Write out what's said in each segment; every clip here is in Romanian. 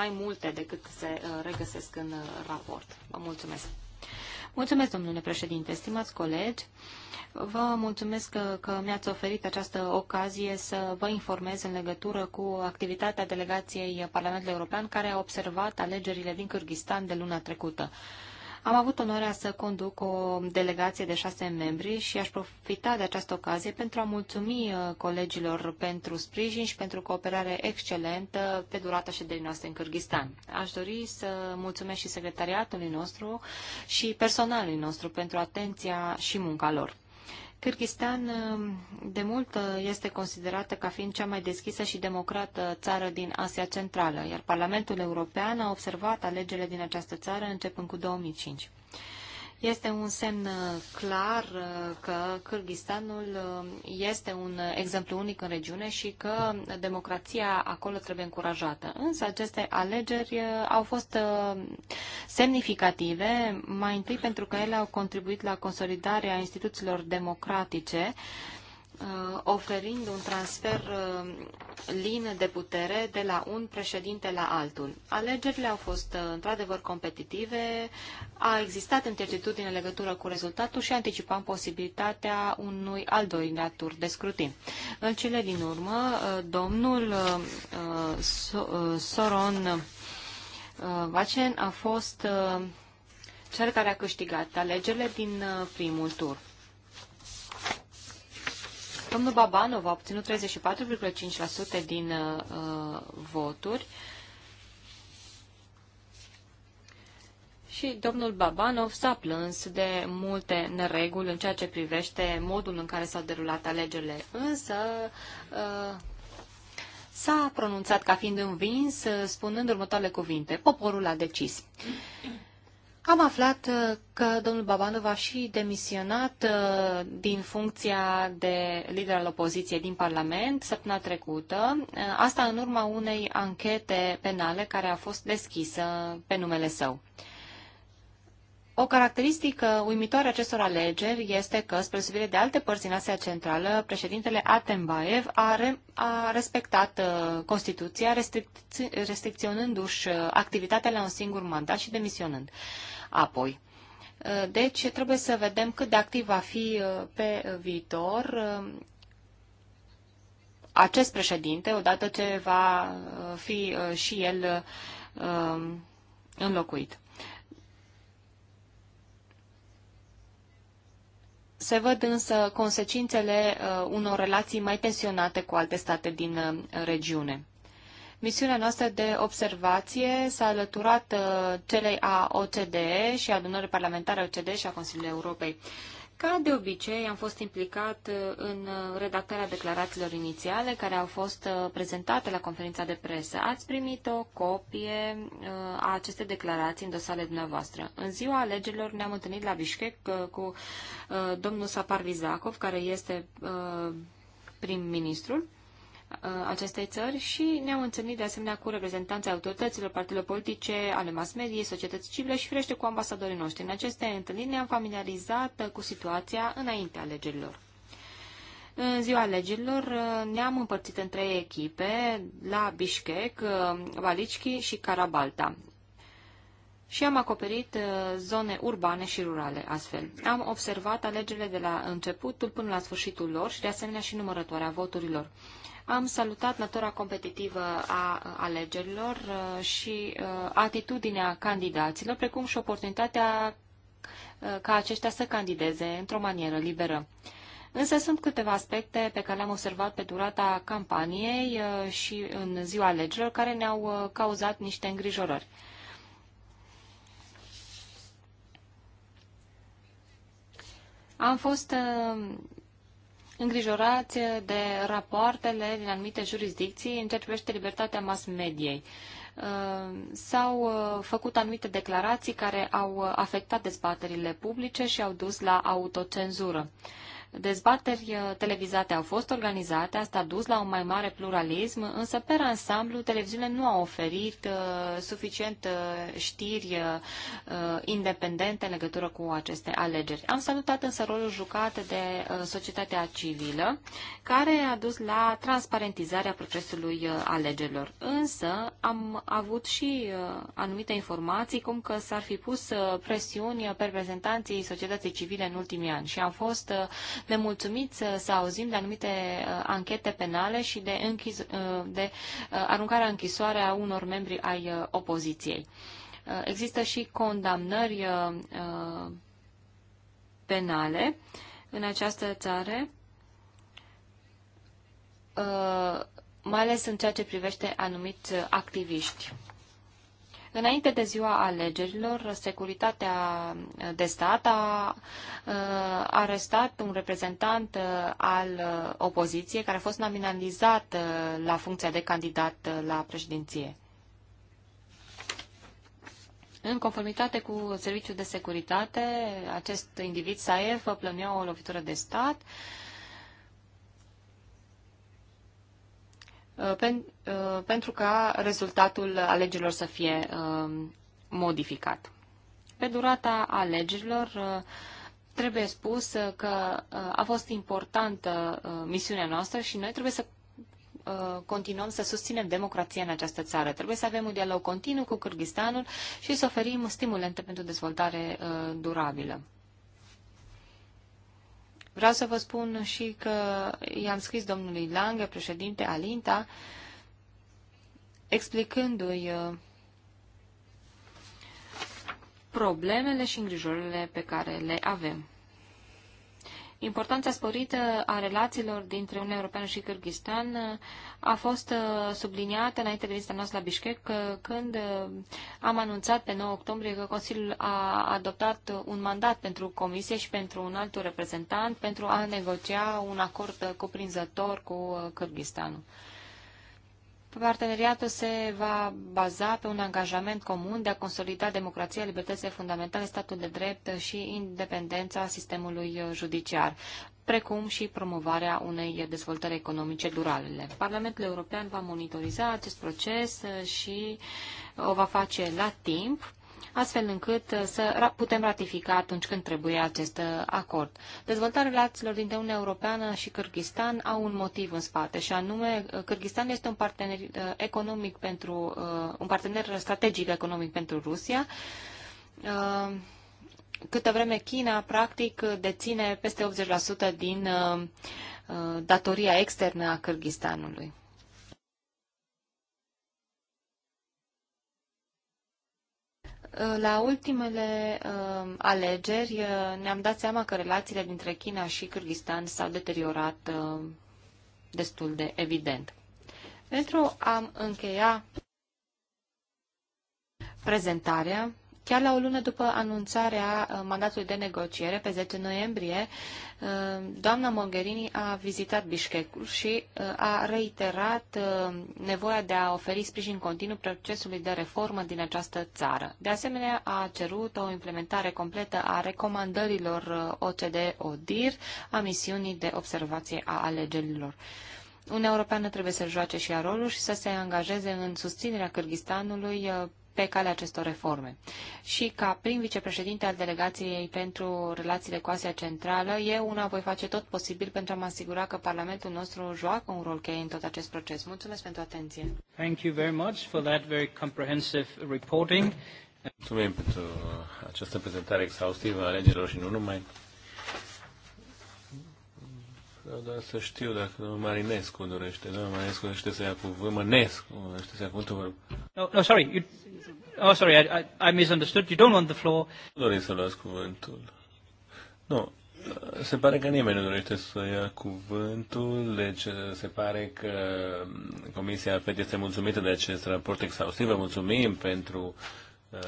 mai multe decât se uh, regăsesc în uh, raport. Vă mulțumesc! Mulțumesc, domnule președinte, stimați colegi. Vă mulțumesc că, uh, că mi-ați oferit această ocazie să vă informez în legătură cu activitatea delegației Parlamentului European care a observat alegerile din Kyrgyzstan de luna trecută. Am avut onoarea să conduc o delegație de șase membri și aș profita de această ocazie pentru a mulțumi uh, colegilor pentru sprijin și pentru cooperare excelentă pe durata șederii noastre în Kyrgyzstan. Aș dori să mulțumesc și secretariatului nostru și personalului nostru pentru atenția și munca lor. Kyrgyzstan eh, de mult eh, este considerată ca fiind cea mai deschisă și democrată țară din Asia Centrală, iar Parlamentul European a observat alegerile din această țară începând cu 2005. Este un semn uh, clar uh, că Kyrgyzstanul uh, este un exemplu unic în regiune și că democrația acolo trebuie încurajată. Însă aceste alegeri au fost semnificative, mai întâi pentru că ele au contribuit la consolidarea instituțiilor democratice, Uh, oferind un transfer uh, lin de putere de la un președinte la altul. Alegerile au fost uh, într-adevăr competitive, a existat incertitudine în legătură cu rezultatul și anticipam posibilitatea unui al doilea tur de scrutin. În cele din urmă, domnul Soron Vacen a fost cel care a câștigat alegerile din primul tur. Domnul Babanov a obținut 34,5% din uh, uh, voturi și domnul Babanov s-a plâns de multe nereguli în ceea ce privește modul în care s-au derulat alegerile. Însă, uh, s-a pronunțat ca fiind învins, uh, spunând următoarele cuvinte. Poporul a decis. Am aflat uh, că domnul Babanov a și demisionat uh, din funcția de lider al opoziției din Parlament săptămâna trecută, uh, asta în urma unei anchete penale care a fost deschisă pe numele său. O caracteristică uimitoare acestor alegeri este că, spre subire de alte părți în Asia Centrală, președintele Atenbaev a, re- a respectat uh, Constituția, restric- restricționându-și activitatea la un singur mandat și demisionând. Uh, apoi. Uh, deci trebuie să vedem cât de activ va fi uh, pe uh, viitor acest președinte, odată ce va fi și el înlocuit. Se văd însă consecințele unor relații mai tensionate cu alte state din regiune. Misiunea noastră de observație s-a alăturat uh, celei a OCDE și a adunării parlamentare OCDE și a Consiliului Europei. Ca de obicei, am fost implicat uh, în uh, redactarea declarațiilor inițiale care au fost prezentate la conferința de presă. Ați primit o copie a acestei declarații în dosarele dumneavoastră. În ziua alegerilor ne-am întâlnit la Bishkek cu domnul Sapar Vizakov, care este prim-ministrul, Uh, acestei țări și ne-am întâlnit de asemenea cu reprezentanții autorităților, partidelor politice, ale mass media, societății civile și firește cu ambasadorii noștri. În aceste întâlniri ne-am familiarizat cu situația înaintea alegerilor. În ziua alegerilor uh, ne-am împărțit în trei echipe, la Bishkek, uh, Valichki și Carabalta și am acoperit zone urbane și rurale astfel. Am observat alegerile de la începutul până la sfârșitul lor și de asemenea și numărătoarea voturilor. Am salutat natura competitivă a alegerilor uh, și uh, atitudinea candidaților, precum și oportunitatea uh, ca aceștia să candideze într-o manieră liberă. Însă sunt câteva aspecte pe care le-am observat pe durata campaniei și în ziua alegerilor care ne-au cauzat niște îngrijorări. Am fost îngrijorați de rapoartele din anumite jurisdicții în ceea ce privește libertatea mass mediei. Uh, s-au uh, făcut anumite declarații care au afectat dezbaterile publice și au dus la autocenzură. Dezbateri uh, televizate au fost organizate, asta a dus la un mai mare pluralism, însă, pe ansamblu, televiziunea nu a oferit uh, suficient uh, știri independente în legătură cu aceste alegeri. Am salutat însă rolul jucat de societatea civilă, care a dus la transparentizarea procesului alegerilor. Însă, am avut și anumite informații cum că s-ar fi pus presiuni pe reprezentanții societății civile în ultimii ani și am fost nemulțumiți să auzim de anumite uh, anchete penale și de, închis, uh, de uh, aruncarea închisoare a unor membri ai opoziției. Există și condamnări penale în această țară, mai ales în ceea ce privește anumiți activiști. Înainte de ziua alegerilor, securitatea de stat a arestat un reprezentant al opoziției care a fost nominalizat la funcția de candidat la președinție. În conformitate cu Serviciul de Securitate, acest individ, Saev, plănuia o lovitură de stat uh, Uh, pen, uh, pentru ca rezultatul alegerilor să fie um, modificat. Pe durata alegerilor uh, trebuie spus că a fost importantă misiunea noastră și noi trebuie să continuăm să susținem democrația în această țară. Trebuie să avem un dialog continuu cu Kyrgyzstanul și să oferim stimulente pentru dezvoltare durabilă. Vreau să vă spun și că i-am scris domnului Lange, președinte Alinta, explicându-i uh, problemele și îngrijorările pe care le avem. Importanța sporită a relațiilor dintre Uniunea Europeană și Kyrgyzstan uh, a fost uh, subliniată înainte de vizita noastră la Bishkek, uh, când am anunțat pe 9 octombrie că Consiliul a adoptat un mandat pentru Comisie și pentru un alt reprezentant pentru a negocia un acord cuprinzător cu Kyrgyzstanul. Parteneriatul se va baza pe un angajament comun de a consolida democrația, libertățile fundamentale, statul de drept și independența sistemului judiciar precum și promovarea unei dezvoltări economice durabile. Parlamentul European va monitoriza acest proces și o va face la timp astfel încât uh, să putem ratifica atunci când trebuie acest uh, acord. Dezvoltarea relațiilor dintre Uniunea Europeană și Kyrgyzstan au un motiv în spate și anume uh, Kyrgyzstan este un partener economic pentru un partener strategic economic pentru Rusia câtă vreme China, practic, deține peste 80% din uh, datoria externă a Kyrgyzstanului. La ultimele uh, alegeri uh, ne-am dat seama că relațiile dintre China și Kyrgyzstan s-au deteriorat uh, destul de evident. Pentru a încheia prezentarea, Chiar la o lună după anunțarea uh, mandatului de negociere, pe 10 noiembrie, uh, doamna Mogherini a vizitat Bishkekul și uh, a reiterat nevoia de a oferi sprijin continuu procesului de reformă din această țară. De asemenea, a cerut o implementare completă a recomandărilor OCDE-ODIR a misiunii de observație a alegerilor. Uniunea Europeană trebuie să joace și ea rolul și să se angajeze în susținerea Kyrgyzstanului pe calea acestor reforme. Și ca prim vicepreședinte al delegației pentru relațiile cu Asia Centrală, eu una voi face tot posibil pentru a mă asigura că Parlamentul nostru joacă un rol cheie în tot acest proces. Mulțumesc pentru atenție. Thank you very much for that very comprehensive reporting. Mulțumim pentru această prezentare exhaustivă a alegerilor și nu numai. Vreau doar să știu dacă domnul Marinescu dorește. Domnul Marinescu dorește să ia cuvântul. Mănescu dorește să ia cuvântul. No, no, sorry. You... Oh, sorry, I, I, I misunderstood. You don't want the floor. Nu doriți să luați cuvântul. Nu, se pare că nimeni nu dorește să ia cuvântul, deci uh, se pare că um, Comisia FED este mulțumită de acest raport exhaustiv. Vă mulțumim pentru uh,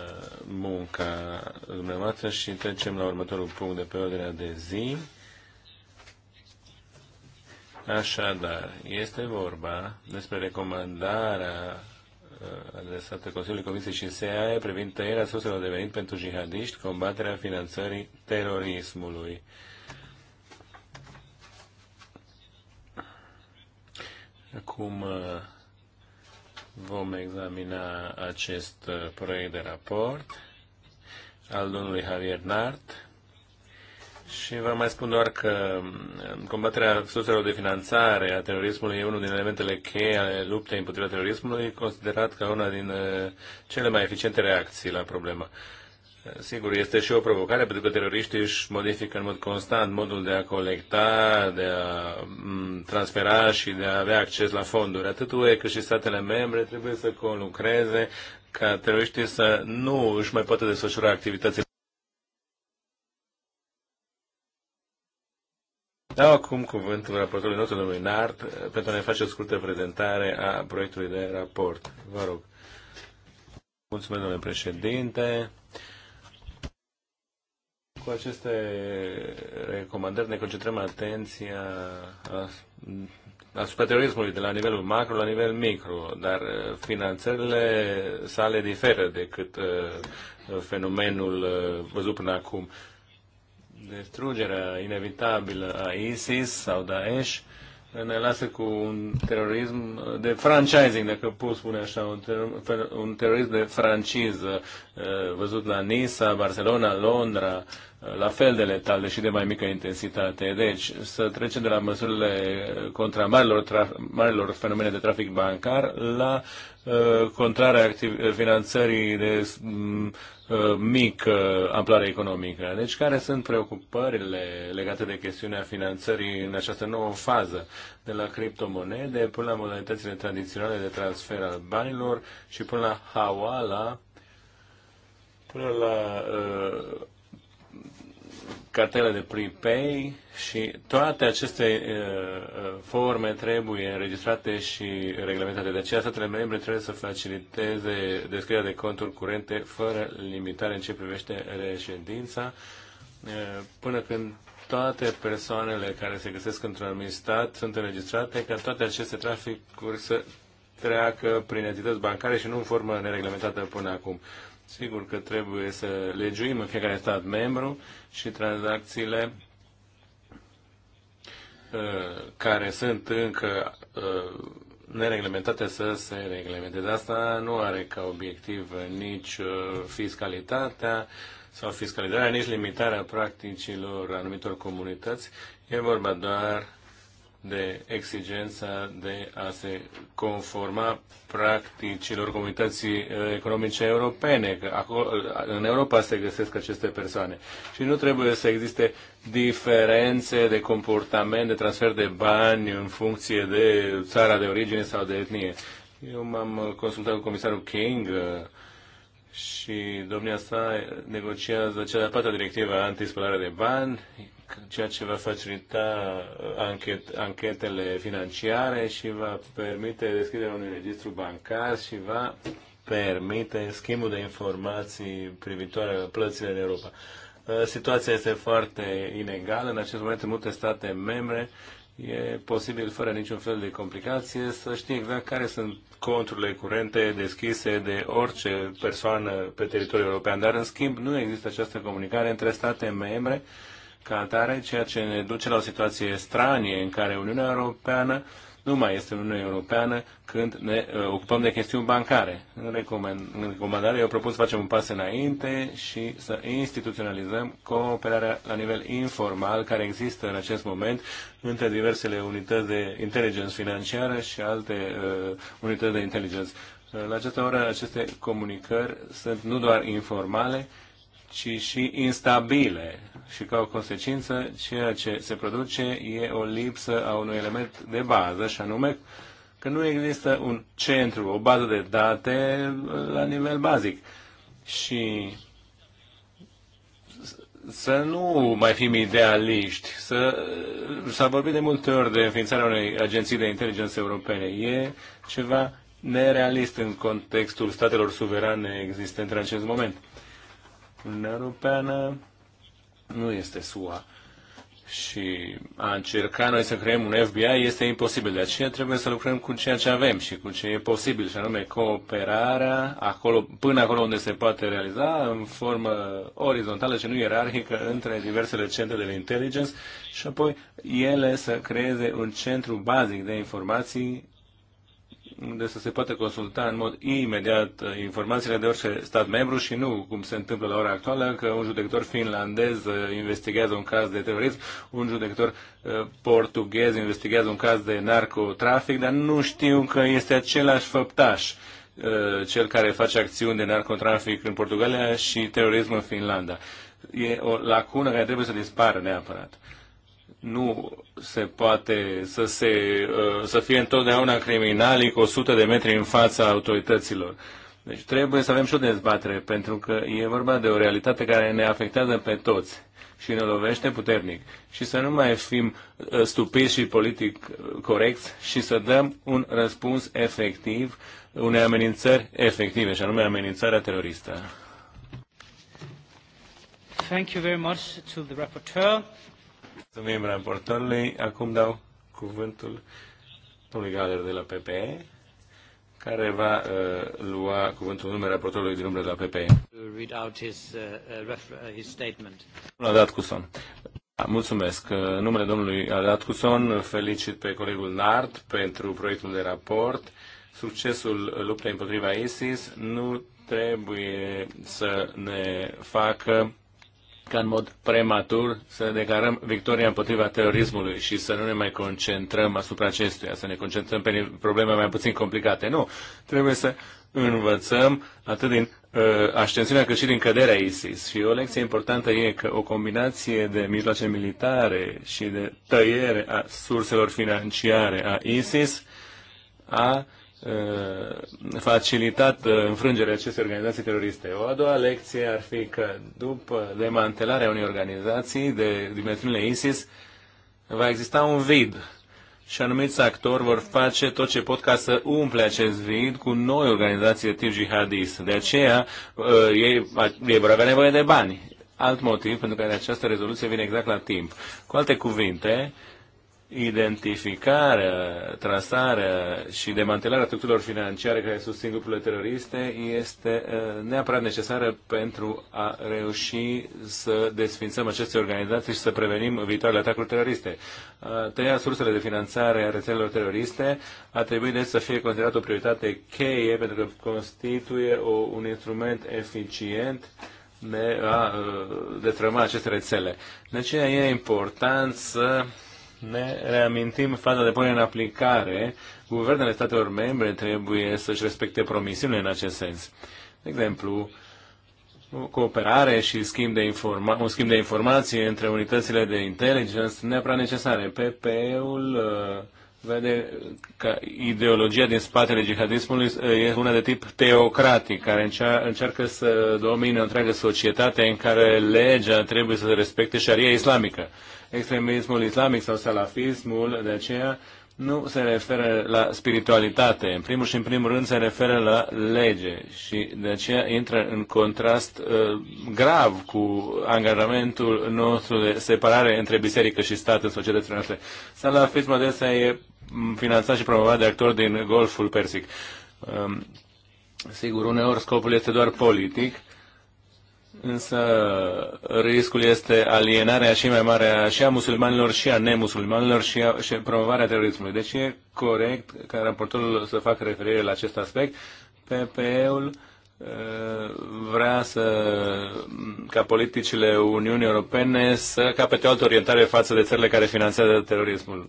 munca dumneavoastră și trecem la următorul punct de pe ordinea de zi. Așadar, este vorba despre recomandarea uh, adresată Consiliului Comisiei și SEAE privind tăierea surselor de venit pentru jihadiști, combaterea finanțării terorismului. Acum uh, vom examina acest uh, proiect de raport al domnului Javier Nart, și vă mai spun doar că mm, combaterea surselor de finanțare a terorismului e unul din elementele cheie ale luptei împotriva terorismului, considerat ca una din uh, cele mai eficiente reacții la problemă. Uh, sigur, este și o provocare, pentru că teroriștii își modifică în mod constant modul de a colecta, de a mm, transfera și de a avea acces la fonduri. Atât UE cât și statele membre trebuie să conlucreze ca teroriștii să nu își mai poată desfășura activitățile. Dau acum cuvântul raportorului nostru, domnului Nart, pentru a ne face o scurtă prezentare a proiectului de raport. Vă rog. Mulțumesc, domnule președinte. Cu aceste recomandări ne concentrăm atenția asupra terorismului de la nivelul macro la nivel micro, dar uh, finanțările sale diferă decât uh, fenomenul uh, văzut până acum destrugerea inevitabilă a ISIS sau Daesh ne lasă cu un terorism de franchising, dacă pot spune așa, un, ter- un terorism de franciză, uh, văzut la Nisa, Barcelona, Londra, la fel de letal, deși de mai mică intensitate. Deci, să trecem de la măsurile contra marilor, marilor fenomene de trafic bancar la uh, contrarea activ- finanțării de mm, uh, mică uh, amploare economică. Deci, care sunt preocupările legate de chestiunea finanțării în această nouă fază, de la criptomonede până la modalitățile tradiționale de transfer al banilor și până la hawala, până la uh, cartele de prepay și toate aceste uh, uh, forme trebuie înregistrate și reglementate. De aceea, statele membre trebuie să faciliteze descrierea de conturi curente fără limitare în ce privește reședința, uh, până când toate persoanele care se găsesc într-un anumit stat sunt înregistrate ca toate aceste traficuri să treacă prin entități bancare și nu în formă nereglementată până acum. Sigur că trebuie să legiuim în fiecare stat membru și tranzacțiile uh, care sunt încă uh, nereglementate să se reglementeze. Asta nu are ca obiectiv nici uh, fiscalitatea sau fiscalizarea, nici limitarea practicilor anumitor comunități. E vorba doar de exigența de a se conforma practicilor comunității uh, economice europene, că acolo, uh, în Europa se găsesc aceste persoane. Și nu trebuie să existe diferențe de comportament, de transfer de bani în funcție de țara de origine sau de etnie. Eu m-am uh, consultat cu comisarul King și domnia sa negociază cea de-a patra directivă antispălare de bani ceea ce va facilita uh, anchet, anchetele financiare și va permite deschiderea unui registru bancar și va permite schimbul de informații privitoare la plățile în Europa. Uh, situația este foarte inegală. În acest moment, în multe state membre, e posibil, fără niciun fel de complicație, să știi exact care sunt conturile curente deschise de orice persoană pe teritoriul european. Dar, în schimb, nu există această comunicare între state membre ca atare, ceea ce ne duce la o situație stranie în care Uniunea Europeană nu mai este Uniunea Europeană când ne uh, ocupăm de chestiuni bancare. În, recomand, în recomandare eu propun să facem un pas înainte și să instituționalizăm cooperarea la nivel informal care există în acest moment între diversele unități de inteligență financiară și alte uh, unități de inteligență uh, La această oră aceste comunicări sunt nu doar informale, ci și instabile și ca o consecință ceea ce se produce e o lipsă a unui element de bază și anume că nu există un centru, o bază de date uh, la nivel bazic. Și să nu mai fim idealiști. Să, uh, s-a vorbit de multe ori de înființarea unei agenții de inteligență europene. E ceva nerealist în contextul statelor suverane existente în acest moment. Uniunea Europeană nu este SUA. Și a încerca noi să creăm un FBI este imposibil, de aceea trebuie să lucrăm cu ceea ce avem și cu ce e posibil, și anume cooperarea acolo, până acolo unde se poate realiza, în formă orizontală și nu ierarhică, între diversele centre de intelligence și apoi ele să creeze un centru bazic de informații unde să se poată consulta în mod imediat informațiile de orice stat membru și nu, cum se întâmplă la ora actuală, că un judecător finlandez uh, investigează un caz de terorism, un judecător uh, portughez investigează un caz de narcotrafic, dar nu știu că este același făptaș uh, cel care face acțiuni de narcotrafic în Portugalia și terorism în Finlanda. E o lacună care trebuie să dispară neapărat nu se poate să, se, uh, să fie întotdeauna criminali, cu 100 de metri în fața autorităților. Deci trebuie să avem și o dezbatere, pentru că e vorba de o realitate care ne afectează pe toți și ne lovește puternic. Și să nu mai fim uh, stupiți și politic uh, corecți și să dăm un răspuns efectiv unei amenințări efective, și anume amenințarea teroristă. Thank you very much to the rapporteur. Mulțumim raportorului. Acum dau cuvântul domnului Galer de la PPE, care va uh, lua cuvântul în numele raportorului din numele de la PPE. Read out his, uh, uh, uh, his statement. Domnul Adat Cuson. Da, mulțumesc. În numele domnului Adat Cuson felicit pe colegul Nart pentru proiectul de raport. Succesul luptei împotriva ISIS nu trebuie să ne facă ca în mod prematur să declarăm victoria împotriva terorismului și să nu ne mai concentrăm asupra acestuia, să ne concentrăm pe probleme mai puțin complicate. Nu, trebuie să învățăm atât din uh, ascensiunea cât și din căderea ISIS. Și o lecție importantă e că o combinație de mijloace militare și de tăiere a surselor financiare a ISIS a uh, Uh, facilitat uh, înfrângerea acestei organizații teroriste. O a doua lecție ar fi că după demantelarea unei organizații de dimensiunile ISIS va exista un vid și anumiți actori vor face tot ce pot ca să umple acest vid cu noi organizații de tip jihadist. De aceea ei, uh, ei vor avea nevoie de bani. Alt motiv pentru care această rezoluție vine exact la timp. Cu alte cuvinte, identificarea, trasarea și demantelarea structurilor financiare care susțin grupurile teroriste este uh, neapărat necesară pentru a reuși să desfințăm aceste organizații și să prevenim viitoarele atacuri teroriste. Uh, tăia sursele de finanțare a rețelelor teroriste a trebuit deci, să fie considerată o prioritate cheie pentru că constituie o, un instrument eficient de a uh, detrăma aceste rețele. De aceea e important să ne reamintim faza de punere în aplicare, guvernele statelor membre trebuie să-și respecte promisiunile în acest sens. De exemplu, cooperare și schimb de informa- un schimb de informații între unitățile de inteligență neapărat necesare. PP-ul uh, vede că ideologia din spatele jihadismului uh, e una de tip teocratic, care încearcă să domine întreaga societate în care legea trebuie să respecte șaria islamică. Extremismul islamic sau salafismul, de aceea, nu se referă la spiritualitate, în primul și în primul rând se referă la lege și de aceea intră în contrast uh, grav cu angajamentul nostru de separare între biserică și stat în societățile noastre. Salafismul adesea e finanțat și promovat de actori din Golful Persic. Um, sigur, uneori scopul este doar politic, Însă riscul este alienarea și mai mare a, și a musulmanilor și a nemusulmanilor și, a, și promovarea terorismului. Deci e corect ca raportorul să facă referire la acest aspect. PPE-ul uh, vrea să, ca politicile Uniunii Europene să capete o altă orientare față de țările care finanțează terorismul.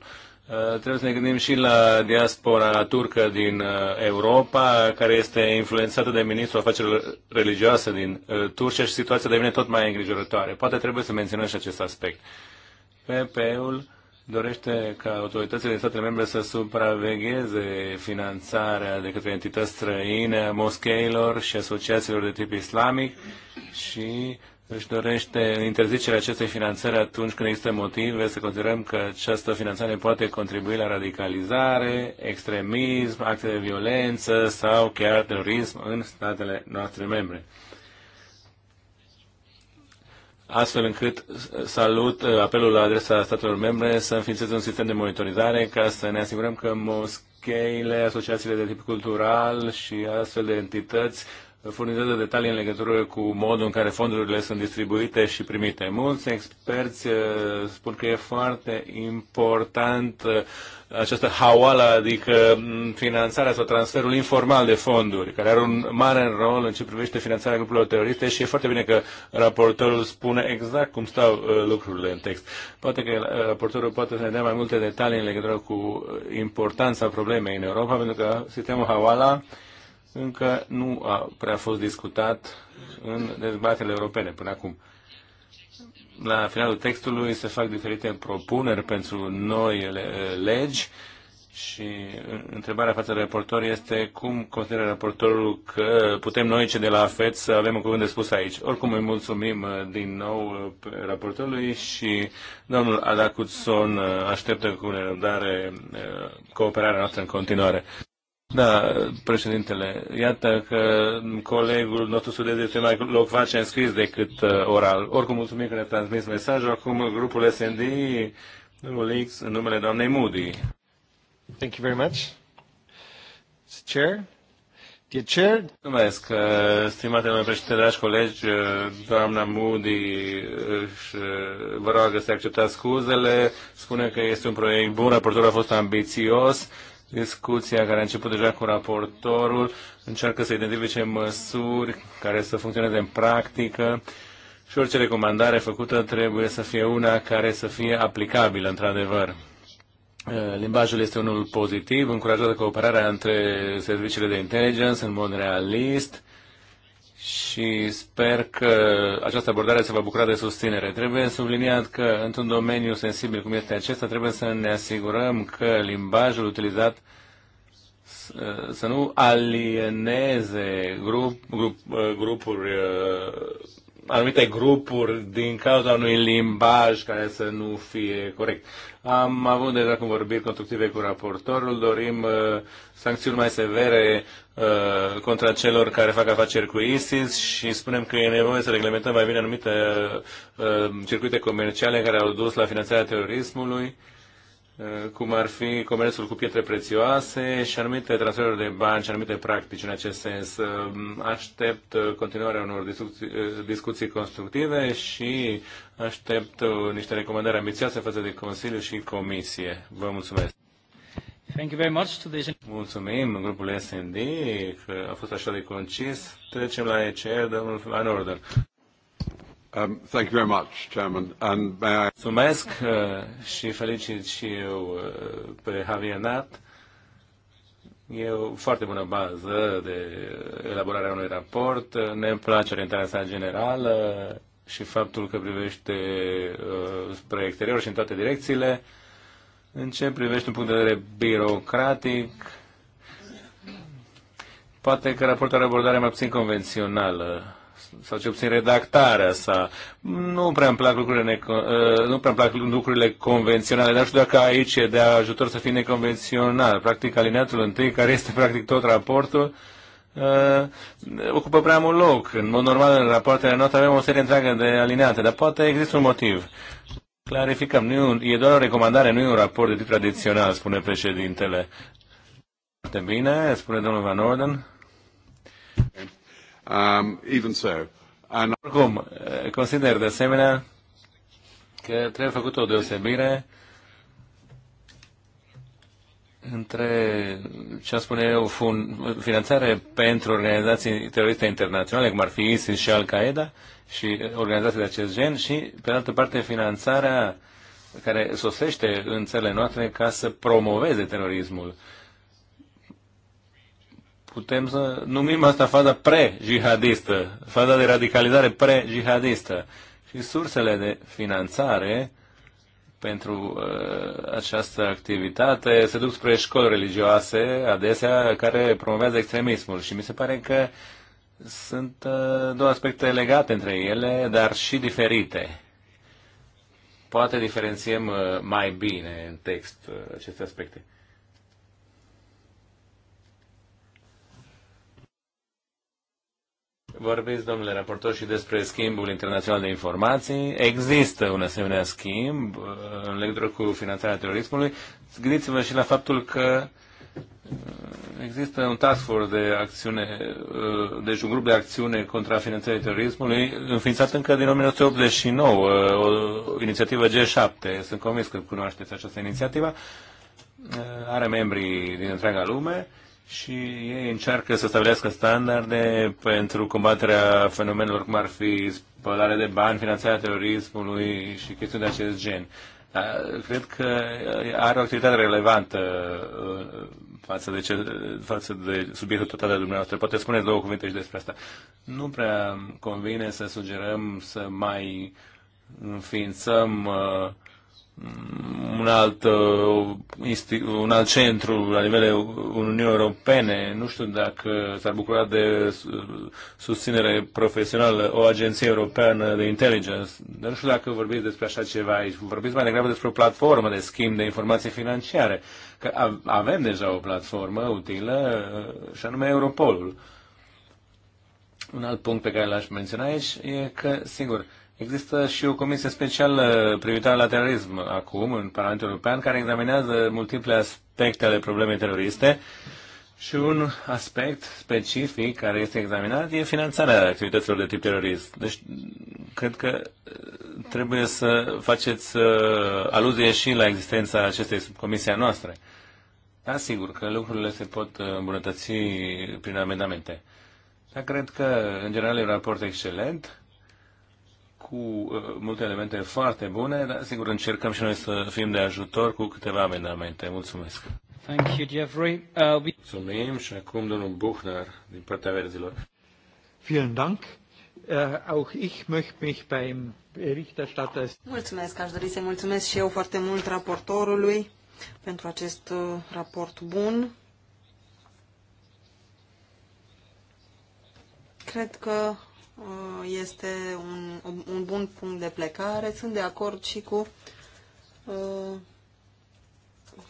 Uh, trebuie să ne gândim și la diaspora turcă din uh, Europa, care este influențată de ministrul afacerilor religioase din uh, Turcia și situația devine tot mai îngrijorătoare. Poate trebuie să menționăm și acest aspect. PP-ul dorește ca autoritățile din statele membre să supravegheze finanțarea de către entități străine a moscheilor și asociațiilor de tip islamic și își dorește interzicerea acestei finanțări atunci când există motive să considerăm că această finanțare poate contribui la radicalizare, extremism, acte de violență sau chiar terorism în statele noastre membre. Astfel încât salut apelul la adresa statelor membre să înființeze un sistem de monitorizare ca să ne asigurăm că moscheile, asociațiile de tip cultural și astfel de entități furnizează detalii în legătură cu modul în care fondurile sunt distribuite și primite. Mulți experți uh, spun că e foarte important uh, această hawala, adică mm, finanțarea sau transferul informal de fonduri, care are un mare rol în ce privește finanțarea grupurilor teroriste și e foarte bine că raportorul spune exact cum stau uh, lucrurile în text. Poate că raportorul poate să ne dea mai multe detalii în legătură cu importanța problemei în Europa, pentru că sistemul hawala încă nu a prea fost discutat în dezbaterile europene până acum. La finalul textului se fac diferite propuneri pentru noi legi și întrebarea față de raportor este cum consideră raportorul că putem noi ce de la FED să avem un cuvânt de spus aici. Oricum îi mulțumim uh, din nou uh, raportorului și domnul Adacuțon, uh, așteptă cu nerăbdare cooperarea noastră în continuare. Da, președintele, iată că colegul nostru sudez este mai loc face în scris decât uh, oral. Oricum, mulțumim că ne-a transmis mesajul. Acum, grupul SND, domnul X, în numele doamnei Moody. Thank you very much. Chair. Dear Chair. Mulțumesc, uh, stimate domnule președinte, dragi colegi, uh, doamna Moody își, vă rog să acceptați scuzele, spune că este un proiect bun, raportul a fost ambițios, Discuția care a început deja cu raportorul încearcă să identifice măsuri care să funcționeze în practică și orice recomandare făcută trebuie să fie una care să fie aplicabilă, într-adevăr. Uh, limbajul este unul pozitiv, de cooperarea între serviciile de intelligence în mod realist, și sper că această abordare se va bucura de susținere. Trebuie subliniat că într-un domeniu sensibil cum este acesta, trebuie să ne asigurăm că limbajul utilizat să nu alieneze grup, grup, grupuri uh, anumite grupuri din cauza unui limbaj care să nu fie corect. Am avut deja cum vorbiri constructive cu raportorul, dorim uh, sancțiuni mai severe uh, contra celor care fac afaceri cu ISIS și spunem că e nevoie să reglementăm mai bine anumite uh, uh circuite comerciale care au dus la finanțarea terorismului Eh, cum ar fi comerțul cu pietre prețioase și anumite transferuri de bani și anumite practici în acest sens. Eh, aștept eh, continuarea unor discuții, discuții constructive și aștept niște recomandări ambițioase față de Consiliu și Comisie. Vă mulțumesc! Thank you very much to this... Mulțumim grupul S&D că a fost așa de concis. Trecem la ECR, domnul Van Orden. Um, thank you very much, Chairman. And may I... Mulțumesc uh, și felicit și eu uh, pe Javier Nat. E o foarte bună bază de elaborarea unui raport. Ne place orientarea sa generală și faptul că privește uh, spre exterior și în toate direcțiile. În ce privește un punct de vedere birocratic, poate că raportul are abordare mai puțin convențională sau ce puțin redactarea sa. Nu prea îmi plac lucrurile, ă, nu prea îmi plac lucrurile convenționale, dar știu dacă aici e de ajutor să fie neconvențional. Practic, alineatul întâi, care este practic tot raportul, uh, ocupă prea mult loc. În mod normal, în rapoartele noastre avem o serie întreagă de alineate, dar poate există un motiv. Clarificăm, nu e, un, e doar o recomandare, nu e un raport de tip tradițional, spune președintele. Foarte bine, spune domnul Van Orden. Okay. Um, even so. And... Oricum, consider de asemenea că trebuie făcut o deosebire între ce spune eu, fun, finanțare pentru organizații teroriste internaționale, cum ar fi ISIS și Al-Qaeda, și organizații de acest gen, și, pe de altă parte, finanțarea care sosește în țările noastre ca să promoveze terorismul putem să numim asta faza pre-jihadistă, faza de radicalizare pre-jihadistă. Și sursele de finanțare pentru uh, această activitate se duc spre școli religioase, adesea, care promovează extremismul. Și mi se pare că sunt uh, două aspecte legate între ele, dar și diferite. Poate diferențiem uh, mai bine în text uh, aceste aspecte. Vorbiți, domnule raportor, și despre schimbul internațional de informații. Există un asemenea schimb uh, în legătură cu finanțarea terorismului. Gândiți-vă și la faptul că uh, există un task force de acțiune, uh, deci un grup de acțiune contra finanțării terorismului, înființat încă din 1989, o inițiativă G7. Sunt convins că cunoașteți această inițiativă. Are membri din întreaga lume și ei încearcă să stabilească standarde pentru combaterea fenomenelor cum ar fi spălare de bani, finanțarea terorismului și chestiuni de acest gen. Cred că are o activitate relevantă uh, față de, ce, față de subiectul total al dumneavoastră. Poate spuneți două cuvinte și despre asta. Nu prea convine să sugerăm să mai înființăm uh, un alt, uh, un alt centru la nivel Uniunii Europene, nu știu dacă s-ar bucura de susținere profesională, o agenție europeană de intelligence, dar nu știu dacă vorbiți despre așa ceva aici, vorbiți mai degrabă despre o platformă de schimb de informații financiare, că avem deja o platformă utilă uh, și anume Europolul. Un alt punct pe care l-aș menționa aici e că, sigur, uh, Există și o comisie specială privitoare la terorism acum în Parlamentul European care examinează multiple aspecte ale problemei teroriste și un aspect specific care este examinat e finanțarea activităților de tip terorist. Deci, cred că uh, trebuie să faceți uh, aluzie și la existența acestei subcomisii a noastre. Da, sigur că lucrurile se pot uh, îmbunătăți prin amendamente. Dar cred că, în general, e un raport excelent cu uh, multe elemente foarte bune, dar sigur încercăm și noi să fim de ajutor cu câteva amendamente. Mulțumesc! Thank you, Jeffrey. Uh, we... Mulțumim și acum domnul Buchner din partea verzilor. Vielen Dank. Uh, auch ich möchte mich beim Berichterstatter... Mulțumesc, aș dori să mulțumesc și eu foarte mult raportorului pentru acest uh, raport bun. Cred că Uh, este un, un bun punct de plecare. Sunt de acord și cu uh,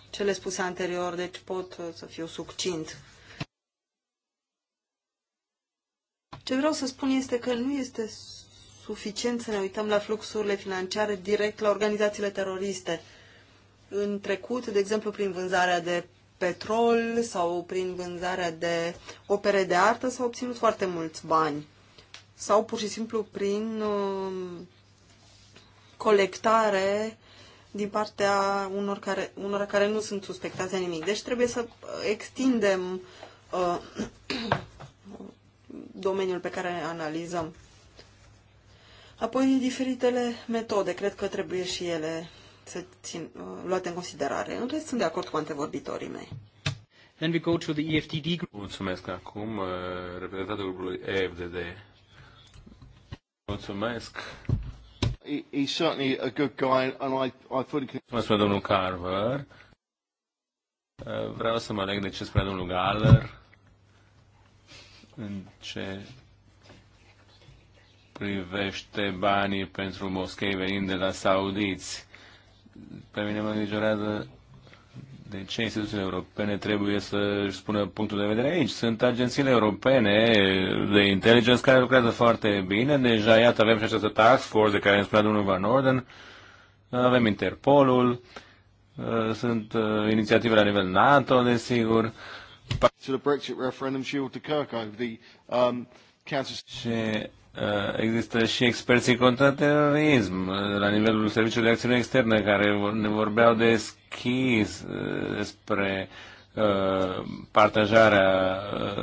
cele spuse anterior, deci pot uh, să fiu succint. Ce vreau să spun este că nu este suficient să ne uităm la fluxurile financiare direct la organizațiile teroriste. În trecut, de exemplu, prin vânzarea de petrol sau prin vânzarea de opere de artă s-au obținut foarte mulți bani sau pur și simplu prin um, colectare din partea unor care, unor care nu sunt suspectați de nimic. Deci trebuie să uh, extindem uh, domeniul pe care analizăm. Apoi, diferitele metode, cred că trebuie și ele să țin, uh, luate în considerare. În rest, sunt de acord cu antevorbitorii mei. Then we go to the EFTD group. Mulțumesc. Acum, uh, reprezentantul grupului EFDD. Mulțumesc. He, he's certainly a good guy and I, I fully... Mulțumesc, domnul Carver. Uh, vreau să mă leg de ce spunea domnul Galler în ce privește banii pentru moschei venind de la saudiți. Pe mine mă îngrijorează de ce instituțiile europene trebuie să își spună punctul de vedere aici? Sunt agențiile europene de intelligence care lucrează foarte bine. Deja, iată, avem și această task force de care ne spunea domnul Van Orden. Avem Interpolul. Uh, sunt uh, inițiative la nivel NATO, desigur. To the Brexit referendum, Shield to Kirkhope, the um, council... Și Uh, există și experții contra terorism uh, la nivelul Serviciului de Acțiune Externă care ne vorbeau deschis uh, despre partajarea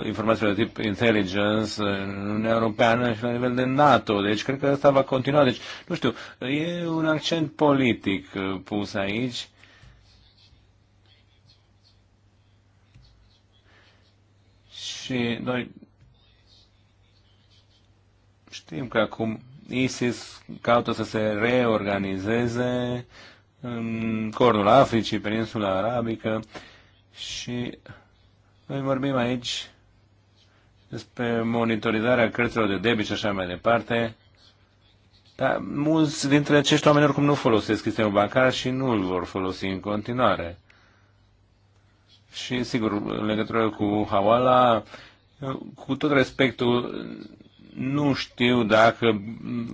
informațiilor de tip intelligence în Uniunea Europeană și la nivel de NATO. Deci cred că asta va continua. Deci, nu știu, e un accent politic pus aici. Și noi Știm că acum ISIS caută să se reorganizeze în cornul Africii, peninsula arabică și noi vorbim aici despre monitorizarea cărților de debit și așa mai departe. Dar mulți dintre acești oameni oricum nu folosesc sistemul bancar și nu îl vor folosi în continuare. Și, sigur, în legătură cu Hawala, cu tot respectul, nu știu dacă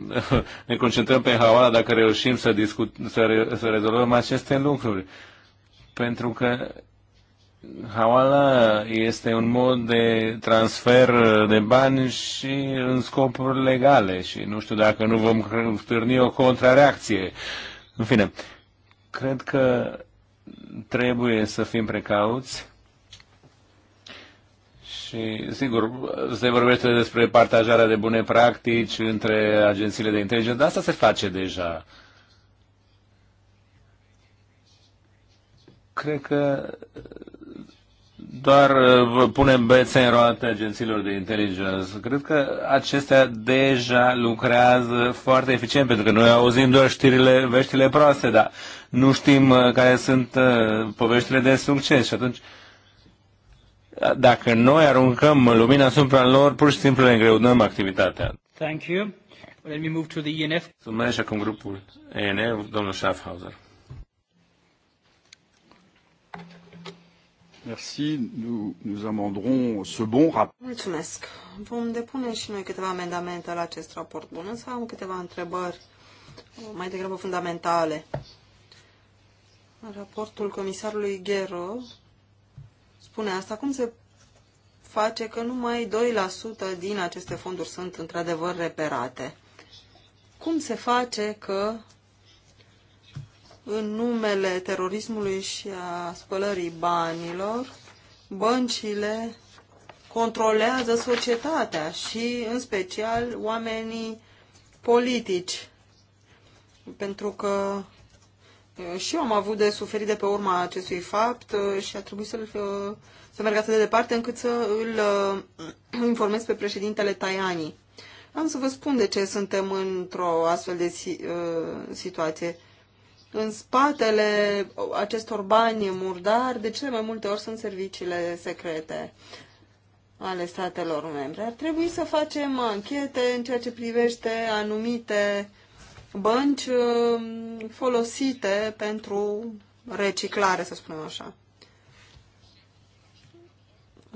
ne concentrăm pe Hawala dacă reușim să, discut, să, re, să rezolvăm aceste lucruri. Pentru că Hawala este un mod de transfer de bani și în scopuri legale și nu știu dacă nu vom târni o contrareacție. În fine, cred că trebuie să fim precauți și, sigur, se vorbește despre partajarea de bune practici între agențiile de inteligență, dar asta se face deja. Cred că doar uh, punem bețe în roate agențiilor de inteligență. Cred că acestea deja lucrează foarte eficient, pentru că noi auzim doar știrile, veștile proaste, dar nu știm uh, care sunt uh, poveștile de succes. Și atunci, uh, dacă noi aruncăm lumina asupra lor, pur și simplu le îngreunăm activitatea. Thank you. Let me move to the ENF. Urmează acum grupul ENF, domnul Schaffhauser. Merci. Nous, nous amendrons ce bon rapport. Mulțumesc. Vom depune și noi câteva amendamente la acest raport bun, însă am câteva întrebări uh, mai degrabă fundamentale. Raportul comisarului Ghero spune asta? Cum se face că numai 2% din aceste fonduri sunt într-adevăr reperate? Cum se face că în numele terorismului și a spălării banilor, băncile controlează societatea și, în special, oamenii politici. Pentru că și eu am avut de suferit de pe urma acestui fapt uh, și a trebuit să-l, uh, să merg atât de departe încât să îl uh, informez pe președintele Tajani. Am să vă spun de ce suntem într-o astfel de situație. În spatele acestor bani murdari, de cele mai multe ori sunt serviciile secrete ale statelor membre. Ar trebui să facem anchete în ceea ce privește anumite uh, bănci um, folosite pentru reciclare, să spunem așa.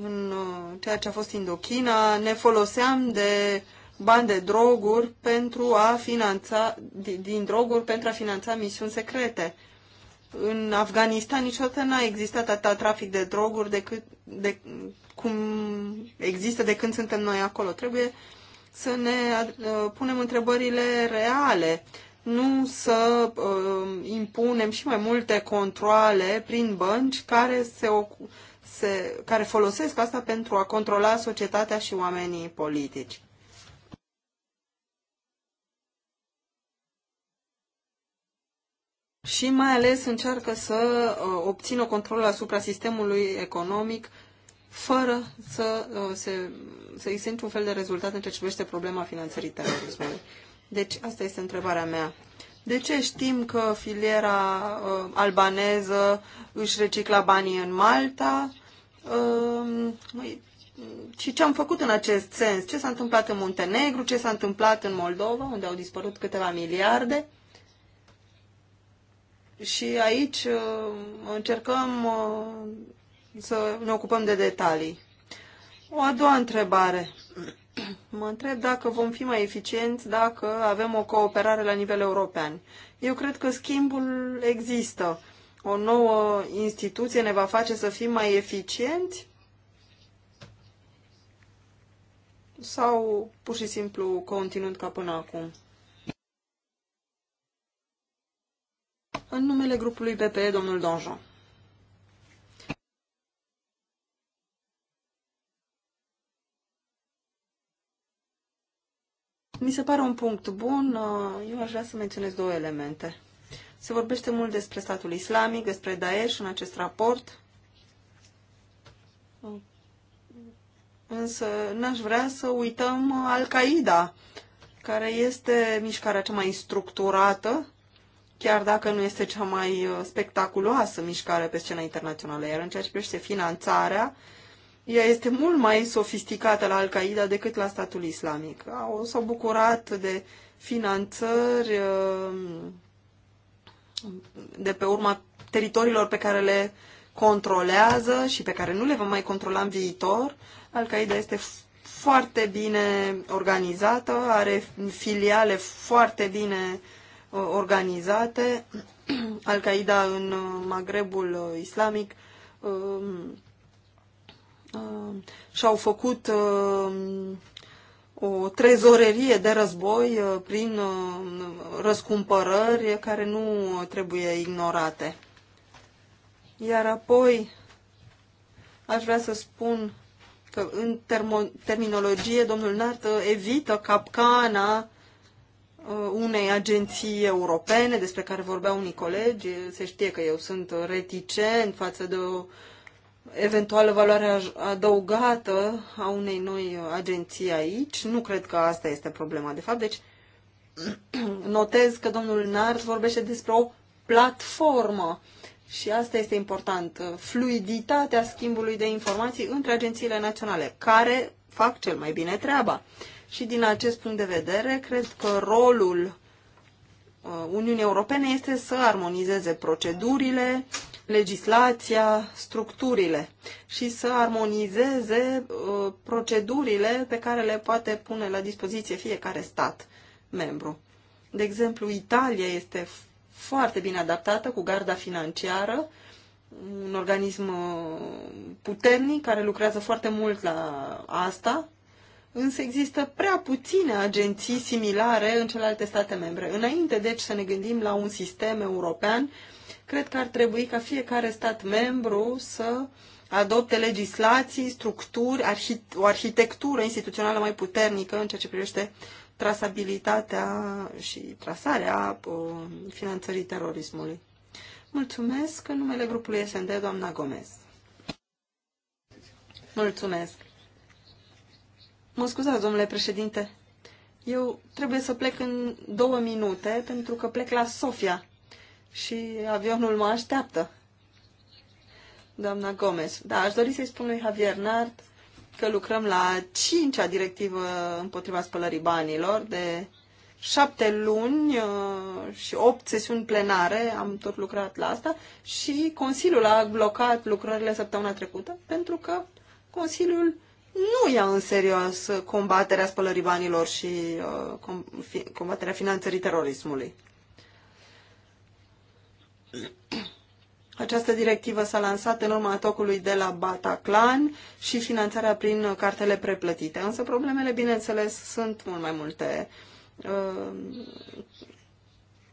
În uh, ceea ce a fost Indochina, ne foloseam de bani de droguri pentru a finanța, din droguri pentru a finanța misiuni secrete. În Afganistan niciodată n-a existat atât trafic de droguri decât de, cum există de când suntem noi acolo. Trebuie să ne uh, punem întrebările reale, nu să uh, impunem și mai multe controle prin bănci care, se, se, care folosesc asta pentru a controla societatea și oamenii politici. și mai ales încearcă să uh, obțină controlul asupra sistemului economic fără să, uh, se, să existe un fel de rezultat în ce privește problema finanțării terorismului. Deci, asta este întrebarea mea. De ce știm că filiera uh, albaneză își recicla banii în Malta? Uh, și ce am făcut în acest sens? Ce s-a întâmplat în Muntenegru? Ce s-a întâmplat în Moldova, unde au dispărut câteva miliarde? Și aici uh, încercăm uh, să ne ocupăm de detalii. O a doua întrebare. Mă întreb dacă vom fi mai eficienți dacă avem o cooperare la nivel european. Eu cred că schimbul există. O nouă instituție ne va face să fim mai eficienți? Sau pur și simplu continuând ca până acum? În numele grupului PPE, domnul Donjon. Mi se pare un punct bun. Uh, eu aș vrea să menționez două elemente. Se vorbește mult despre statul islamic, despre Daesh în acest raport. Însă n-aș vrea să uităm Al-Qaeda, care este mișcarea cea mai structurată, chiar dacă nu este cea mai uh, spectaculoasă mișcare pe scena internațională. Iar în ceea ce privește finanțarea, ea este mult mai sofisticată la Al-Qaeda decât la statul islamic. S-au bucurat de finanțări um, de pe urma teritoriilor pe care le controlează și pe care nu le vom mai controla în viitor. Al-Qaeda este foarte bine organizată, are filiale foarte bine uh, organizate. Al-Qaeda în uh, Magrebul uh, islamic um, Uh, și-au făcut uh, o trezorerie de război uh, prin răscumpărări care nu trebuie ignorate. Iar apoi aș vrea să spun că în terminologie domnul Nart evită capcana unei agenții europene despre care vorbeau unii colegi. Se știe că eu sunt reticent față de o eventuală valoare adăugată a unei noi agenții aici. Nu cred că asta este problema, de fapt. Deci, notez că domnul Nars vorbește despre o platformă și asta este important, fluiditatea schimbului de informații între agențiile naționale, care fac cel mai bine treaba. Și din acest punct de vedere, cred că rolul uh, Uniunii Europene este să armonizeze procedurile, legislația, structurile și să armonizeze uh, procedurile pe care le poate pune la dispoziție fiecare stat membru. De exemplu, Italia este foarte bine adaptată cu garda financiară, un organism uh, puternic care lucrează foarte mult la asta, însă există prea puține agenții similare în celelalte state membre. Înainte, deci, să ne gândim la un sistem european uh, Cred că ar trebui ca fiecare stat membru să adopte legislații, structuri, o arhitectură instituțională mai puternică în ceea ce privește trasabilitatea și trasarea uh, finanțării terorismului. Mulțumesc în numele grupului SND, doamna Gomez. Mulțumesc. Mă scuzați, domnule președinte. Eu trebuie să plec în două minute pentru că plec la Sofia și avionul mă așteaptă. Doamna Gomez, da, aș dori să-i spun lui Javier Nart că lucrăm la cincea directivă împotriva spălării banilor de șapte luni uh, și opt sesiuni plenare, am tot lucrat la asta și Consiliul a blocat lucrările săptămâna trecută pentru că Consiliul nu ia în serios combaterea spălării banilor și uh, combaterea finanțării terorismului. Această directivă s-a lansat în urma atocului de la Bataclan și finanțarea prin cartele preplătite. Însă problemele, bineînțeles, sunt mult mai multe. Uh,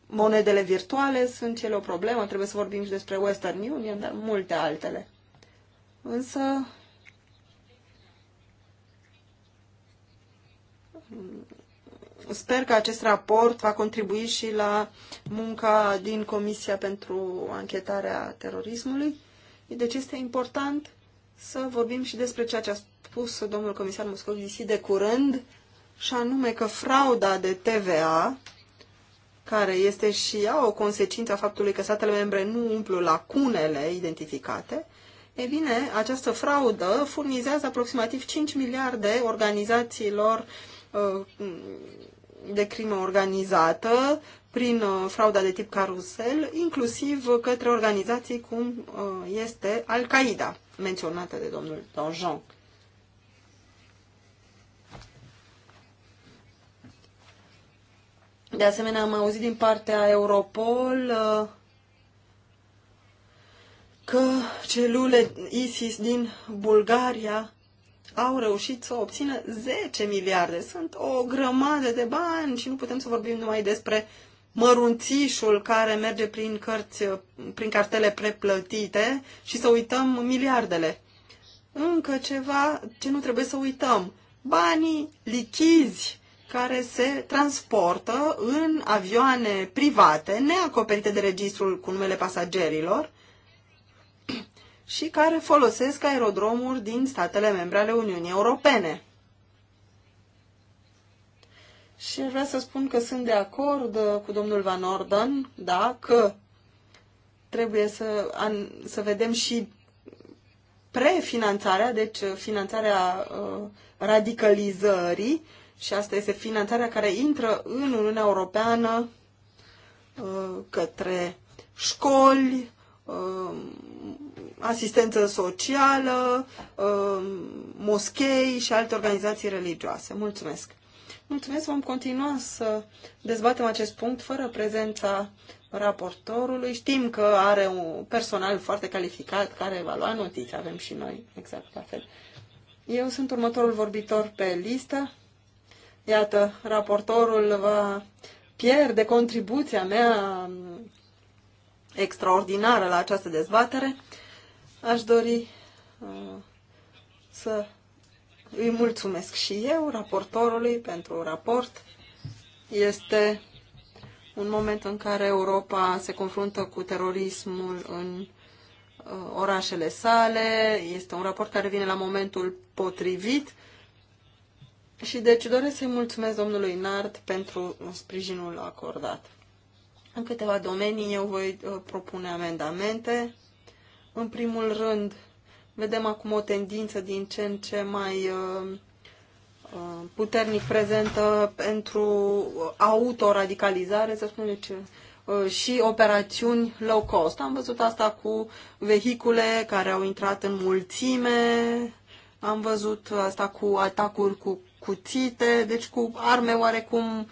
monedele virtuale sunt cele o problemă, trebuie să vorbim și despre Western Union, dar multe altele. Însă Sper că acest raport va contribui și la munca din Comisia pentru Anchetarea Terorismului. Deci este important să vorbim și despre ceea ce a spus domnul comisar Moscovici de curând, și anume că frauda de TVA, care este și ea o consecință a faptului că statele membre nu umplu lacunele identificate, e bine, această fraudă furnizează aproximativ 5 miliarde organizațiilor uh, de crimă organizată prin uh, frauda de tip carusel, inclusiv către organizații cum uh, este Al-Qaeda, menționată de domnul Donjon. De asemenea, am auzit din partea Europol uh, că celule ISIS din Bulgaria au reușit să obțină 10 miliarde. Sunt o grămadă de bani și nu putem să vorbim numai despre mărunțișul care merge prin, cărți, prin cartele preplătite și să uităm miliardele. Încă ceva ce nu trebuie să uităm. Banii lichizi care se transportă în avioane private, neacoperite de registrul cu numele pasagerilor, și care folosesc aerodromuri din statele membre ale Uniunii Europene. Și vreau să spun că sunt de acord cu domnul Van Orden, da, că trebuie să, an, să vedem și prefinanțarea, deci uh, finanțarea uh, radicalizării, și asta este finanțarea care intră în Uniunea Europeană uh, către școli, uh, asistență socială, um, moschei și alte organizații religioase. Mulțumesc! Mulțumesc, vom continua să dezbatem acest punct fără prezența raportorului. Știm că are un personal foarte calificat care va lua notițe, avem și noi exact la fel. Eu sunt următorul vorbitor pe listă. Iată, raportorul va pierde contribuția mea um, extraordinară la această dezbatere. Aș dori uh, să îi mulțumesc și eu, raportorului, pentru raport. Este un moment în care Europa se confruntă cu terorismul în uh, orașele sale. Este un raport care vine la momentul potrivit. Și deci doresc să-i mulțumesc domnului Nard pentru sprijinul acordat. În câteva domenii eu voi uh, propune amendamente în primul rând, vedem acum o tendință din ce în ce mai uh, uh, puternic prezentă pentru autoradicalizare, să spunem ce, uh, și operațiuni low cost. Am văzut asta cu vehicule care au intrat în mulțime, am văzut asta cu atacuri cu cuțite, deci cu arme oarecum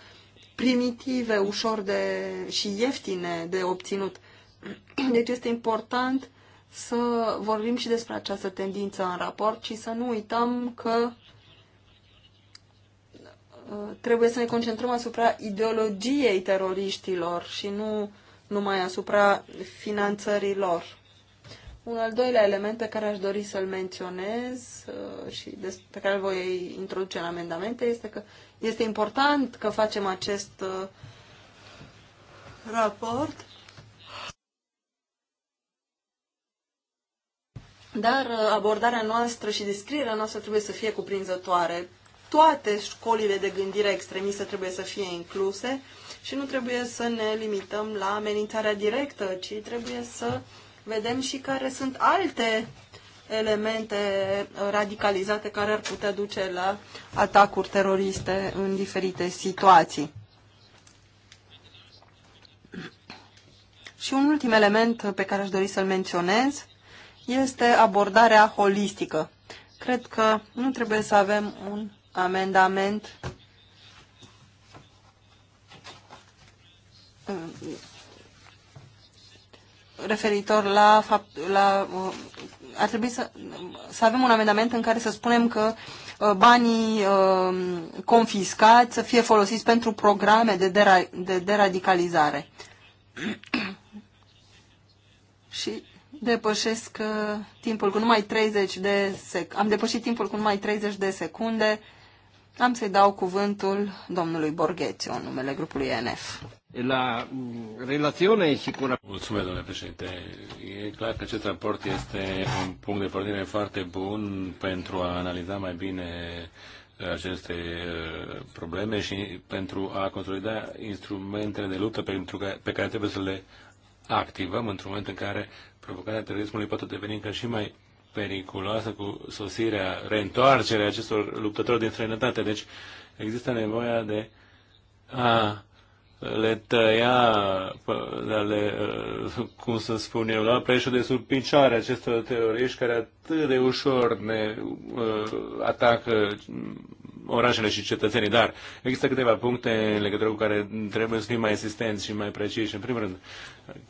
primitive, ușor de, și ieftine de obținut. Deci este important să vorbim și despre această tendință în raport și să nu uităm că uh, trebuie să ne concentrăm asupra ideologiei teroriștilor și nu numai asupra finanțării lor. Un al doilea element pe care aș dori să-l menționez uh, și pe care îl voi introduce în amendamente este că este important că facem acest uh, raport Dar uh, abordarea noastră și descrierea noastră trebuie să fie cuprinzătoare. Toate școlile de gândire extremistă trebuie să fie incluse și nu trebuie să ne limităm la amenințarea directă, ci trebuie să vedem și care sunt alte elemente radicalizate care ar putea duce la atacuri teroriste în diferite situații. Și un ultim element pe care aș dori să-l menționez este abordarea holistică. Cred că nu trebuie să avem un amendament uh, referitor la, fapt, la uh, ar trebui să, să avem un amendament în care să spunem că uh, banii confiscați să fie folosiți pentru programe de, dera, de deradicalizare. Și depășesc uh, timpul cu numai 30 de sec- am depășit timpul cu numai 30 de secunde. Am să-i dau cuvântul domnului Borghețiu, în numele grupului ENF. La mm, relațiune și cu... Mulțumesc, domnule președinte. E clar că acest raport este un punct de pornire foarte bun pentru a analiza mai bine uh, aceste uh, probleme și pentru a consolida instrumentele de luptă pentru pe care trebuie să le activăm într-un moment în care provocarea terorismului poate deveni încă și mai periculoasă cu sosirea, reîntoarcerea acestor luptători din străinătate. Deci există nevoia de a le tăia, de a le, uh, cum să spun eu, la preșul de sub picioare acestor teroriști care atât de ușor ne uh, atacă orașele și cetățenii, dar există câteva puncte în legătură cu care trebuie să fim mai existenți și mai preciși. În primul rând,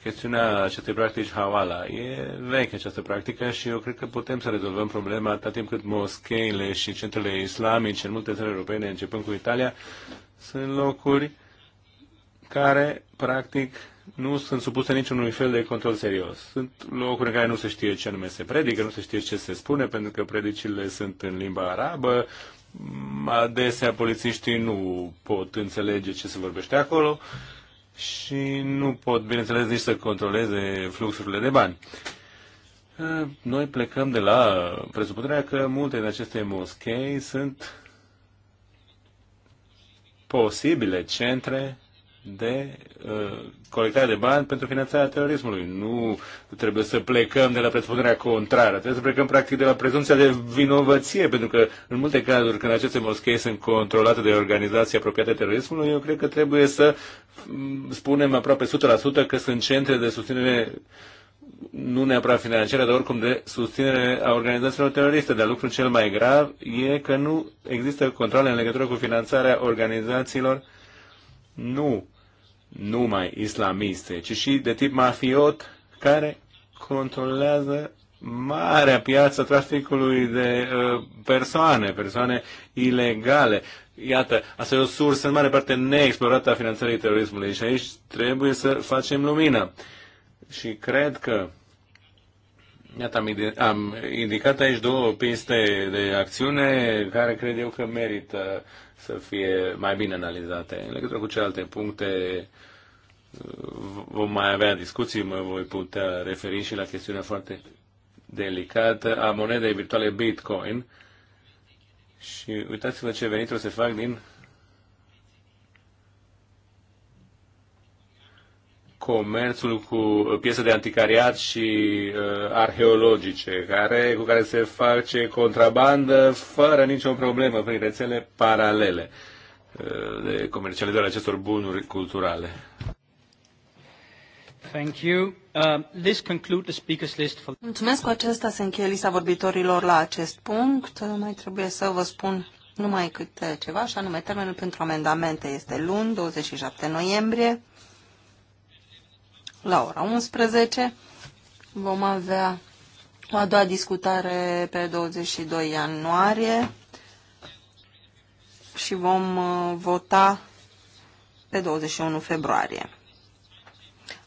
chestiunea acestei practici hawala. E veche această practică și eu cred că putem să rezolvăm problema atât timp cât moscheile și centrele islamice în multe țări europene, începând cu Italia, sunt locuri care, practic, nu sunt supuse niciunui fel de control serios. Sunt locuri în care nu se știe ce anume se predică, nu se știe ce se spune, pentru că predicile sunt în limba arabă, adesea polițiștii nu pot înțelege ce se vorbește acolo și nu pot, bineînțeles, nici să controleze fluxurile de bani. Eh, noi plecăm de la presupunerea că multe din aceste moschei sunt posibile centre de uh, colectare de bani pentru finanțarea terorismului. Nu trebuie să plecăm de la presupunerea contrară, trebuie să plecăm practic de la prezumția de vinovăție, pentru că în multe cazuri când aceste moschei sunt controlate de organizații apropiate terorismului, eu cred că trebuie să mm, spunem aproape 100% că sunt centre de susținere nu neapărat financiară, dar oricum de susținere a organizațiilor teroriste. Dar lucrul cel mai grav e că nu există controle în legătură cu finanțarea organizațiilor nu numai islamiste, ci și de tip mafiot care controlează marea piață traficului de uh, persoane, persoane ilegale. Iată, asta e o sursă în mare parte neexplorată a finanțării terorismului și aici trebuie să facem lumină. Și cred că Iată, am, am indicat aici două piste de acțiune care cred eu că merită să fie mai bine analizate. În legătură cu celelalte puncte, vom mai avea discuții, mă voi putea referi și la chestiunea foarte delicată a monedei virtuale Bitcoin. Și uitați-vă ce venituri se fac din comerțul cu piese de anticariat și uh, arheologice, care, cu care se face contrabandă fără nicio problemă prin rețele paralele uh, de comercializare acestor bunuri culturale. Thank you. Uh, this conclude the speakers list for... Mulțumesc, cu acesta se încheie lista vorbitorilor la acest punct. Mai trebuie să vă spun numai câte ceva, și anume termenul pentru amendamente este luni, 27 noiembrie, la ora 11. Vom avea o a doua discutare pe 22 ianuarie și vom uh, vota pe 21 februarie.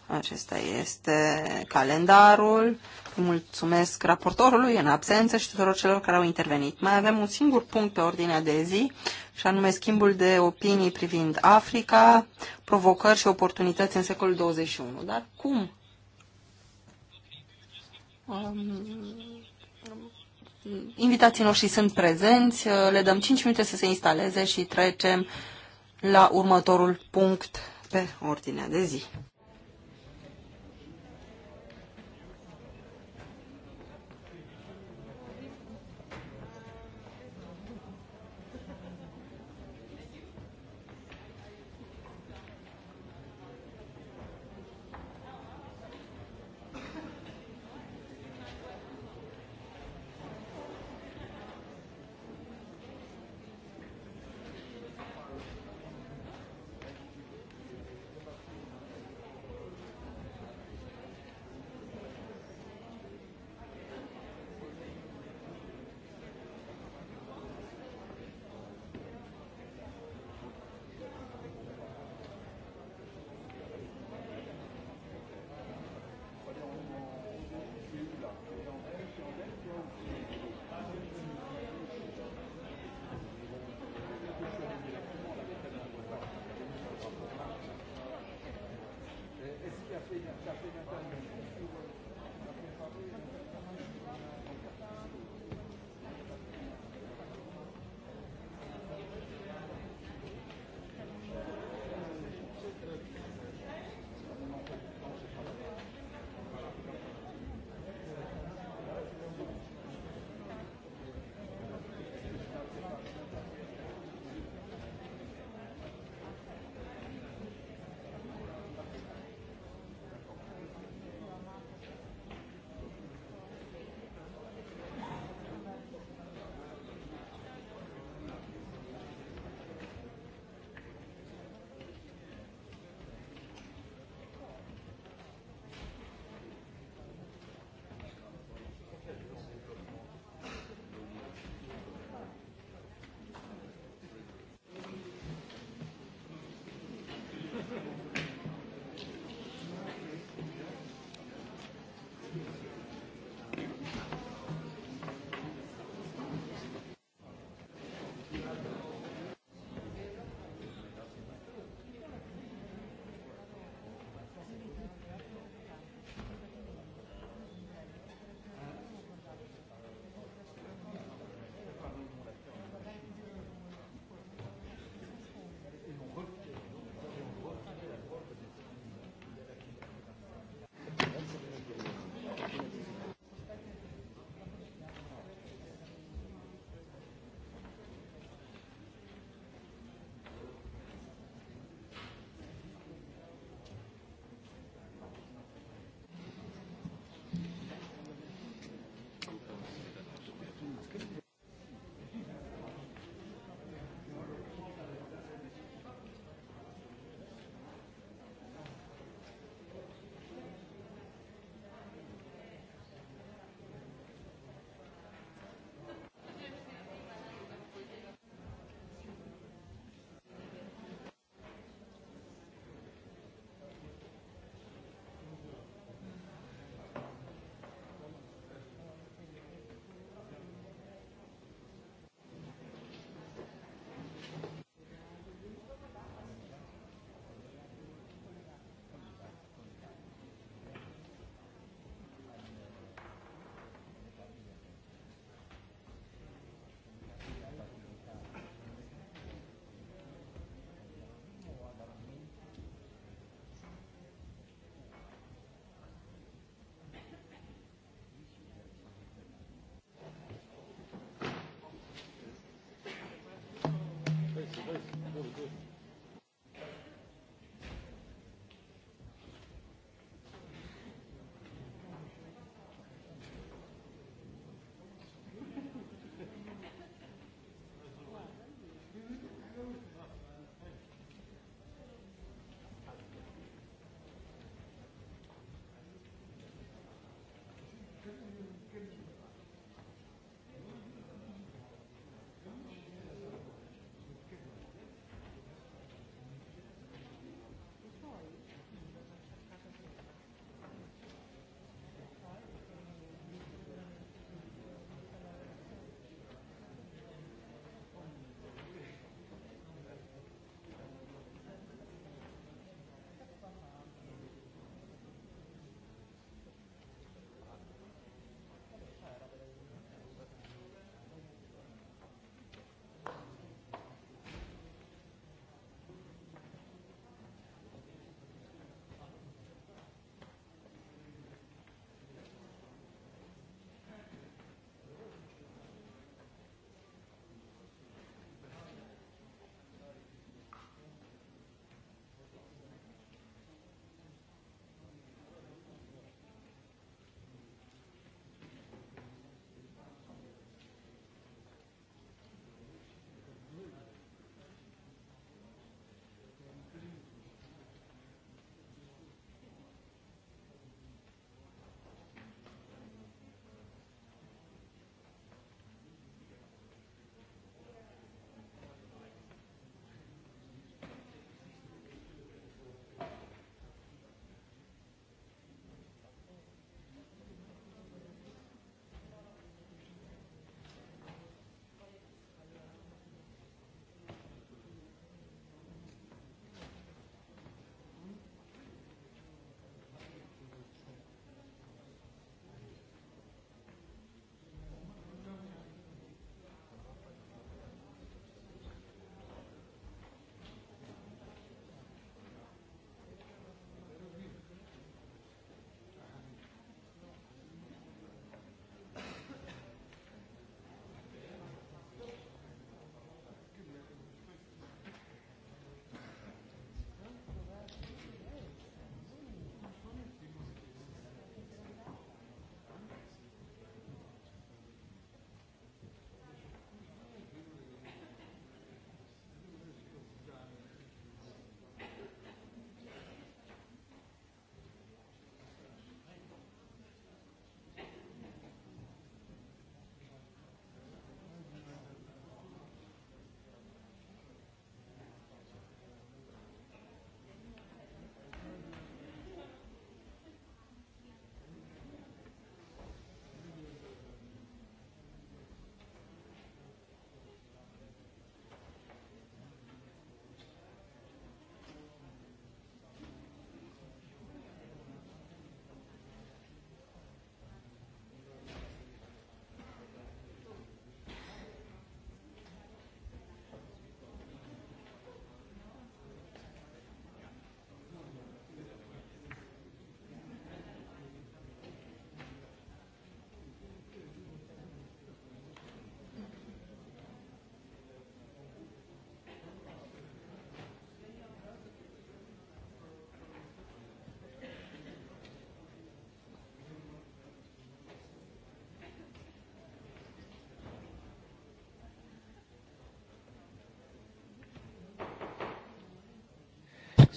Acesta este calendarul. Mulțumesc raportorului în absență și tuturor celor care au intervenit. Mai avem un singur punct pe ordinea de zi și anume schimbul de opinii privind Africa, provocări și oportunități în secolul 21. Dar cum? Um, invitații noștri sunt prezenți, le dăm 5 minute să se instaleze și trecem la următorul punct pe ordinea de zi.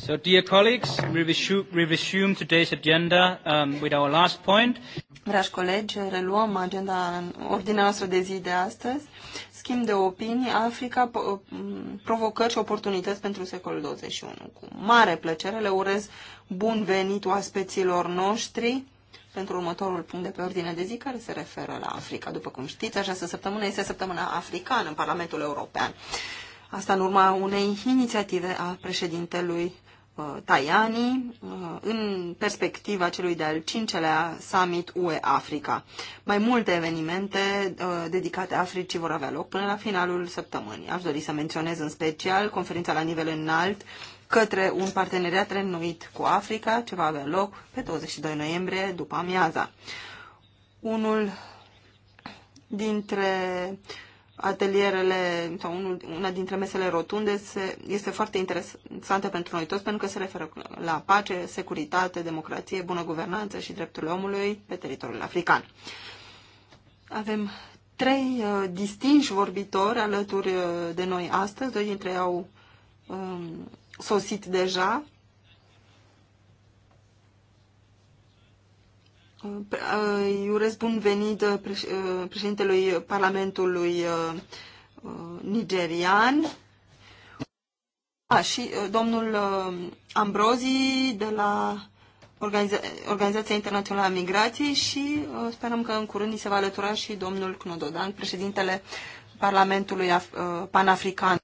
So, dear colleagues, we resume, we resume today's agenda um, with our last point. Dragi colegi, reluăm agenda în ordinea noastră de zi de astăzi. Schimb de opinii, Africa, uh, provocări și oportunități pentru secolul 21. Cu mare plăcere le urez bun venit oaspeților noștri pentru următorul punct de pe ordine de zi care se referă la Africa. După cum știți, această săptămână este săptămâna africană în Parlamentul European. Asta în urma unei inițiative a președintelui Ă, Tajani ă, în perspectiva celui de-al cincelea summit UE-Africa. Mai multe evenimente ă, dedicate Africii vor avea loc până la finalul săptămânii. Aș dori să menționez în special conferința la nivel înalt către un parteneriat renuit cu Africa, ce va avea loc pe 22 noiembrie după amiaza. Unul dintre uh, Atelierele sau unul, una dintre mesele rotunde se, este foarte interesantă pentru noi toți pentru că se referă la pace, securitate, democrație, bună guvernanță și drepturile omului pe teritoriul african. Avem trei uh, distinși vorbitori alături uh, de noi astăzi. Doi dintre ei au um, sosit deja. Îi urez bun venit uh, uh, președintelui Parlamentului uh, nigerian. A, și domnul Ambrozi de la Organiza Organizația Internațională a Migrației și sperăm că în curând ni se va alătura și domnul Knododan, președintele Parlamentului Panafrican.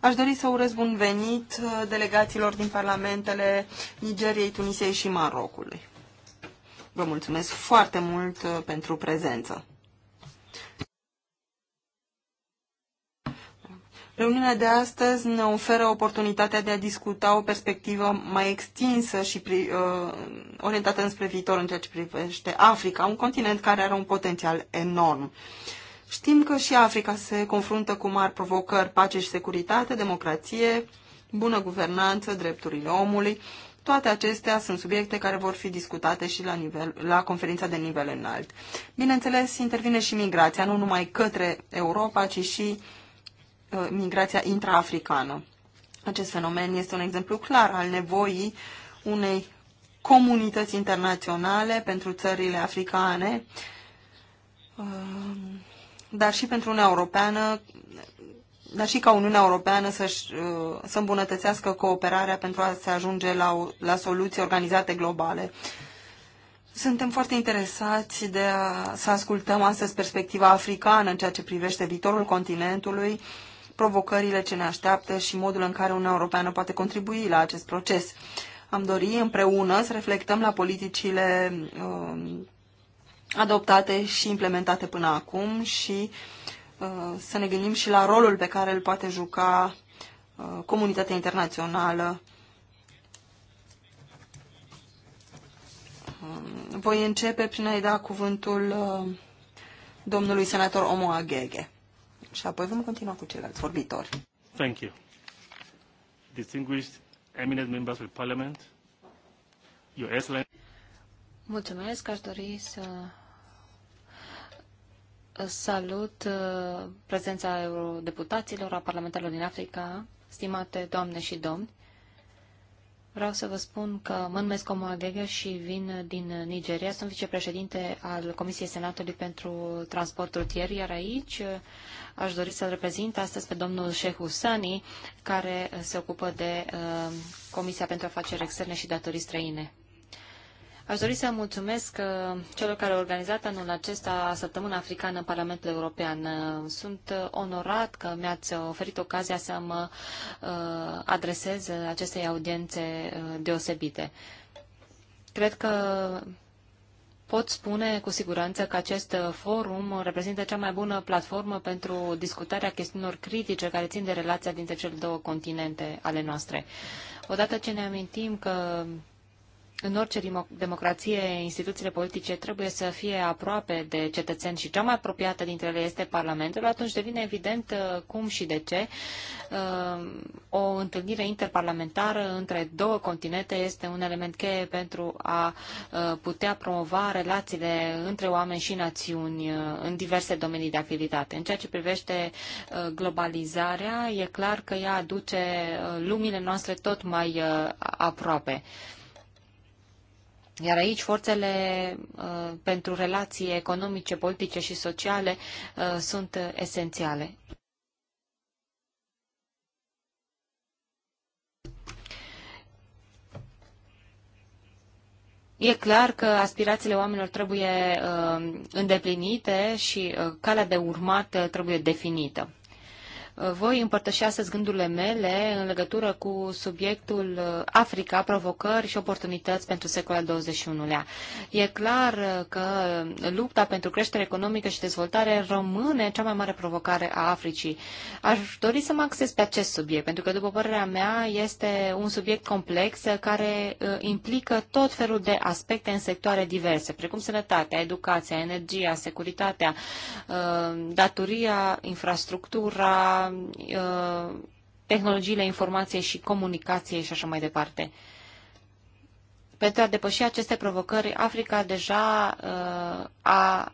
Aș dori să urez bun venit uh, delegațiilor din parlamentele Nigeriei, Tunisiei și Marocului. Vă mulțumesc foarte mult uh, pentru prezență. Reuniunea de astăzi ne oferă oportunitatea de a discuta o perspectivă mai extinsă și pri, uh, orientată înspre viitor în ceea ce privește Africa, un continent care are un potențial enorm. Uh, Știm că și Africa se confruntă cu mari provocări, pace și securitate, democrație, bună guvernanță, drepturile omului. Toate acestea sunt subiecte care vor fi discutate și la, nivel, la conferința de nivel înalt. Bineînțeles, intervine și migrația, nu numai către Europa, ci și uh, migrația intraafricană. Acest fenomen este un exemplu clar al nevoii unei comunități internaționale pentru țările africane uh, dar și pentru Uniunea Europeană, dar și ca Uniunea Europeană să, uh, să îmbunătățească cooperarea pentru a se ajunge la, la soluții organizate globale. Suntem foarte interesați de a, să ascultăm astăzi perspectiva africană în ceea ce privește viitorul continentului, provocările ce ne așteaptă și modul în care Uniunea Europeană poate contribui la acest proces. Am dori împreună să reflectăm la politicile uh, adoptate și implementate până acum și uh, să ne gândim și la rolul pe care îl poate juca uh, comunitatea internațională. Uh, voi începe prin a-i da cuvântul uh, domnului senator Omo Agheghe și apoi vom continua cu ceilalți vorbitori. Thank you. Distinguished eminent members of parliament, your excellency. Mulțumesc, aș dori să salut uh, prezența eurodeputaților, a parlamentarilor din Africa, stimate doamne și domni. Vreau să vă spun că mă numesc Omoadeghe și vin din Nigeria. Sunt vicepreședinte al Comisiei Senatului pentru Transport Rutier, iar aici uh, aș dori să-l reprezint astăzi pe domnul Sheikh Husani, care se ocupă de uh, Comisia pentru Afaceri Externe și Datorii Străine. Aș dori să mulțumesc uh, celor care au organizat anul acesta Săptămâna Africană în Parlamentul European. Uh, sunt uh, onorat că mi-ați oferit ocazia să mă adresez acestei audiențe deosebite. Cred că Pot spune cu siguranță că acest forum reprezintă cea mai bună platformă pentru discutarea chestiunilor critice care țin de relația dintre cele două continente ale noastre. Odată ce ne amintim că în orice democrație, instituțiile politice trebuie să fie aproape de cetățeni și cea mai apropiată dintre ele este Parlamentul, atunci devine evident uh, cum și de ce uh, o întâlnire interparlamentară între două continente este un element cheie pentru a uh, putea promova relațiile între oameni și națiuni în diverse domenii de activitate. În ceea ce privește globalizarea, e clar că ea aduce lumile noastre tot mai aproape. Iar aici forțele uh, pentru relații economice, politice și sociale uh, sunt esențiale. E clar că aspirațiile oamenilor trebuie uh, îndeplinite și uh, calea de urmat uh, trebuie definită. Uh, voi împărtăși astăzi gândurile mele în legătură cu subiectul uh, Africa, provocări și oportunități pentru secolul 21-lea. E clar uh, că lupta pentru creștere economică și dezvoltare rămâne cea mai mare provocare a Africii. Aș dori să mă acces pe acest subiect, pentru că, după părerea mea, este un subiect complex care implică tot felul de aspecte în sectoare diverse, precum sănătatea, educația, energia, securitatea, datoria, infrastructura, Uh, tehnologiile informației și comunicației și așa mai departe. Pentru a depăși aceste provocări, Africa deja uh, a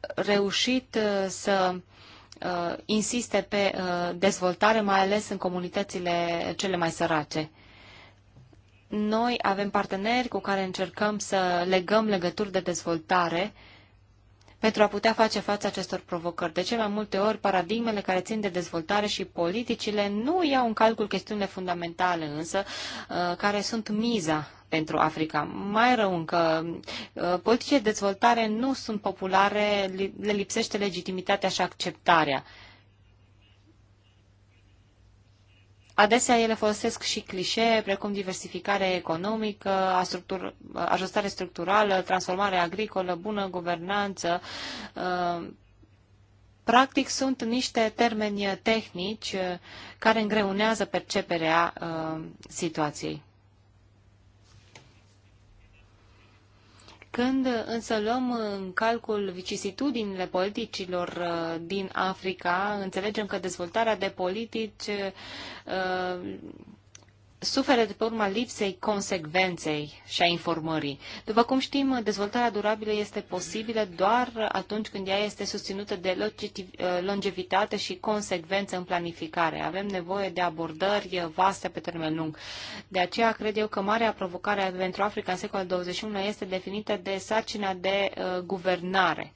reușit uh, să uh, insiste pe uh, dezvoltare, mai ales în comunitățile cele mai sărace. Noi avem parteneri cu care încercăm să legăm legături de dezvoltare uh, pentru a putea face față acestor provocări. De ce mai multe ori, paradigmele care țin de dezvoltare și politicile nu iau în calcul chestiunile fundamentale, însă, uh, care sunt miza pentru Africa. Mai rău încă, uh, politicile de dezvoltare nu sunt populare, le lipsește legitimitatea și acceptarea. Adesea ele folosesc și clișee precum diversificare economică, structur, ajustare structurală, transformare agricolă, bună guvernanță. Uh, practic sunt niște termeni tehnici uh, care îngreunează perceperea uh, situației. Când însă luăm în calcul vicisitudinile politicilor uh, din Africa, înțelegem că dezvoltarea de politici uh, suferă de pe urma lipsei consecvenței și a informării. După cum știm, dezvoltarea durabilă este posibilă doar atunci când ea este susținută de longevitate și consecvență în planificare. Avem nevoie de abordări vaste pe termen lung. De aceea cred eu că marea provocare pentru Africa în secolul 21 este definită de sarcina de uh, guvernare,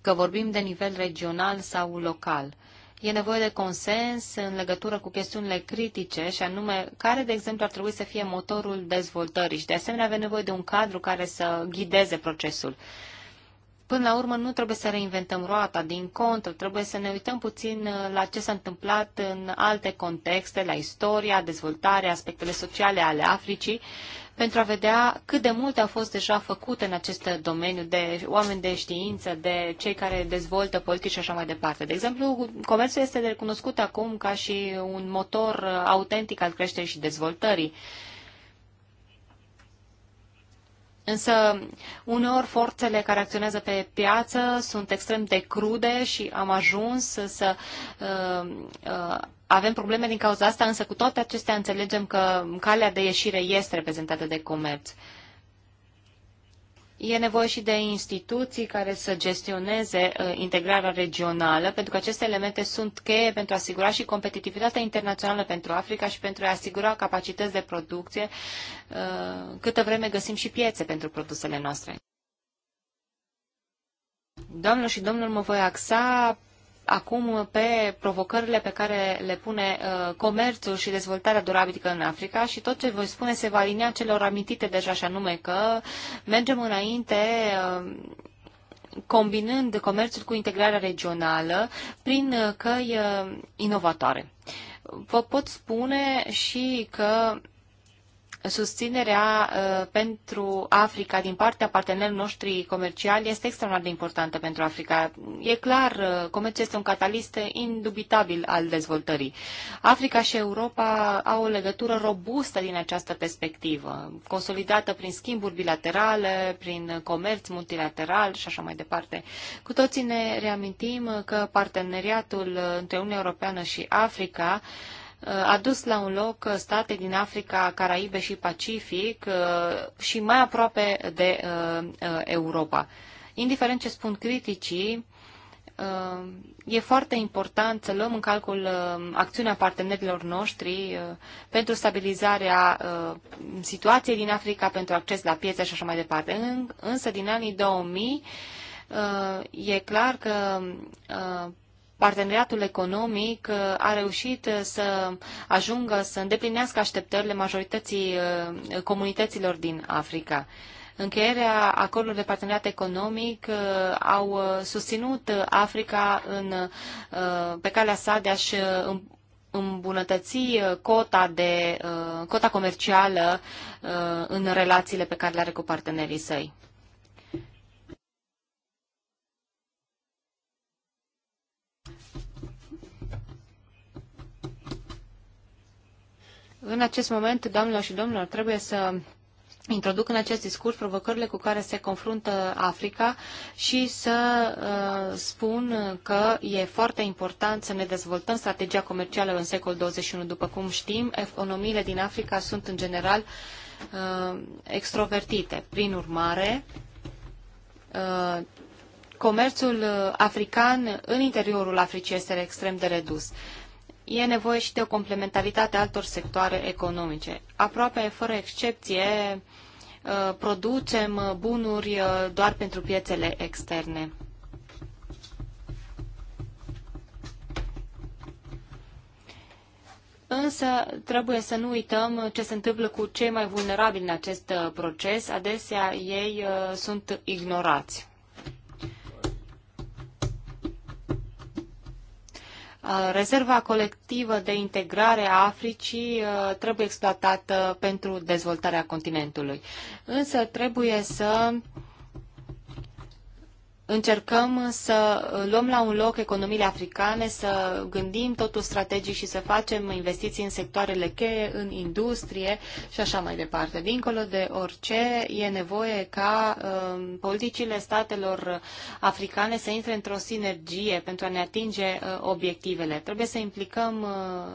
că vorbim de nivel regional sau local. E nevoie de consens în legătură cu chestiunile critice și anume care, de exemplu, ar trebui să fie motorul dezvoltării și de asemenea avem nevoie de un cadru care să ghideze procesul. Până la urmă, nu trebuie să reinventăm roata, din contră, trebuie să ne uităm puțin uh, la ce s-a întâmplat în alte contexte, la istoria, dezvoltarea, aspectele sociale ale Africii pentru a vedea cât de multe au fost deja făcute în acest domeniu de oameni de știință, de cei care dezvoltă politici și așa mai departe. De exemplu, comerțul este recunoscut acum ca și un motor autentic al creșterii și dezvoltării. Uh, Însă, uneori, forțele care acționează pe piață sunt extrem de crude și am ajuns să uh, uh, avem probleme din cauza asta, însă cu toate acestea înțelegem că calea de ieșire este reprezentată de comerț. Uh, E nevoie și de instituții care să gestioneze uh, integrarea regională, pentru că aceste elemente sunt cheie pentru a asigura și competitivitatea internațională pentru Africa și pentru a asigura capacități de producție, uh, câtă vreme găsim și piețe pentru produsele noastre. Doamnelor și domnilor, mă voi axa acum pe provocările pe care le pune uh, comerțul și dezvoltarea durabilă în Africa și tot ce voi spune se va alinea celor amintite deja și anume că mergem înainte uh, combinând comerțul cu integrarea regională prin uh, căi inovatoare. Vă pot spune și că susținerea uh, pentru Africa din partea partenerilor noștri comerciali este extraordinar de importantă pentru Africa. E clar, uh, comerțul este un catalist indubitabil al dezvoltării. Africa și Europa au o legătură robustă din această perspectivă, consolidată prin schimburi bilaterale, prin comerț multilateral și așa mai departe. Cu toții ne reamintim că parteneriatul între Uniunea Europeană și Africa uh, adus la un loc state din Africa, Caraibe și Pacific uh, și mai aproape de uh, uh, Europa. Indiferent ce spun criticii, e foarte important să luăm în calcul acțiunea partenerilor noștri pentru stabilizarea situației din Africa, pentru acces la piețe și așa mai departe. Însă din anii 2000 e clar că parteneriatul economic uh, a reușit uh, să ajungă să îndeplinească așteptările majorității uh, comunităților din Africa. Încheierea acordului de parteneriat economic au susținut Africa în, pe calea sa de a-și îmbunătăți cota, de, cota comercială în relațiile pe care le are cu partenerii săi. În acest moment, doamnelor și domnilor, trebuie să introduc în acest discurs provocările cu care se confruntă Africa și să uh, spun că e foarte important să ne dezvoltăm strategia comercială în secolul 21. După cum știm, economiile din Africa sunt în general uh, extrovertite. Prin urmare, uh, comerțul uh, african în interiorul Africii este extrem de redus e nevoie și de o complementaritate a altor sectoare economice. Aproape fără excepție uh, producem uh, bunuri uh, doar pentru piețele externe. Însă trebuie să nu uităm ce se întâmplă cu cei mai vulnerabili în acest proces. Adesea ei sunt ignorați. Rezerva colectivă de integrare a Africii trebuie exploatată pentru dezvoltarea continentului. Însă trebuie să încercăm să luăm la un loc economiile africane, să gândim totul strategic și să facem investiții în sectoarele cheie, în industrie și așa mai departe. Dincolo de orice, e nevoie ca uh, politicile statelor africane să intre într-o sinergie pentru a ne atinge uh, obiectivele. Trebuie să implicăm uh,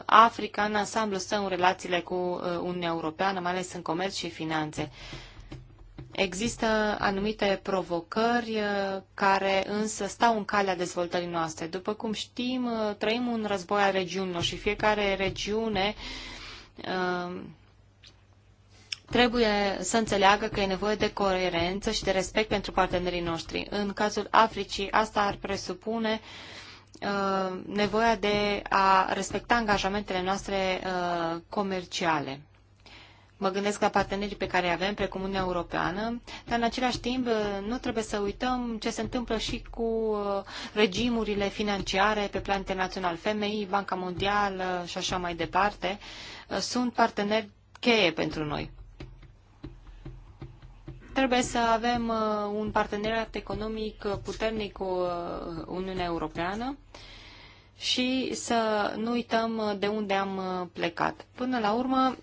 Africa în ansamblu său în relațiile cu uh, Uniunea Europeană, mai ales în comerț și finanțe. Există anumite provocări uh, care însă stau în calea dezvoltării noastre. După cum știm, uh, trăim un război al regiunilor și fiecare regiune uh, trebuie să înțeleagă că e nevoie de coerență și de respect pentru partenerii noștri. În cazul Africii, asta ar presupune nevoia de a respecta angajamentele noastre comerciale. Mă gândesc la partenerii pe care îi avem, precum Uniunea Europeană, dar în același timp uh, nu trebuie să uităm ce se întâmplă și cu uh, regimurile financiare pe plan internațional. FMI, Banca Mondială și așa mai departe uh, sunt parteneri cheie pentru noi trebuie să avem un parteneriat economic puternic cu Uniunea Europeană și să nu uităm de unde am plecat. Până la urmă,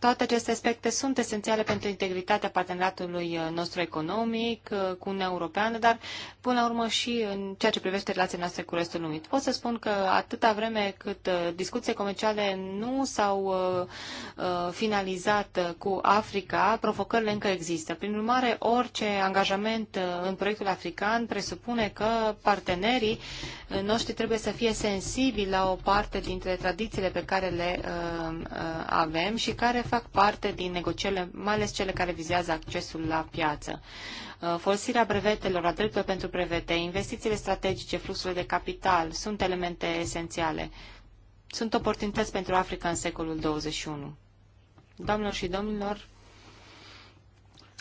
toate aceste aspecte sunt esențiale pentru integritatea parteneriatului uh, nostru economic uh, cu Uniunea Europeană, dar până la urmă și în ceea ce privește relațiile noastre cu restul lumii. Pot să spun că atâta vreme cât uh, discuțiile comerciale nu s-au finalizat cu Africa, provocările încă există. Prin urmare, orice angajament în proiectul african presupune că partenerii noștri trebuie să fie sensibili la o parte dintre tradițiile pe care le avem și care fac parte din negocierile, mai ales cele care vizează accesul la piață. Uh, folosirea brevetelor, a dreptului pentru brevete, investițiile strategice, fluxurile de capital sunt elemente esențiale. Sunt oportunități pentru Africa în secolul 21. Doamnelor și domnilor,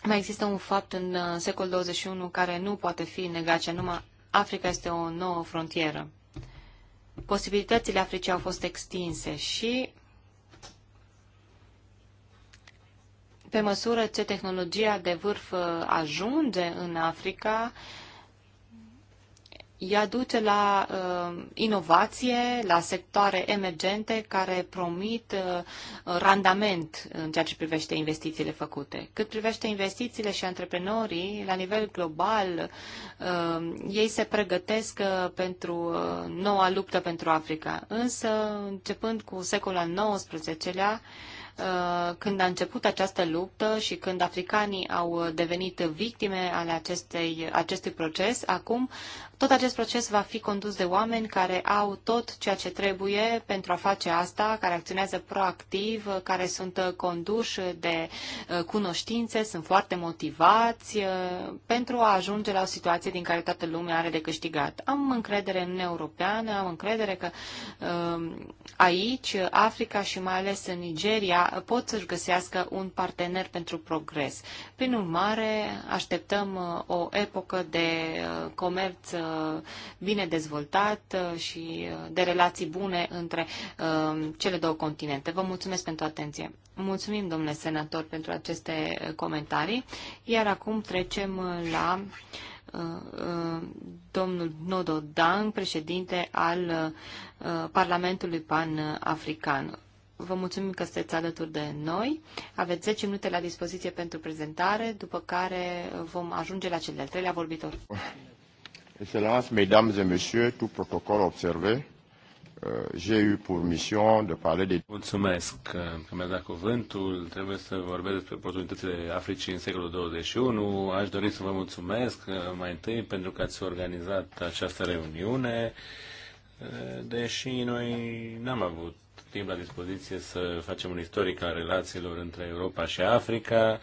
mai există un fapt în uh, secolul 21 care nu poate fi negat, și numai Africa este o nouă frontieră posibilitățile Africii au fost extinse și Pe măsură ce tehnologia de vârf uh, ajunge în Africa, ea duce la uh, inovație, la sectoare emergente care promit uh, randament în ceea ce privește investițiile făcute. Cât privește investițiile și antreprenorii, la nivel global, uh, ei se pregătesc uh, pentru uh, noua luptă pentru Africa. Însă, începând cu secolul al XIX-lea, uh, Uh, când a început această luptă și când africanii au devenit victime ale acestei, acestui proces, acum tot acest proces va fi condus de oameni care au tot ceea ce trebuie pentru a face asta, care acționează proactiv, care sunt conduși de uh, cunoștințe, sunt foarte motivați uh, pentru a ajunge la o situație din care toată lumea are de câștigat. Am încredere în Europeană, am încredere că um, aici, Africa și mai ales în Nigeria pot să-și găsească un partener pentru progres. Prin urmare, așteptăm uh, o epocă de comerț Uh, bine dezvoltat uh, și uh, de relații bune între cele două continente. Vă mulțumesc pentru atenție. Mulțumim, domnule senator, pentru aceste comentarii. Iar acum trecem la domnul Nodo Dang, președinte al Parlamentului Pan-African. Vă mulțumim că sunteți alături de noi. Aveți 10 minute la dispoziție pentru prezentare, după care vom ajunge la cel de-al treilea vorbitor. Excellences, Mesdames et Messieurs, tout protocole observé, euh, j'ai eu pour mission de parler de... Mulțumesc că mi-a dat cuvântul. Trebuie să vorbesc despre oportunitățile Africii în secolul 21. Aș dori să vă mulțumesc uh, mai întâi pentru că ați organizat această reuniune, uh, deși noi n-am avut timp la dispoziție să facem un istoric al relațiilor între Europa și Africa.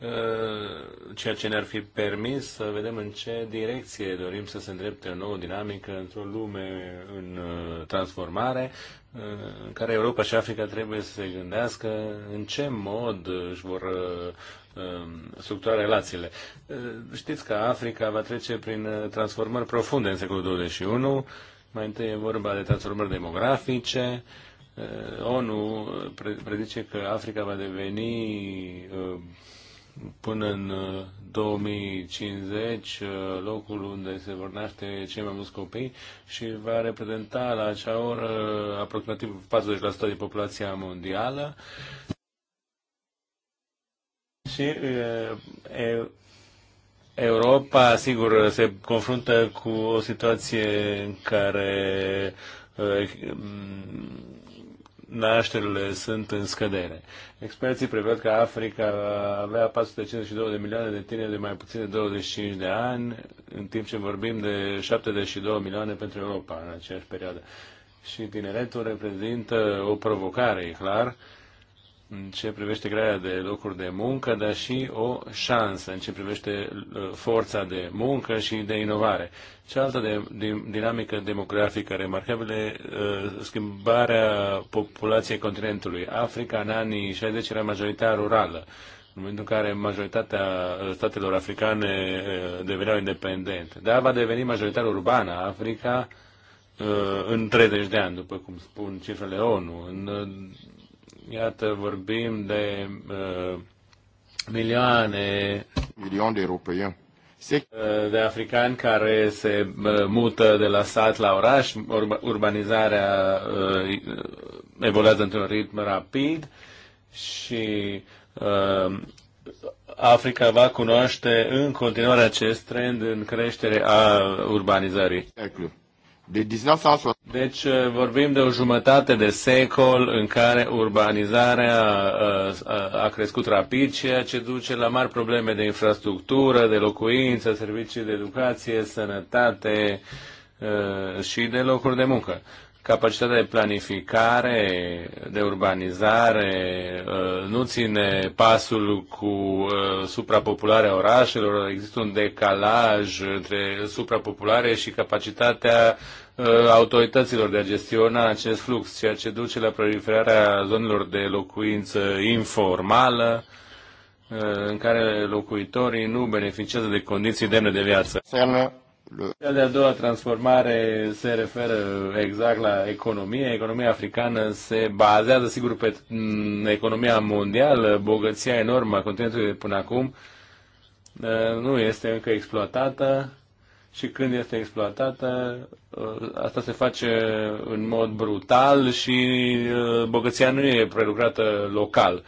Uh, ceea ce ne-ar fi permis să vedem în ce direcție dorim să se îndrepte o nouă dinamică într-o lume în uh, transformare, uh, în care Europa și Africa trebuie să se gândească în ce mod își vor um, structura relațiile. Știți că Africa va trece prin transformări profunde în secolul 21. Mai întâi e vorba de transformări demografice, ONU predice că Africa va deveni până în 2050 uh, uh, locul unde se vor naște cei mai mulți copii și va reprezenta la acea oră aproximativ 40% din populația mondială. Și uh, e, Europa, sigur, se confruntă cu o situație în care nașterile sunt în scădere. Experții prevăd că Africa va avea 452 de milioane de tineri de mai puțin de 25 de ani, în timp ce vorbim de 72 milioane pentru Europa în aceeași perioadă. Și tineretul reprezintă o provocare, e clar, în ce privește crearea de locuri de muncă, dar și o șansă în ce privește uh, forța de muncă și de inovare. Cealaltă de, din, dinamică demografică remarcabilă, uh, schimbarea populației continentului. Africa în anii 60 era majoritatea rurală, în momentul în care majoritatea uh, statelor africane deveneau independente. Dar va deveni majoritatea urbană Africa în 30 de ani, după cum spun cifrele ONU. În Iată, vorbim de uh, milioane Milion de europeni uh, de africani care se uh, mută de la sat la oraș, urbanizarea uh, evoluează într-un ritm rapid și Africa va cunoaște în continuare acest trend în creștere a urbanizării. Exact. De 1960. Deci uh, vorbim de o jumătate de secol în care urbanizarea uh, uh, a crescut rapid, ceea ce duce la mari probleme de infrastructură, de locuință, servicii de educație, sănătate și de locuri de muncă capacitatea de planificare, de urbanizare, uh, nu ține pasul cu uh, suprapopularea orașelor, există un decalaj între suprapopulare și capacitatea uh, autorităților de a gestiona acest flux, ceea ce duce la proliferarea zonelor de locuință informală, în care locuitorii nu beneficiază de condiții demne de viață. Cea de-a doua transformare se referă exact la economie. Economia africană se bazează, sigur, pe mm, economia mondială, bogăția enormă a continentului de până acum nu este încă exploatată și când este exploatată, asta se face în mod brutal și bogăția nu e prelucrată local.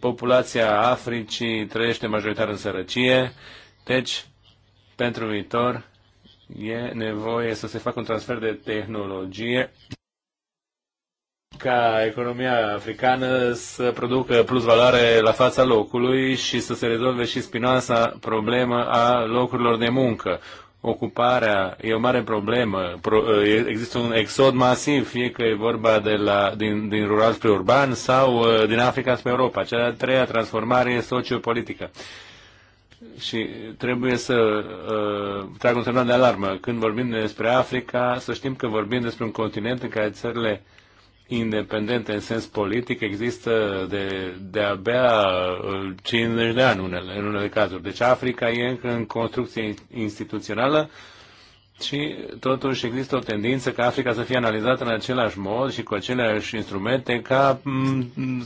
Populația Africii trăiește majoritar în sărăcie, deci pentru viitor e nevoie să se facă un transfer de tehnologie ca economia africană să producă plus valoare la fața locului și să se rezolve și spinoasa problemă a locurilor de muncă. Ocuparea e o mare problemă. Pro, există un exod masiv, fie că e vorba de la, din, din rural spre urban sau uh, din Africa spre Europa. Cea de-a treia transformare e sociopolitică și trebuie să uh, trag un semnal de alarmă. Când vorbim despre Africa, să știm că vorbim despre un continent în care țările independente în sens politic există de, de abia 50 uh, de ani unele, în unele cazuri. Deci Africa e încă în construcție instituțională uh, și totuși există o tendință ca Africa să fie analizată în același mod și cu aceleași instrumente ca mm,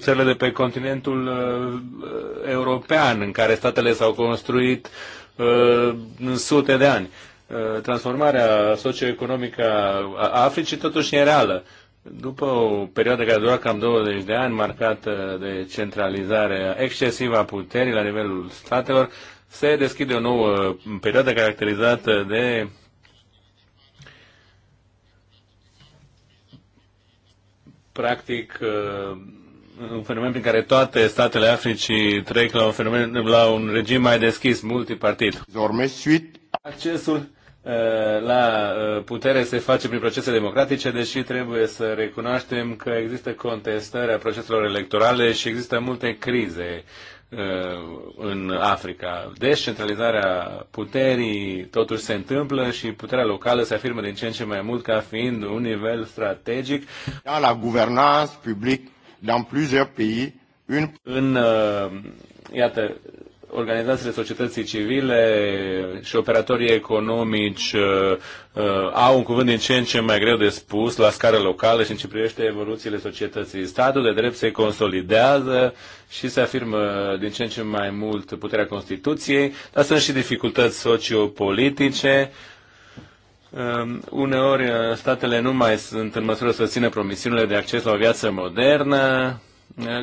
țările de pe continentul uh, uh, european, în care statele s-au construit uh, în sute de ani. Transformarea socioeconomică a Africii totuși e reală. După o perioadă care a durat cam 20 de ani, marcată de centralizare excesivă a puterii la nivelul statelor, se deschide o nouă perioadă caracterizată de practic uh, un fenomen prin care toate statele Africii trec la un fenomen la un regim mai deschis, multipartit. Accesul uh, la uh, putere se face prin procese democratice, deși trebuie să recunoaștem că există contestări a proceselor electorale și există multe crize Uh, în Africa. Descentralizarea deci, puterii totuși se întâmplă și puterea locală se afirmă din ce în ce mai mult ca fiind un nivel strategic. la guvernanță publică în plusieurs pays, une... În, uh, iată, organizațiile societății civile și operatorii economici uh, uh, au un cuvânt din ce în ce mai greu de spus la scară locală și în ce privește evoluțiile societății. Statul de drept se consolidează și se afirmă din ce în ce mai mult puterea Constituției, dar sunt și dificultăți sociopolitice. Um, uh, uneori statele nu mai sunt în măsură să țină promisiunile de acces la o viață modernă,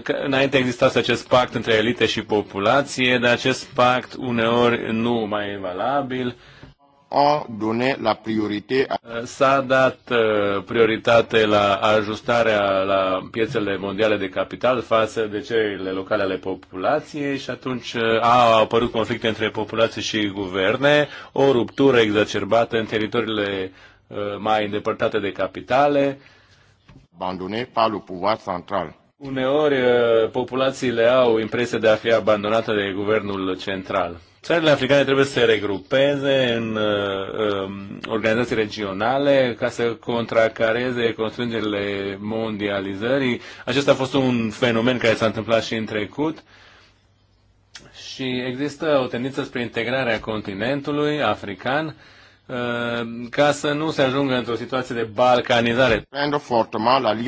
Că înainte exista acest pact între elite și populație, dar acest pact uneori nu mai e valabil. S-a dat uh, prioritate la ajustarea la piețele mondiale de capital față de cele locale ale populației și atunci uh, au apărut conflicte între populație și guverne, o ruptură exacerbată în teritoriile uh, mai îndepărtate de capitale. Abandonate par le pouvoir central. Uneori, uh, populațiile au impresia de a fi abandonate de guvernul central. Țările africane trebuie să se regrupeze în uh, um, organizații regionale ca să contracareze constrângerile mondializării. Acesta a fost un fenomen care s-a întâmplat și în trecut. Și există o tendință spre integrarea continentului african uh, Ehm, ca să nu se ajungă într-o situație de balcanizare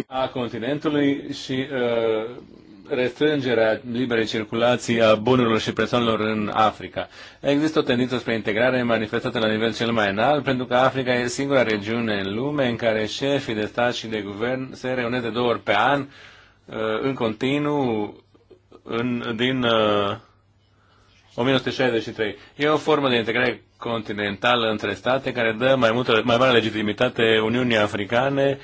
a continentului și ehm, restrângerea liberei circulații a bunurilor și persoanelor în Africa. Există o tendință spre integrare manifestată la nivel cel mai înalt, pentru că Africa e singura regiune în lume în care șefii de stat și de guvern se reunesc de două ori pe an, ehm, în continuu, în, din 1963. E o formă de integrare continentală între state care dă mai, multă, mai mare legitimitate Uniunii Africane,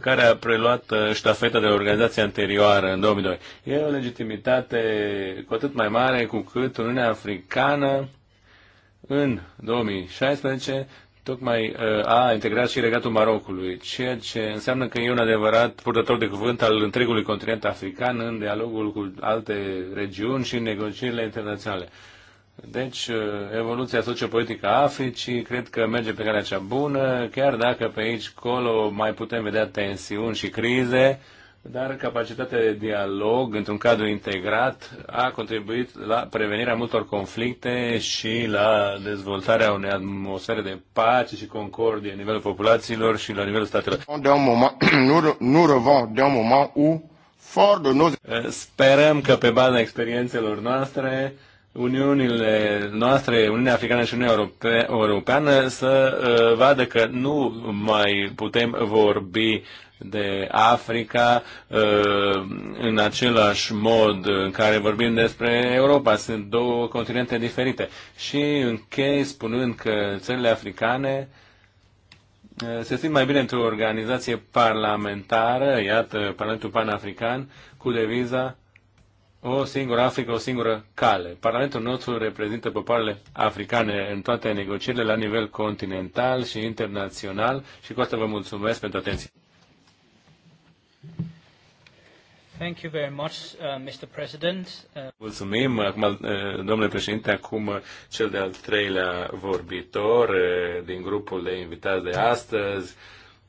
care a preluat uh, ștafeta de la organizația anterioară în 2002. E o legitimitate cu atât mai mare cu cât Uniunea Africană în 2016 tocmai uh, a integrat și regatul Marocului, ceea ce înseamnă că e un adevărat purtător de cuvânt al întregului continent african în dialogul cu alte regiuni și în negocierile internaționale. Deci, uh, evoluția sociopolitică a Africii cred că merge pe calea cea bună, chiar dacă pe aici, colo, mai putem vedea tensiuni și crize, dar capacitatea de dialog într-un cadru integrat a contribuit la prevenirea multor conflicte și la dezvoltarea unei atmosfere de pace și concordie la nivelul populațiilor și la nivelul statelor. Nu revend de un moment u, fort de nos... Uh, sperăm că pe baza experiențelor noastre, Uniunile noastre, Uniunea Africană și Uniunea Europe- Europeană să uh, vadă că nu mai putem vorbi de Africa uh, în același mod în care vorbim despre Europa. Sunt două continente diferite. Și închei spunând că țările africane uh, se simt mai bine într-o organizație parlamentară, iată, Parlamentul Panafrican, cu deviza o singură Africa, o singură cale. Parlamentul nostru reprezintă popoarele africane în toate negocierile la nivel continental și internațional și cu asta vă mulțumesc pentru atenție. Thank you very much, uh, Mr. President. Uh... Mulțumim, acum, uh, domnule președinte, acum uh, cel de-al treilea vorbitor uh, din grupul de invitați de astăzi.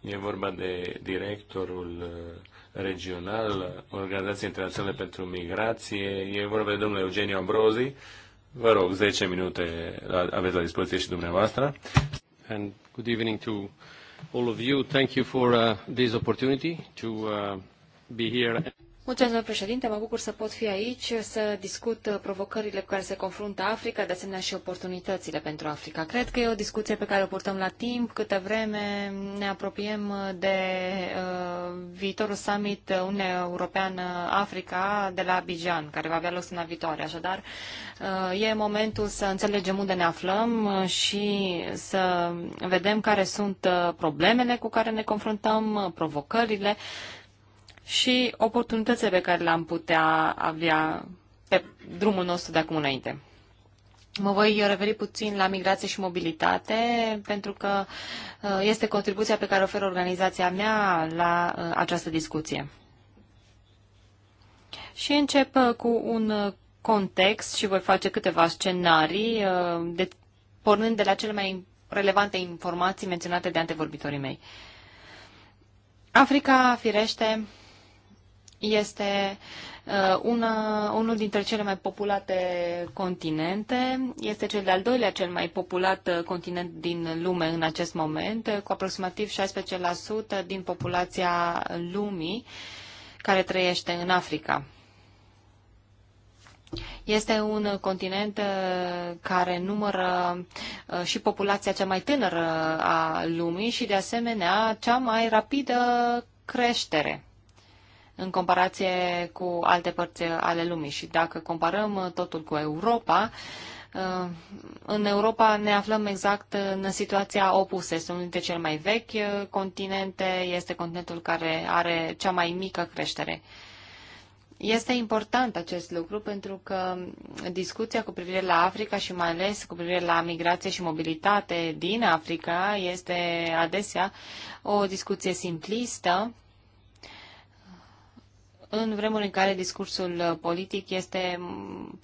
E vorba de directorul uh, regional, Organizația Internațională pentru Migrație. E vorba de domnul Eugeniu Ambrozi. Vă rog, 10 minute aveți la dispoziție și dumneavoastră. And good evening to all of you. Thank you for uh, this opportunity to uh, be here. Mulțumesc, domnule președinte. Mă bucur să pot fi aici să discut uh, provocările cu care se confruntă Africa, de asemenea și oportunitățile pentru Africa. Cred că e o discuție pe care o purtăm la timp, câtă vreme ne apropiem uh, de uh, viitorul summit Uniunea Europeană-Africa de la Abidjan, care va avea loc săptămâna viitoare. Așadar, uh, e momentul să înțelegem unde ne aflăm uh, și să vedem care sunt problemele cu care ne confruntăm, provocările, și oportunitățile pe care le-am putea avea pe drumul nostru de acum înainte. Mă voi referi puțin la migrație și mobilitate, pentru că uh, este contribuția pe care o oferă organizația mea la uh, această discuție. Și încep uh, cu un context și voi face câteva scenarii, de, pornind de la cele mai relevante informații menționate de antevorbitorii mei. Africa, firește, este uh, una, unul dintre cele mai populate continente. Este cel de-al doilea cel mai populat uh, continent din lume în acest moment, uh, cu aproximativ 16% din populația lumii care trăiește în Africa. Este un continent care numără și populația cea mai tânără a lumii și, de asemenea, cea mai rapidă creștere în comparație cu alte părți ale lumii. Și dacă comparăm totul cu Europa, uh, în Europa ne aflăm exact în situația opusă. Este unul dintre cele mai vechi continente, este continentul care are cea mai mică creștere. Este important acest lucru pentru că discuția cu privire la Africa și mai ales cu privire la migrație și mobilitate din Africa este adesea o discuție simplistă în vremuri în care discursul uh, politic este mm,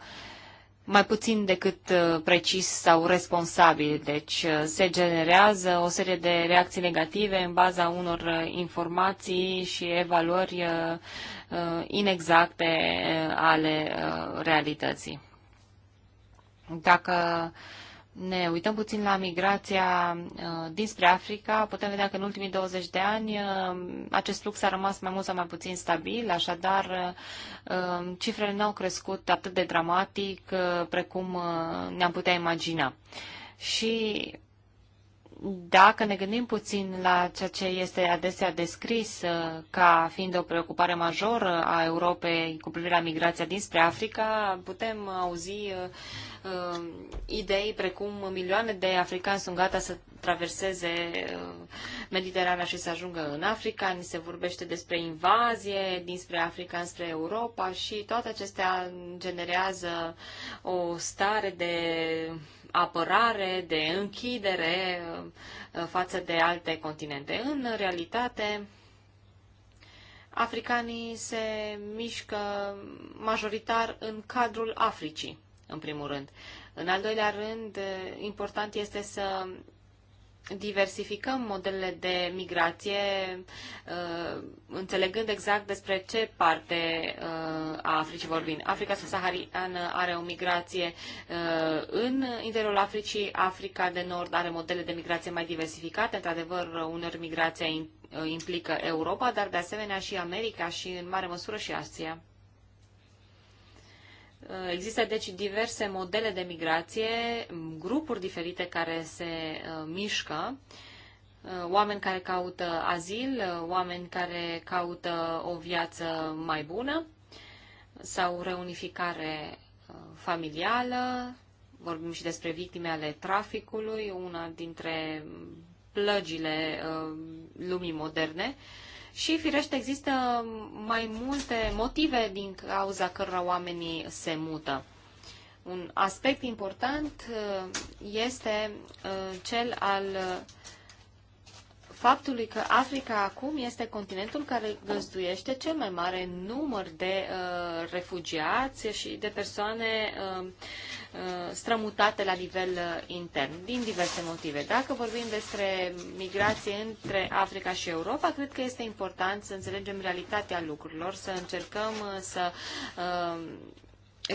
mai puțin decât uh, precis sau responsabil. Deci uh, se generează o serie de reacții negative în baza unor informații și evaluări inexacte ale realității. Dacă uh, ne uităm puțin la migrația uh, dinspre Africa, putem vedea că în ultimii 20 de ani uh, acest flux a rămas mai mult sau mai puțin stabil, așadar uh, cifrele nu au crescut atât de dramatic precum ne-am putea imagina. Și dacă ne gândim puțin la ceea ce este adesea descris uh, ca fiind o preocupare majoră a Europei cu privire la migrația dinspre Africa, putem auzi uh, uh idei precum milioane de africani sunt gata să traverseze uh, Mediterana și să ajungă în Africa, ni se vorbește despre invazie dinspre Africa înspre Europa și toate acestea generează o stare de apărare, de închidere uh, față de alte continente. În realitate, africanii se mișcă majoritar în cadrul Africii, în primul rând. În al doilea rând, uh, important este să diversificăm modelele de migrație, uh, înțelegând exact despre ce parte uh, a Africii vorbim. Africa subsahariană are o migrație uh, în interiorul Africii, Africa de Nord are modele de migrație mai diversificate, într-adevăr, uneori migrația implică Europa, dar de asemenea și America și în mare măsură și Asia. Uh, există deci diverse modele de migrație, grupuri diferite care se uh, mișcă, uh, oameni care caută azil, oameni care caută o viață mai bună sau reunificare familială. Vorbim și despre victime ale traficului, una dintre mm, plăgile lumii moderne și, firește, există mai multe motive din cauza cărora oamenii se mută. Un aspect important uh, este uh, cel al faptului că Africa acum este continentul care găzduiește cel mai mare număr de uh, refugiați și de persoane uh, uh, strămutate la nivel uh, intern, din diverse motive. Dacă vorbim despre migrație între Africa și Europa, cred că este important să înțelegem realitatea lucrurilor, să încercăm uh, să. Uh,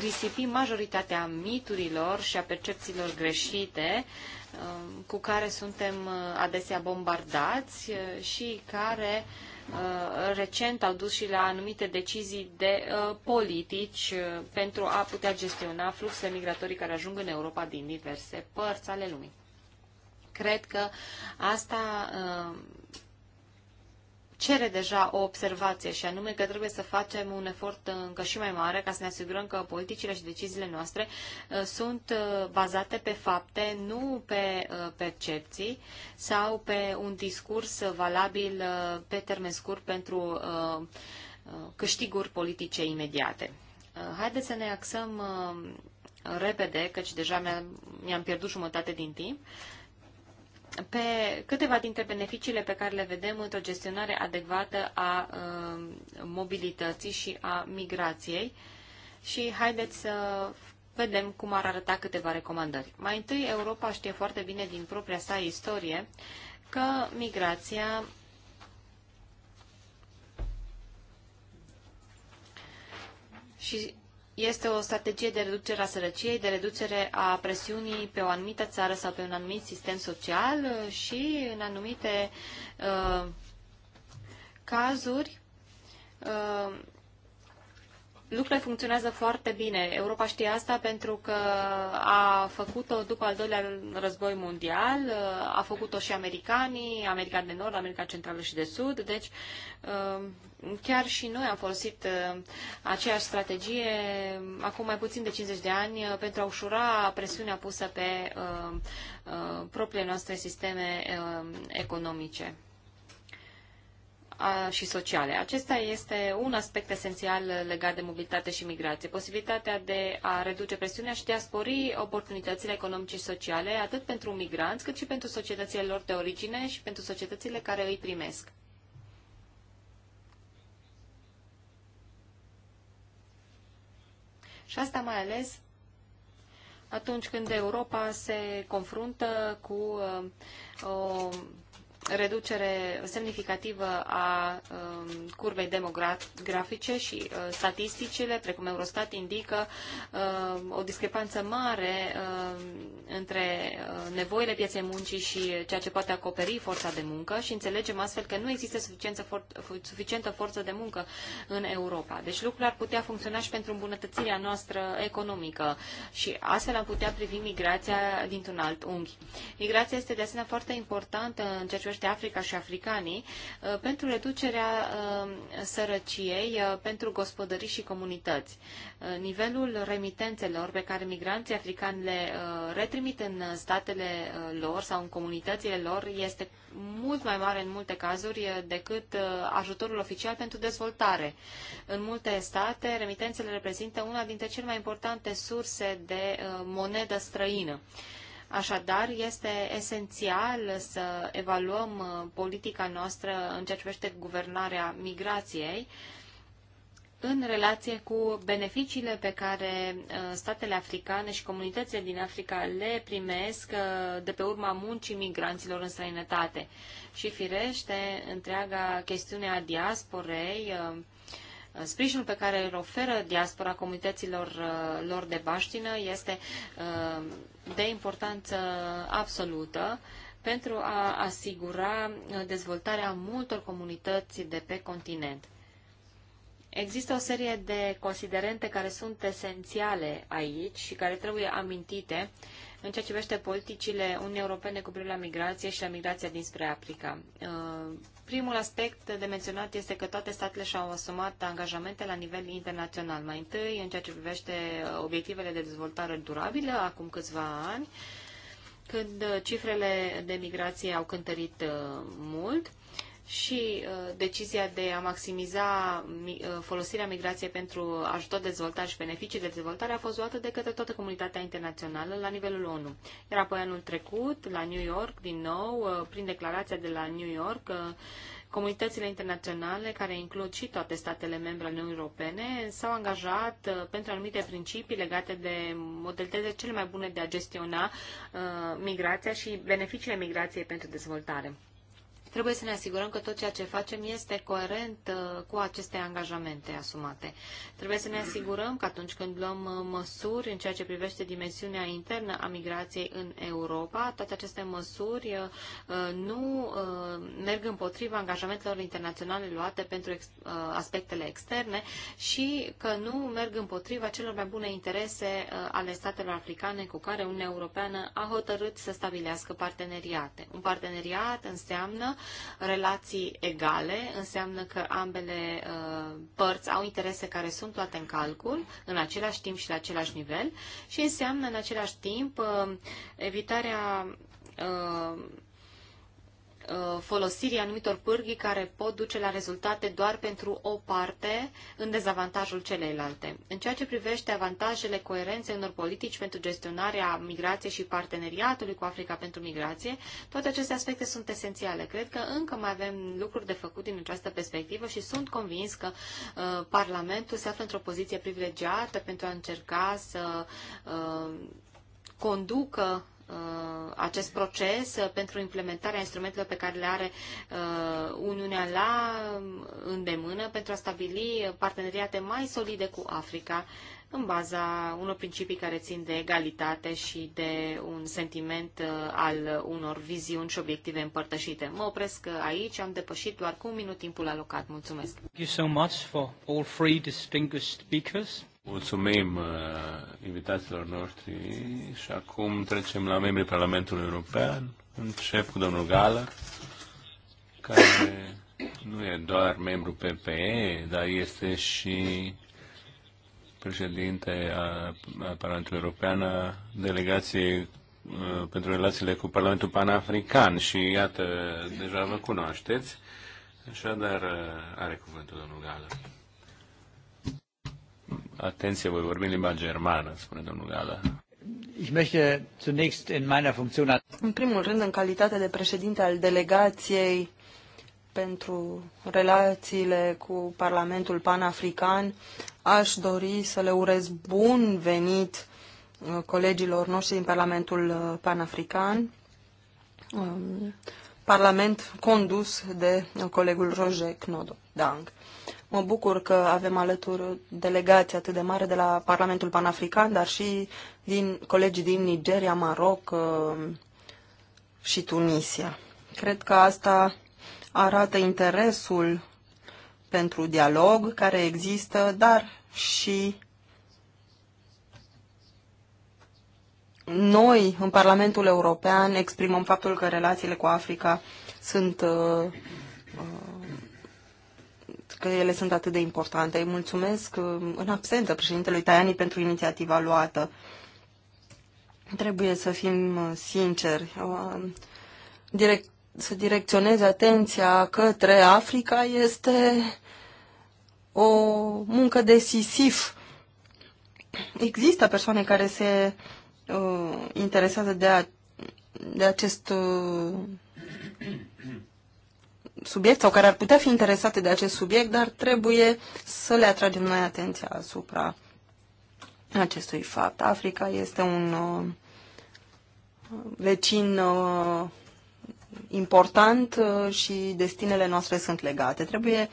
risipim majoritatea miturilor și a percepțiilor greșite uh, Um, cu care suntem uh, adesea bombardați uh, și care uh, recent au dus și la anumite decizii de politici pentru a putea gestiona fluxele migratorii care ajung în Europa din diverse părți ale lumii. Cred că asta cere deja o observație și anume că trebuie să facem un efort încă și mai mare ca să ne asigurăm că politicile și deciziile noastre uh, sunt uh, bazate pe fapte, nu pe uh, percepții sau pe un discurs valabil pe termen scurt pentru câștiguri politice imediate. Haideți să ne axăm repede, căci deja mi-am pierdut jumătate din timp, pe câteva dintre beneficiile pe care le vedem într-o gestionare adecvată a um, mobilității și a migrației și haideți să vedem cum ar arăta câteva recomandări. Mai întâi, Europa știe foarte bine din propria sa istorie că migrația și este o strategie de reducere a sărăciei, de reducere a presiunii pe o anumită țară sau pe un anumit sistem social uh, și în anumite uh, cazuri uh, lucrurile funcționează foarte bine. Europa știe asta pentru că a făcut-o după al doilea război mondial, a făcut-o și americanii, America de Nord, America Centrală și de Sud, deci um, chiar și noi am folosit uh, aceeași strategie acum mai puțin de 50 de ani uh, pentru a ușura presiunea pusă pe uh, propriile noastre sisteme economice și sociale. Acesta este un aspect esențial legat de mobilitate și migrație. Posibilitatea de a reduce presiunea și de a spori oportunitățile economice și sociale, atât pentru migranți, cât și pentru societățile lor de origine și pentru societățile care îi primesc. Și asta mai ales atunci când Europa se confruntă cu uh, o reducere semnificativă a um, curbei demografice și uh, statisticile, precum Eurostat, indică um, o discrepanță mare um, între uh, nevoile pieței muncii și ceea ce poate acoperi forța de muncă și înțelegem astfel că nu există suficientă forță de muncă în Europa. Deci lucrurile ar putea funcționa și pentru îmbunătățirea noastră economică și astfel am putea privi migrația dintr-un alt unghi. Migrația este de asemenea foarte importantă în ceea ce privește Africa și africanii, uh, pentru reducerea uh, sărăciei, uh, pentru gospodării și comunități. Nivelul remitențelor pe care migranții africani le retrimit în statele lor sau în comunitățile lor este mult mai mare în multe cazuri decât ajutorul oficial pentru dezvoltare. În multe state, remitențele reprezintă una dintre cele mai importante surse de monedă străină. Așadar, este esențial să evaluăm uh, politica noastră în ceea ce privește guvernarea migrației în relație cu beneficiile pe care uh, statele africane și comunitățile din Africa le primesc uh, de pe urma muncii migranților în străinătate. Și firește, întreaga chestiune a diasporei Sprijinul pe care îl oferă diaspora comunităților uh, lor de baștină este uh, de importanță absolută pentru a asigura uh, dezvoltarea multor comunități de pe continent. Există o serie de considerente care sunt esențiale aici și care trebuie amintite în ceea ce privește politicile Uniunii Europene cu privire la migrație și la migrația dinspre Africa. Primul aspect de menționat este că toate statele și-au asumat angajamente la nivel internațional. Mai întâi, în ceea ce privește obiectivele de dezvoltare durabilă, acum câțiva ani, când cifrele de migrație au cântărit uh, mult și uh, decizia de a maximiza uh, folosirea migrației pentru ajutor de dezvoltare și beneficii de dezvoltare a fost luată de către toată comunitatea internațională la nivelul ONU. Iar apoi anul trecut, la New York, din nou, uh, prin declarația de la New York, Comunitățile internaționale, care includ și toate statele membre ale Uniunii Europene, s-au angajat pentru anumite principii legate de modalitățile cele mai bune de a gestiona migrația și beneficiile migrației pentru dezvoltare. Trebuie să ne asigurăm că tot ceea ce facem este coerent uh, cu aceste angajamente asumate. Trebuie să ne asigurăm că atunci când luăm uh, măsuri în ceea ce privește dimensiunea internă a migrației în Europa, toate aceste măsuri uh, nu merg împotriva angajamentelor internaționale luate pentru aspectele externe și că nu merg împotriva celor mai bune interese ale statelor africane cu care Uniunea Europeană a hotărât să stabilească parteneriate. Un parteneriat înseamnă relații egale înseamnă că ambele uh, părți au interese care sunt toate în calcul în același timp și la același nivel și înseamnă în același timp uh, evitarea uh, Uh, folosirii anumitor pârghii care pot duce la rezultate doar pentru o parte în dezavantajul celeilalte. În ceea ce privește avantajele coerenței unor politici pentru gestionarea migrației și parteneriatului cu Africa pentru migrație, toate aceste aspecte sunt esențiale. Cred că încă mai avem lucruri de făcut din această perspectivă și sunt convins că uh, Parlamentul se află într-o poziție privilegiată pentru a încerca să uh, conducă Uh, acest proces uh, pentru implementarea instrumentelor pe care le are uh, Uniunea la um, îndemână pentru a stabili parteneriate mai solide cu Africa în baza unor principii care țin de egalitate și de un sentiment al unor viziuni și obiective împărtășite. Mă opresc aici, am depășit doar cu un minut timpul alocat. Mulțumesc! Thank you so much for all three distinguished speakers. Mulțumim uh, invitațiilor noștri și acum trecem la membrii Parlamentului European. Încep cu domnul Gală, care nu e doar membru PPE, dar este și președinte a, a Parlamentului European a delegației uh, pentru relațiile cu Parlamentul Panafrican și iată, deja vă cunoașteți. Așadar, uh, are cuvântul domnul Gală. Atenție, voi vorbi în limba germană, spune domnul Gala. Ich möchte zunächst in meiner În primul rând, în calitate de președinte al delegației pentru relațiile cu Parlamentul Panafrican, aș dori să le urez bun venit uh, colegilor noștri din Parlamentul uh, Panafrican, um, Parlament condus de colegul Roger Dank. Mă bucur că avem alături delegații atât de mare de la Parlamentul Panafrican, dar și din colegii din Nigeria, Maroc uh, și Tunisia. Cred că asta arată interesul pentru dialog care există, dar și noi în Parlamentul European exprimăm faptul că relațiile cu Africa sunt uh, uh, că ele sunt atât de importante. Îi mulțumesc uh, în absență președintelui Tajani pentru inițiativa luată. Trebuie să fim uh, sinceri. Uh, direct, să direcționeze atenția către Africa este o muncă de sisif. Există persoane care se uh, interesează de, a, de acest uh, subiect sau care ar putea fi interesate de acest subiect, dar trebuie să le atragem noi atenția asupra acestui fapt. Africa este un uh, vecin uh, important uh, și destinele noastre sunt legate. Trebuie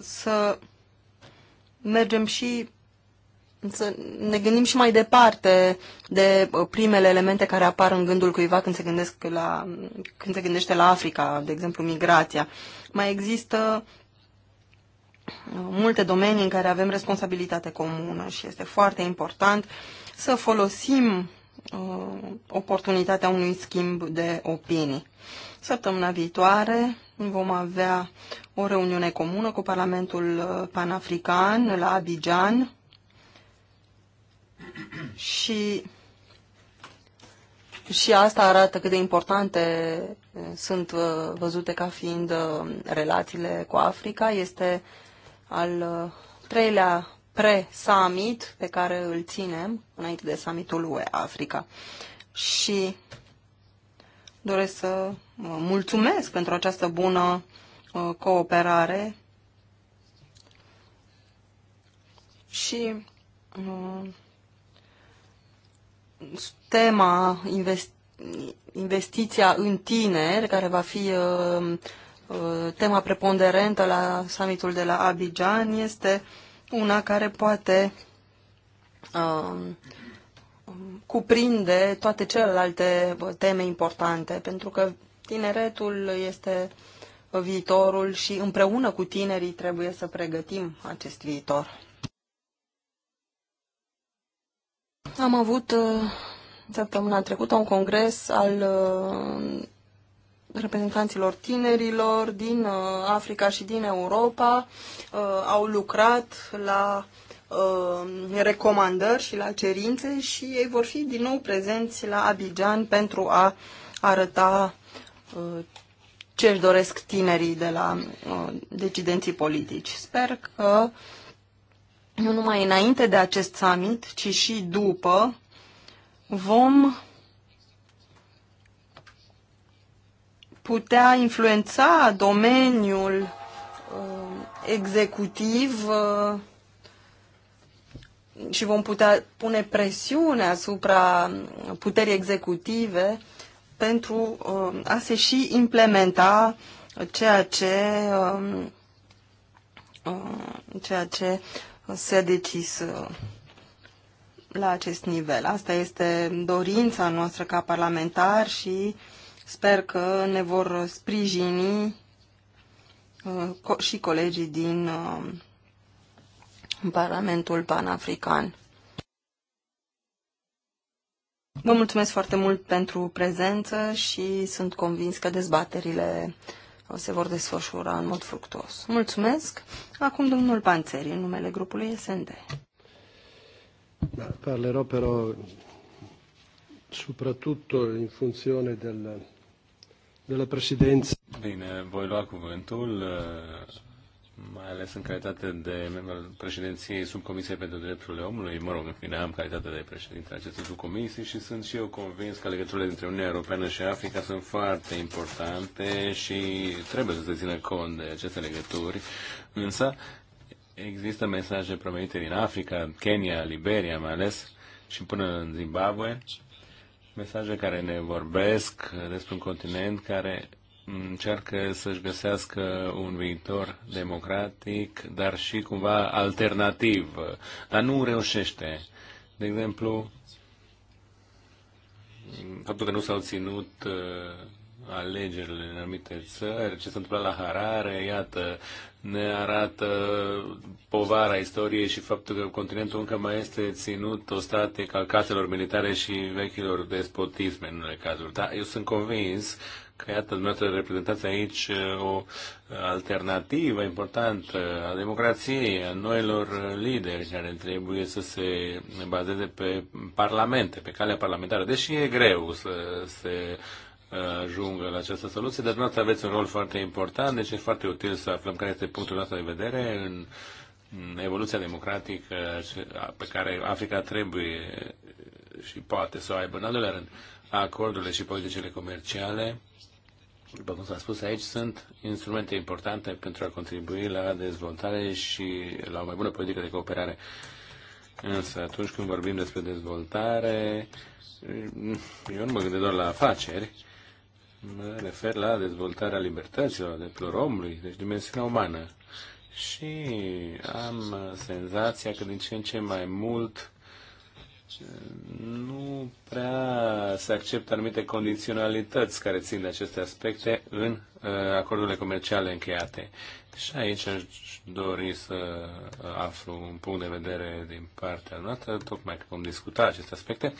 să mergem și să ne gândim și mai departe de uh, primele elemente care apar în gândul cuiva când se, gândesc la, când se gândește la Africa, de exemplu migrația. Mai există uh, multe domenii în care avem responsabilitate comună și este foarte important să folosim uh, oportunitatea unui schimb de opinii. Săptămâna viitoare vom avea o reuniune comună cu Parlamentul uh, Panafrican la Abidjan și, și asta arată cât de importante eh, sunt eh, văzute ca fiind eh, relațiile cu Africa. Este al treilea pre-summit pe care îl ținem înainte de summitul UE-Africa. Și doresc să mulțumesc pentru această bună cooperare și tema invest, investiția în tineri, care va fi uh, uh, tema preponderentă la summitul de la Abidjan, este una care poate uh, cuprinde toate celelalte uh, teme importante, pentru că tineretul este viitorul și împreună cu tinerii trebuie să pregătim acest viitor. Am avut uh, săptămâna trecută un congres al uh, reprezentanților tinerilor din uh, Africa și din Europa. Au lucrat la recomandări și la cerințe și ei vor fi din nou prezenți la Abidjan pentru a arăta ce își doresc tinerii de la decidenții politici. Sper că nu numai înainte de acest summit, ci și după, vom putea influența domeniul uh, executiv uh, și vom putea pune presiune asupra puterii executive pentru uh, a se și implementa ceea ce, uh, uh, ceea ce se decis uh, la acest nivel. Asta este dorința noastră ca parlamentar și sper că ne vor sprijini uh, și colegii din uh, Parlamentul Panafrican. Vă mulțumesc foarte mult pentru prezență și sunt convins că dezbaterile se vor desfășura în mod fructuos. Mulțumesc. Acum domnul Panțeri, în numele grupului SND. Da, parlerò però soprattutto in funzione del, della Presidenza. Bine, voi lua cuvântul mai ales în calitate de membru al președinției subcomisiei pentru drepturile omului, mă rog, în fine, am calitate de președinte al acestei subcomisii și sunt și eu convins că legăturile dintre Uniunea Europeană și Africa sunt foarte importante și trebuie să se țină cont de aceste legături, însă există mesaje provenite din Africa, Kenya, Liberia mai ales și până în Zimbabwe, mesaje care ne vorbesc despre un continent care încearcă să-și găsească un viitor democratic, dar și cumva alternativ, dar nu reușește. De exemplu, faptul că nu s-au ținut uh, alegerile în anumite țări, ce s-a întâmplat la Harare, iată, ne arată povara istoriei și faptul că continentul încă mai este ținut o state al caselor militare și vechilor despotisme în unele cazuri. Dar eu sunt convins că iată dumneavoastră reprezentați aici uh, o alternativă importantă a democrației, a noilor lideri care trebuie să se bazeze pe parlamente, pe calea parlamentară, deși e greu să se uh, ajungă la această soluție, dar dumneavoastră aveți un rol foarte important, deci e foarte util să aflăm care este punctul nostru de vedere în evoluția democratică pe care Africa trebuie și poate să o aibă. În al doilea rând, acordurile și politicile comerciale, după cum s-a spus aici, sunt instrumente importante pentru a contribui la dezvoltare și la o mai bună politică de cooperare. Însă, atunci când vorbim despre dezvoltare, eu nu mă gândesc doar la afaceri, mă refer la dezvoltarea libertăților, drepturilor omului, deci dimensiunea umană. Și am senzația că din ce în ce mai mult nu prea se acceptă anumite condiționalități care țin de aceste aspecte în uh, acordurile comerciale încheiate. Și deci aici aș dori să uh, aflu un punct de vedere din partea noastră, tocmai că vom discuta aceste aspecte.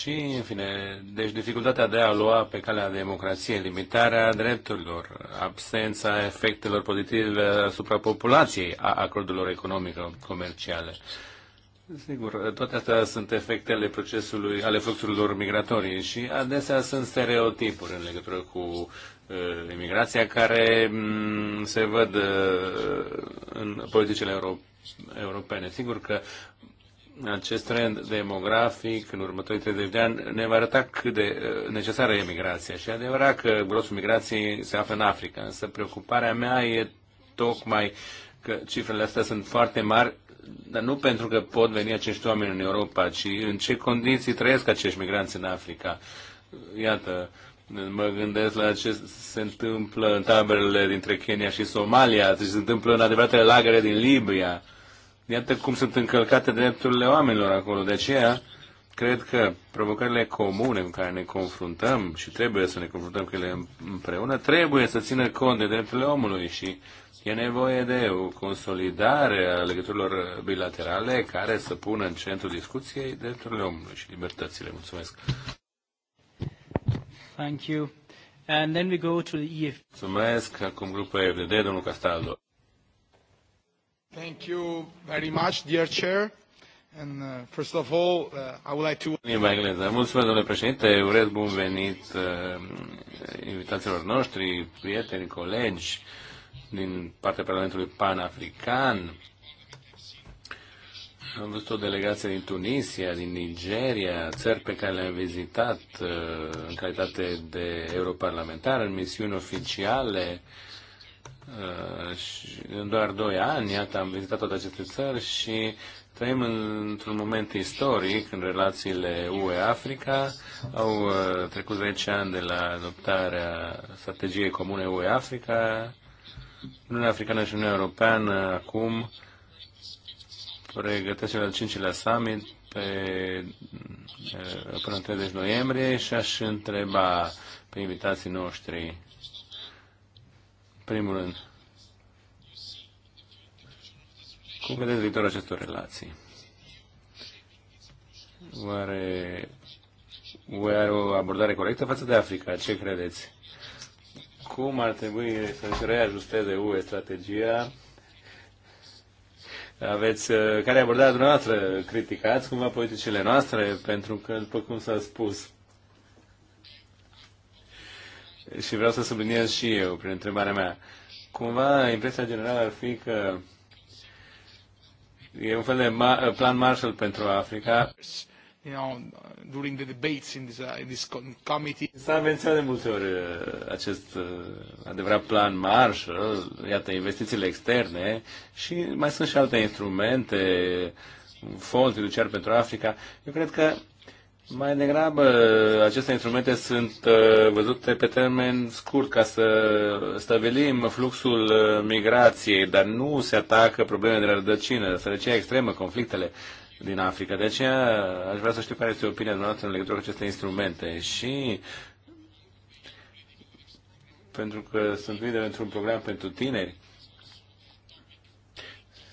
Și, în fine, deci dificultatea de a lua pe calea democrației, limitarea drepturilor, absența efectelor pozitive asupra populației a acordurilor economico-comerciale. Uh, Sigur, toate astea sunt efectele procesului, ale fluxurilor migratorii și adesea sunt stereotipuri în legătură cu uh, imigrația care um, se văd uh, în politicile euro- europene. Sigur că acest trend demografic în următorii 30 de ani ne va arăta cât de uh, necesară e migrația. Și adevărat că grosul migrației se află în Africa, însă preocuparea mea e tocmai că cifrele astea sunt foarte mari dar nu pentru că pot veni acești oameni în Europa, ci în ce condiții trăiesc acești migranți în Africa. Iată, mă gândesc la ce se întâmplă în taberele dintre Kenya și Somalia, ce se întâmplă în adevăratele lagăre din Libia. Iată cum sunt încălcate drepturile oamenilor acolo. De aceea, cred că provocările comune în care ne confruntăm și trebuie să ne confruntăm cu ele împreună, trebuie să țină cont de drepturile omului și E nevoie de o consolidare a legăturilor bilaterale care să pună în centru discuției drepturile omului și libertățile. Mulțumesc. Thank you. And then we go to the EF. Mulțumesc. Acum grupul EFD, domnul Castaldo. Thank you very much, dear chair. And uh, first of all, uh, I would like to... Limba engleză. Mulțumesc, domnule președinte. Urez bun venit uh, invitațiilor noștri, prieteni, colegi din partea Parlamentului Panafrican. Am văzut o delegație din Tunisia, din Nigeria, țări pe care le-am vizitat uh, în calitate de europarlamentar, în misiuni oficiale. Uh, și în doar doi ani, iată, am vizitat toate aceste țări și Trăim într-un moment istoric în relațiile UE-Africa. Au uh, trecut 10 ani de la adoptarea strategiei comune UE-Africa Uniunea Africană și Uniunea Europeană acum pregătesc cel al cincilea summit pe, eh, până în 30 noiembrie și aș întreba pe invitații noștri, în primul rând, cum vedeți viitorul acestor relații? Oare, oare o abordare corectă față de Africa? Ce credeți? cum ar trebui să-și reajusteze UE strategia aveți, uh, care abordarea dumneavoastră criticați cumva politicile noastre, pentru că, după cum s-a spus, și vreau să subliniez și eu prin întrebarea mea, cumva impresia generală ar fi că e un fel de ma- plan Marshall pentru Africa you know, during the debates in this, uh, in this committee. S-a menționat de multe ori uh, acest uh, adevărat plan Marshall, iată, investițiile externe și mai sunt și alte instrumente, un fond fiduciar pentru Africa. Eu cred că mai degrabă, uh, aceste instrumente sunt uh, văzute pe termen scurt ca să stabilim fluxul migrației, dar nu se atacă problemele de rădăcină, sărăcia extremă, conflictele din Africa. De aceea aș vrea să știu care este opinia dumneavoastră în legătură cu aceste instrumente și pentru că sunt lider într-un program pentru tineri.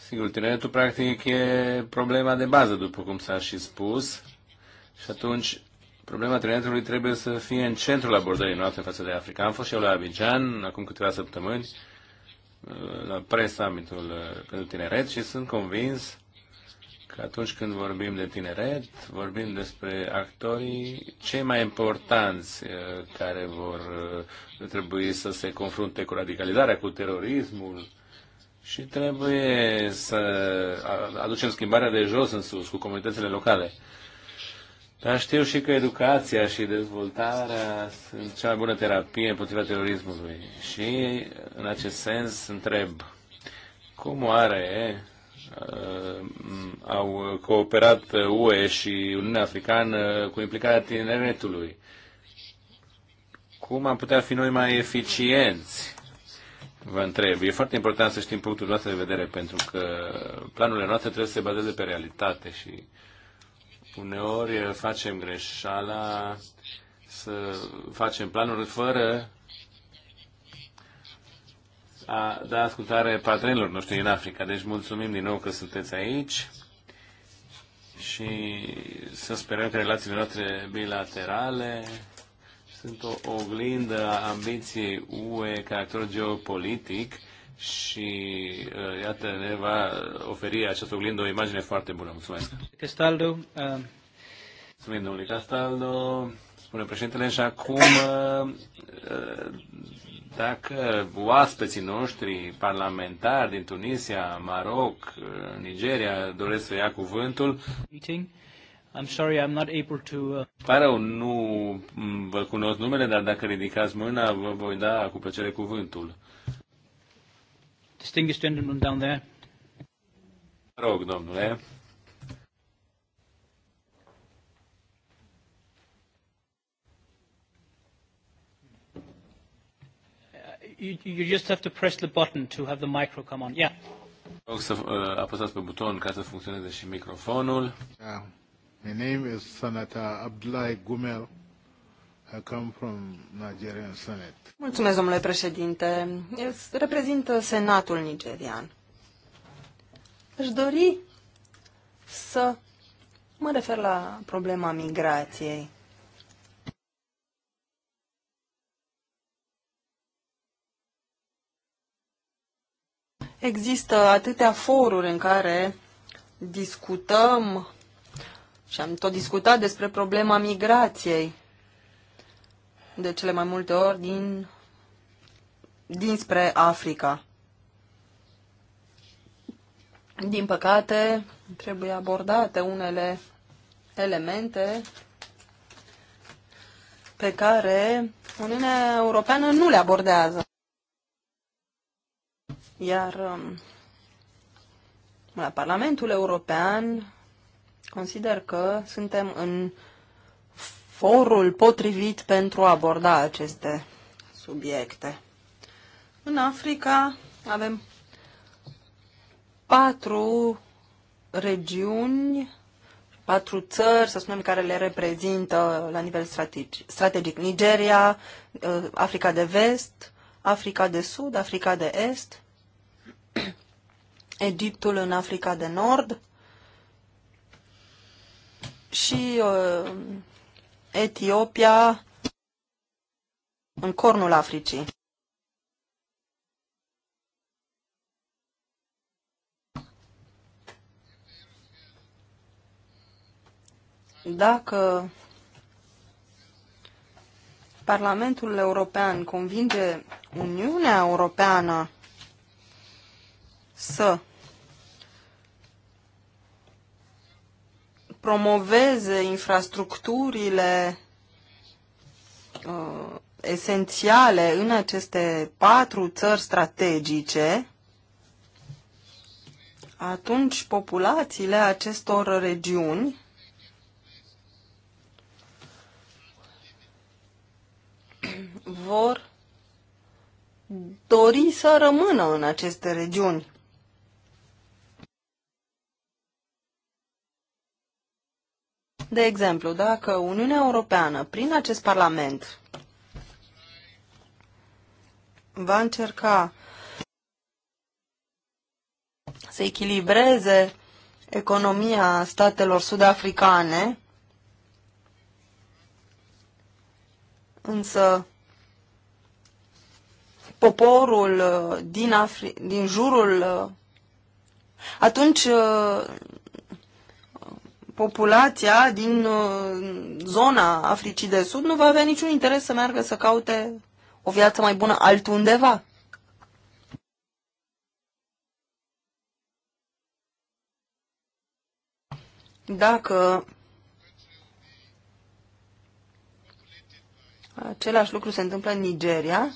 Sigur, tineretul practic e problema de bază, după cum s-a și spus. Și atunci Problema tineretului trebuie să fie în centrul abordării noastre față de Africa. Am fost și eu la Abidjan acum câteva săptămâni, la pre-summitul uh, pentru tineret și sunt convins că atunci când vorbim de tineret, vorbim despre actorii cei mai importanți eh, care vor eh, trebui să se confrunte cu radicalizarea, cu terorismul și trebuie să aducem schimbarea de jos în sus, cu comunitățile locale. Dar știu și că educația și dezvoltarea sunt cea mai bună terapie împotriva terorismului. Și, în acest sens, întreb, cum oare Uh, au cooperat UE și Uniunea Africană cu implicarea tineretului. Cum am putea fi noi mai eficienți? Vă întreb. E foarte important să știm punctul noastră de vedere, pentru că planurile noastre trebuie să se bazeze pe realitate și uneori facem greșeala să facem planuri fără a da ascultare patrenilor noștri în Africa. Deci mulțumim din nou că sunteți aici și să sperăm că relațiile noastre bilaterale sunt o oglindă a ambiției UE ca actor geopolitic și uh, iată ne va oferi această oglindă o imagine foarte bună. Mulțumesc! Castaldo, uh... Mulțumim, domnule Castaldo, spune președintele și acum uh, dacă oaspeții noștri parlamentari din Tunisia, Maroc, Nigeria doresc să ia cuvântul. Meeting. I'm sorry, I'm not able to... Uh... Pare rău, nu vă cunosc numele, dar dacă ridicați mâna, vă voi da cu plăcere cuvântul. Distinguished gentleman down there. Rog, domnule. you, you just have to press the button to have the micro come on. Yeah. Rog să uh, apăsați pe buton ca să funcționeze și microfonul. Yeah. My name is Senator Abdullahi Gumel. I come from Nigerian Senate. Mulțumesc, domnule președinte. Eu reprezint Senatul nigerian. Aș dori să mă refer la problema migrației. Există atâtea foruri în care discutăm și am tot discutat despre problema migrației de cele mai multe ori din, dinspre Africa. Din păcate, trebuie abordate unele elemente pe care Uniunea Europeană nu le abordează. Iar um, la Parlamentul European consider că suntem în forul potrivit pentru a aborda aceste subiecte. În Africa avem patru regiuni, patru țări, să spunem, care le reprezintă la nivel strategic. strategic. Nigeria, uh, Africa de Vest, Africa de Sud, Africa de Est Egiptul în Africa de Nord și uh, Etiopia în cornul Africii. Dacă Parlamentul European convinge Uniunea Europeană să promoveze infrastructurile uh, esențiale în aceste patru țări strategice, atunci populațiile acestor regiuni vor dori să rămână în aceste regiuni. De exemplu, dacă Uniunea Europeană, prin acest Parlament, va încerca să echilibreze economia statelor sud-africane, însă poporul uh, din, Afri- din jurul uh, atunci uh, populația din uh, zona Africii de Sud nu va avea niciun interes să meargă să caute o viață mai bună altundeva. Dacă același lucru se întâmplă în Nigeria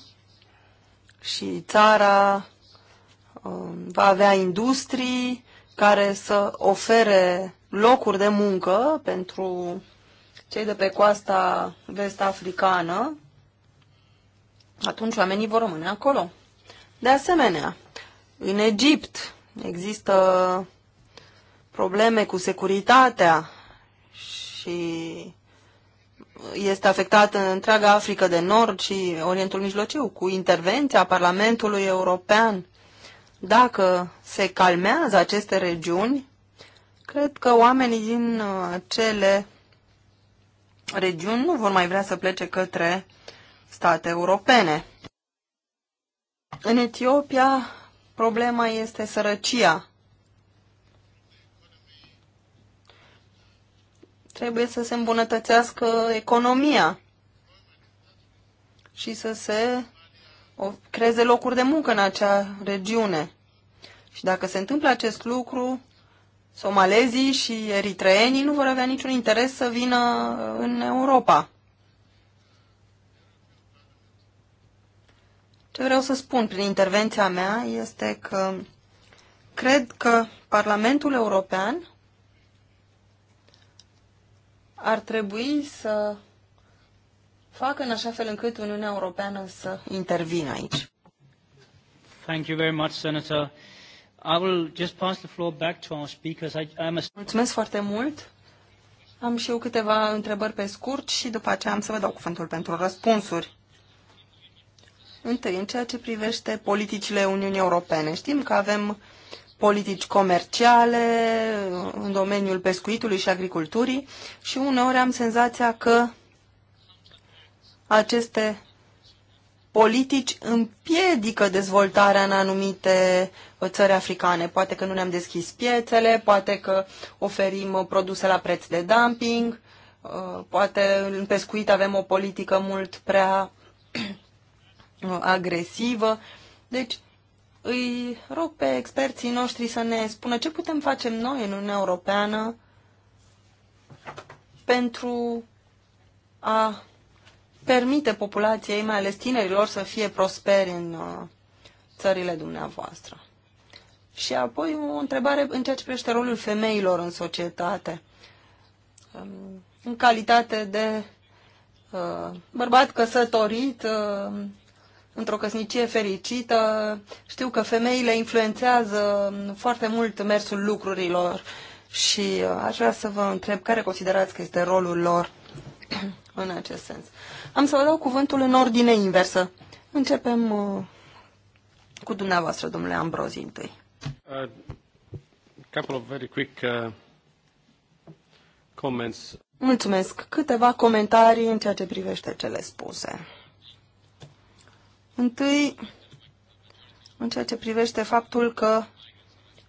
și țara uh, va avea industrii care să ofere locuri de muncă pentru cei de pe coasta vest-africană, atunci oamenii vor rămâne acolo. De asemenea, în Egipt există probleme cu securitatea și este afectată întreaga Africa de Nord și Orientul Mijlociu cu intervenția Parlamentului European. Dacă se calmează aceste regiuni, Cred că oamenii din uh, acele regiuni nu vor mai vrea să plece către state europene. În Etiopia, problema este sărăcia. Trebuie să se îmbunătățească economia și să se creeze locuri de muncă în acea regiune. Și dacă se întâmplă acest lucru, somalezii și eritreenii nu vor avea niciun interes să vină în Europa. Ce vreau să spun prin intervenția mea este că cred că Parlamentul European ar trebui să facă în așa fel încât Uniunea Europeană să intervină aici. Thank you very much, Senator. I will just pass the floor back to our speakers. I, I'm a... Mulțumesc foarte mult. Am și eu câteva întrebări pe scurt și după aceea am să vă dau cuvântul pentru răspunsuri. Întâi, în ceea ce privește politicile Uniunii Europene, știm că avem politici comerciale în domeniul pescuitului și agriculturii și uneori am senzația că aceste politici împiedică dezvoltarea în anumite uh, țări africane. Poate că nu ne-am deschis piețele, poate că oferim uh, produse la preț de dumping, uh, poate în pescuit avem o politică mult prea agresivă. Deci îi rog pe experții noștri să ne spună ce putem face noi în Uniunea Europeană pentru a permite populației, mai ales tinerilor, să fie prosperi în uh, țările dumneavoastră? Și apoi o întrebare în ceea ce privește rolul femeilor în societate. Um, în calitate de uh, bărbat căsătorit, uh, într-o căsnicie fericită, știu că femeile influențează um, foarte mult mersul lucrurilor și aș vrea să vă întreb care considerați că este rolul lor în acest sens. Am să vă dau cuvântul în ordine inversă. Începem uh, cu dumneavoastră, domnule Ambrozi, întâi. Uh, couple of very quick uh, comments. Mulțumesc. Câteva comentarii în ceea ce privește cele spuse. Întâi, în ceea ce privește faptul că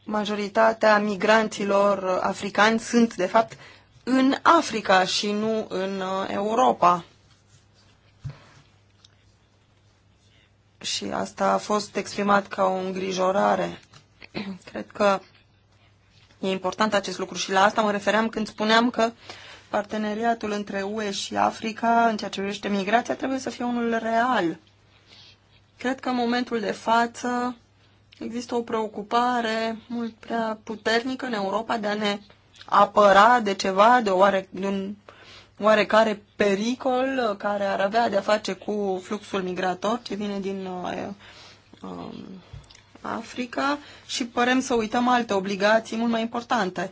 majoritatea migranților africani sunt, de fapt, în Africa și nu în uh, Europa. Și asta a fost exprimat ca o îngrijorare. Cred că e important acest lucru și la asta mă refeream când spuneam că parteneriatul între UE și Africa în ceea ce privește migrația trebuie să fie unul real. Cred că în momentul de față există o preocupare mult prea puternică în Europa de a ne apăra de ceva, de, oare, de un oarecare pericol care ar avea de-a face cu fluxul migrator ce vine din uh, uh um, Africa și părem să uităm alte obligații mult mai importante.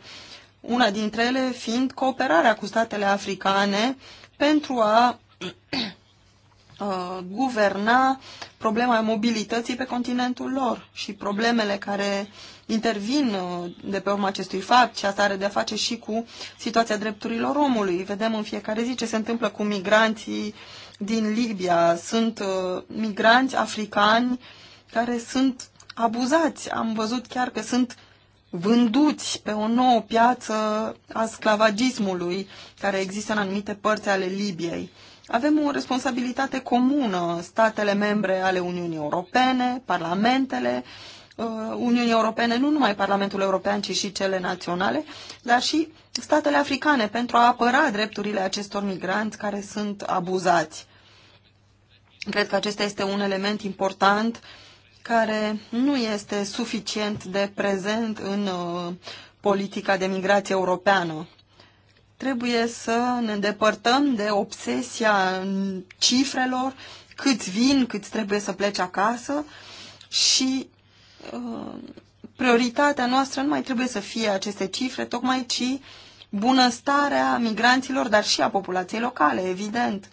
Una dintre ele fiind cooperarea cu statele africane pentru a uh, guverna problema mobilității pe continentul lor și problemele care uh, intervin uh, de pe urma acestui fapt și asta are de-a face și cu situația drepturilor omului. Vedem în fiecare zi ce se întâmplă cu migranții din Libia. Sunt uh, migranți africani care sunt abuzați. Am văzut chiar că sunt vânduți pe o nouă piață a sclavagismului care există în anumite părți ale Libiei. Avem o responsabilitate comună, statele membre ale Uniunii Europene, parlamentele, Uh, Uniunii Europene, nu numai Parlamentul European, ci și cele naționale, dar și statele africane pentru a apăra drepturile acestor migranți care sunt abuzați. Cred că acesta este un element important care nu este suficient de prezent în uh, politica de migrație europeană. Trebuie să ne îndepărtăm de obsesia cifrelor, câți vin, câți trebuie să plece acasă și Uh, prioritatea noastră nu mai trebuie să fie aceste cifre, tocmai ci bunăstarea migranților, dar și a populației locale, evident.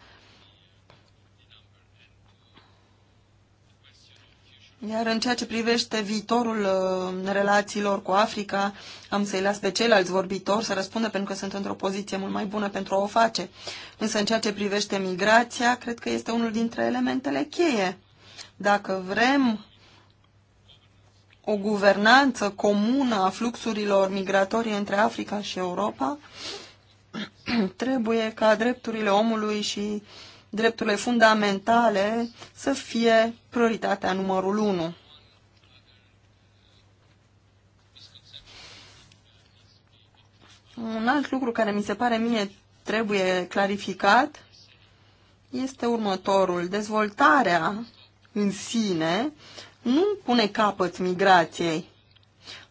Iar în ceea ce privește viitorul uh, relațiilor cu Africa, am să-i las pe ceilalți vorbitori să răspundă pentru că sunt într-o poziție mult mai bună pentru a o face. Însă în ceea ce privește migrația, cred că este unul dintre elementele cheie. Dacă vrem o guvernanță comună a fluxurilor migratorii între Africa și Europa, trebuie ca drepturile omului și drepturile fundamentale să fie prioritatea numărul unu. Un alt lucru care mi se pare mie trebuie clarificat este următorul. Dezvoltarea în sine nu pune capăt migrației.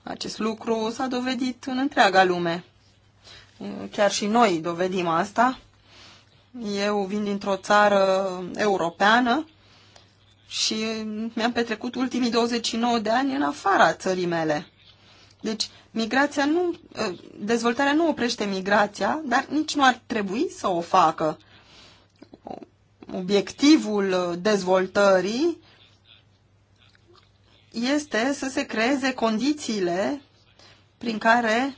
Acest lucru s-a dovedit în întreaga lume. Chiar și noi dovedim asta. Eu vin dintr-o țară europeană și mi-am petrecut ultimii 29 de ani în afara țării mele. Deci, migrația nu, dezvoltarea nu oprește migrația, dar nici nu ar trebui să o facă. Obiectivul dezvoltării este să se creeze condițiile prin care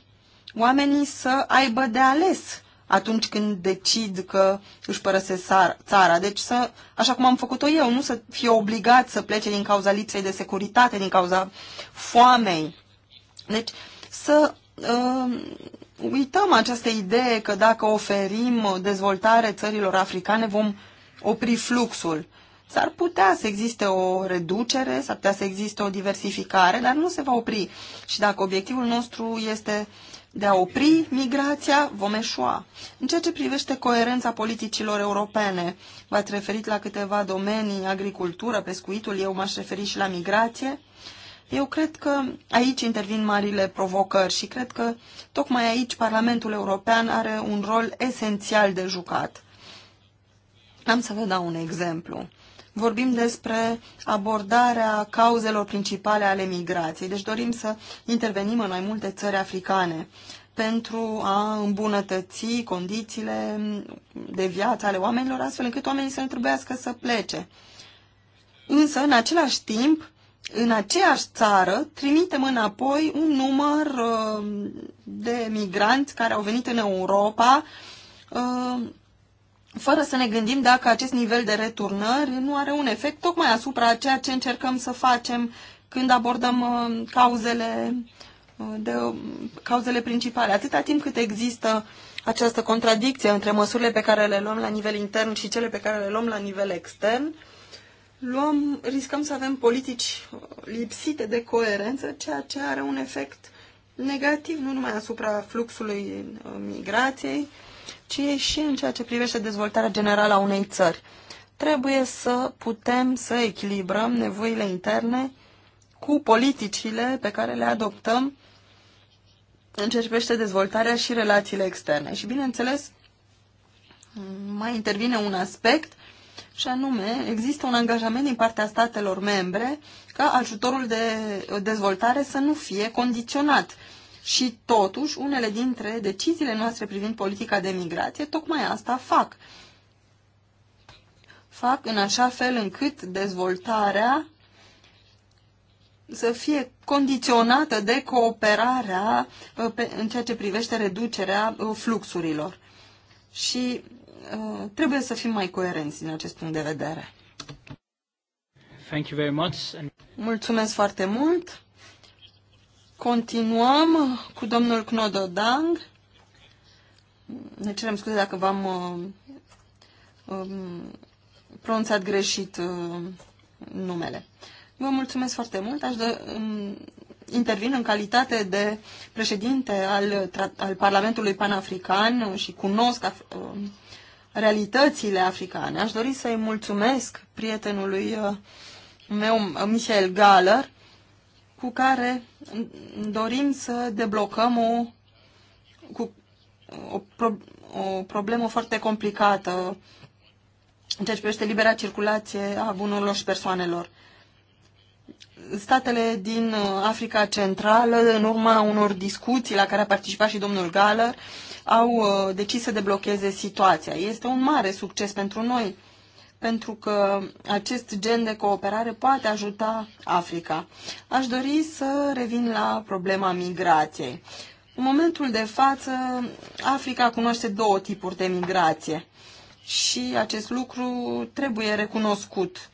oamenii să aibă de ales atunci când decid că își părăsesc țara. Deci să, așa cum am făcut-o eu, nu să fie obligat să plece din cauza lipsei de securitate, din cauza foamei. Deci să uh, uităm această idee că dacă oferim dezvoltare țărilor africane vom opri fluxul. S-ar putea să existe o reducere, s-ar putea să existe o diversificare, dar nu se va opri. Și dacă obiectivul nostru este de a opri migrația, vom eșua. În ceea ce privește coerența politicilor europene, v-ați referit la câteva domenii, agricultură, pescuitul, eu m-aș referi și la migrație. Eu cred că aici intervin marile provocări și cred că tocmai aici Parlamentul European are un rol esențial de jucat. Am să vă dau un exemplu vorbim despre abordarea cauzelor principale ale migrației. Deci dorim să intervenim în mai multe țări africane pentru a îmbunătăți condițiile de viață ale oamenilor, astfel încât oamenii să nu trebuiască să plece. Însă, în același timp, în aceeași țară, trimitem înapoi un număr uh, de migranți care au venit în Europa uh, fără să ne gândim dacă acest nivel de returnări nu are un efect tocmai asupra ceea ce încercăm să facem când abordăm uh, cauzele, uh, de, uh, cauzele principale. Atâta timp cât există această contradicție între măsurile pe care le luăm la nivel intern și cele pe care le luăm la nivel extern, luăm, riscăm să avem politici lipsite de coerență, ceea ce are un efect negativ nu numai asupra fluxului migrației, ci și în ceea ce privește dezvoltarea generală a unei țări. Trebuie să putem să echilibrăm nevoile interne cu politicile pe care le adoptăm în ceea ce privește dezvoltarea și relațiile externe. Și, bineînțeles, mai intervine un aspect și anume, există un angajament din partea statelor membre ca ajutorul de dezvoltare să nu fie condiționat. Și totuși, unele dintre deciziile noastre privind politica de migrație, tocmai asta fac. Fac în așa fel încât dezvoltarea să fie condiționată de cooperarea uh, în ceea ce privește reducerea uh, fluxurilor. Și uh, trebuie să fim mai coerenți din acest punct de vedere. Thank you very much. Mulțumesc foarte mult. Continuăm cu domnul Knododang. Ne cerem scuze dacă v-am uh, um, pronunțat greșit uh, numele. Vă mulțumesc foarte mult. Aș de, um, intervin în calitate de președinte al, al Parlamentului Panafrican și cunosc af, uh, realitățile africane. Aș dori să-i mulțumesc prietenului uh, meu, Michel Galler, cu care dorim să deblocăm o, cu, o, pro, o problemă foarte complicată în ceea ce privește libera circulație a bunurilor și persoanelor. Statele din uh, Africa Centrală, în urma unor discuții la care a participat și domnul Galler, au uh, decis să deblocheze situația. Este un mare succes pentru noi pentru că acest gen de cooperare poate ajuta Africa. Aș dori să revin la problema migrației. În momentul de față, Africa cunoaște două tipuri de migrație și acest lucru trebuie recunoscut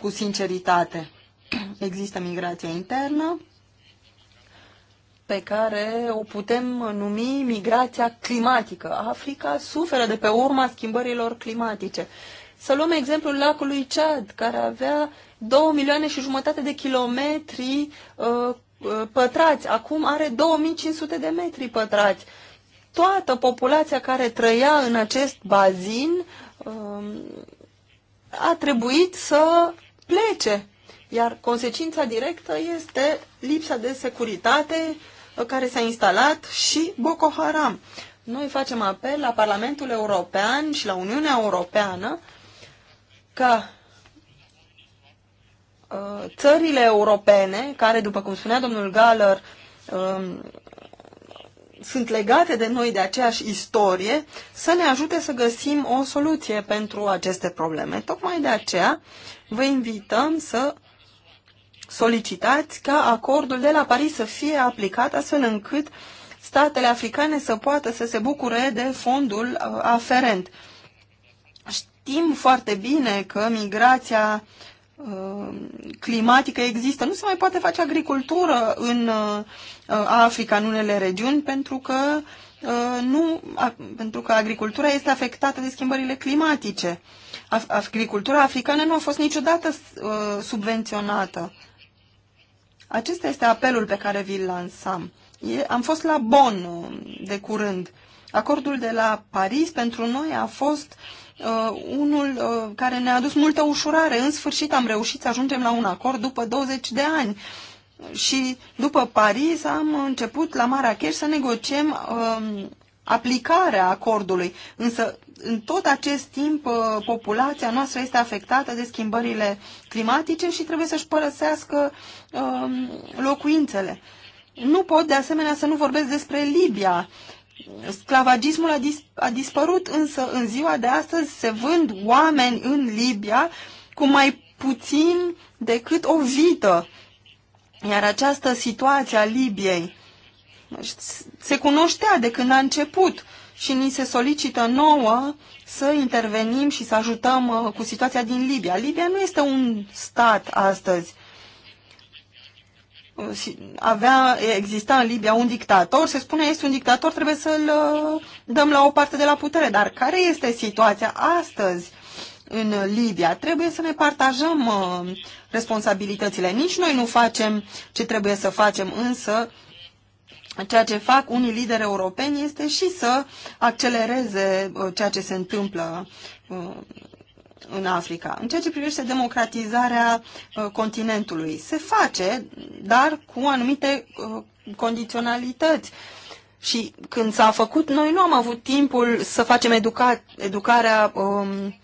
cu sinceritate. Există migrația internă, pe care o putem numi migrația climatică. Africa suferă de pe urma schimbărilor climatice să luăm exemplul lacului Chad, care avea 2 milioane și jumătate de kilometri uh, uh pătrați. Acum are 2500 de metri pătrați. Toată populația care trăia în acest bazin uh, a trebuit să plece. Iar consecința directă este lipsa de securitate uh, care s-a instalat și Boko Haram. Noi facem apel la Parlamentul European și la Uniunea Europeană ca uh, țările europene, care, după cum spunea domnul Galler, um, sunt legate de noi de aceeași istorie, să ne ajute să găsim o soluție pentru aceste probleme. Tocmai de aceea vă invităm să solicitați ca acordul de la Paris să fie aplicat astfel încât statele africane să poată să se bucure de fondul uh, aferent știm foarte bine că migrația uh, climatică există. Nu se mai poate face agricultură în uh, Africa, în unele regiuni, pentru că, uh, nu, pentru că agricultura este afectată de schimbările climatice. Agricultura africană nu a fost niciodată subvenționată. Acesta este apelul pe care vi-l lansam. Am fost la Bonn de curând. Acordul de la Paris pentru noi a fost uh, uh, unul uh, care ne-a adus multă ușurare. În sfârșit am reușit să ajungem la un acord după 20 de ani. Și după Paris am început la Marrakech să negociem uh, aplicarea acordului. Însă, în tot acest timp, uh, populația noastră este afectată de schimbările climatice și trebuie să-și părăsească uh, locuințele. Nu pot, de asemenea, să nu vorbesc despre Libia. Sclavagismul a, dis- a dispărut, însă în ziua de astăzi se vând oameni în Libia cu mai puțin decât o vită. Iar această situație a Libiei deci, se cunoștea de când a început și ni se solicită nouă să intervenim și să ajutăm uh, cu situația din Libia. Libia nu este un stat astăzi avea, exista în Libia un dictator, se spune este un dictator, trebuie să-l uh, dăm la o parte de la putere. Dar care este situația astăzi în Libia? Trebuie să ne partajăm uh, responsabilitățile. Nici noi nu facem ce trebuie să facem, însă ceea ce fac unii lideri europeni este și să accelereze uh, ceea ce se întâmplă în Africa. În ceea ce privește democratizarea uh, continentului, se face, dar cu anumite uh, condiționalități. Și când s-a făcut, noi nu am avut timpul să facem educa- educarea um,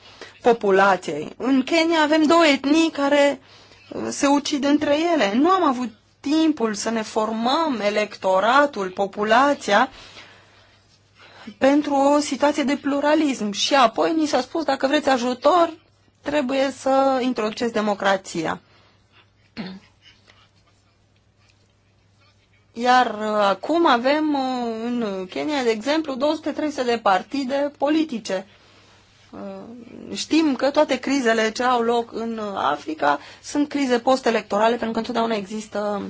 populației. În Kenya avem două etnii care uh, se ucid între ele. Nu am avut timpul să ne formăm electoratul, populația, pentru o situație de pluralism. Și apoi ni s-a spus, dacă vreți ajutor, trebuie să introduceți democrația. Iar uh, acum avem uh, în Kenya, de exemplu, 230 de partide politice. Uh, știm că toate crizele ce au loc în Africa sunt crize post-electorale, pentru că întotdeauna există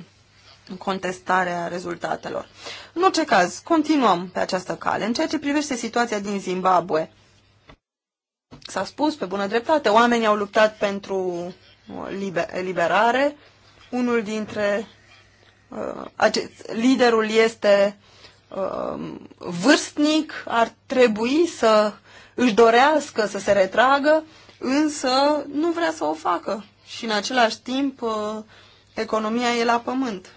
contestarea rezultatelor. În orice caz, continuăm pe această cale. În ceea ce privește situația din Zimbabwe, s-a spus pe bună dreptate, oamenii au luptat pentru uh, eliberare. Unul dintre uh, acest, liderul este uh, vârstnic, ar trebui să își dorească să se retragă, însă nu vrea să o facă. Și în același timp, uh, economia e la pământ.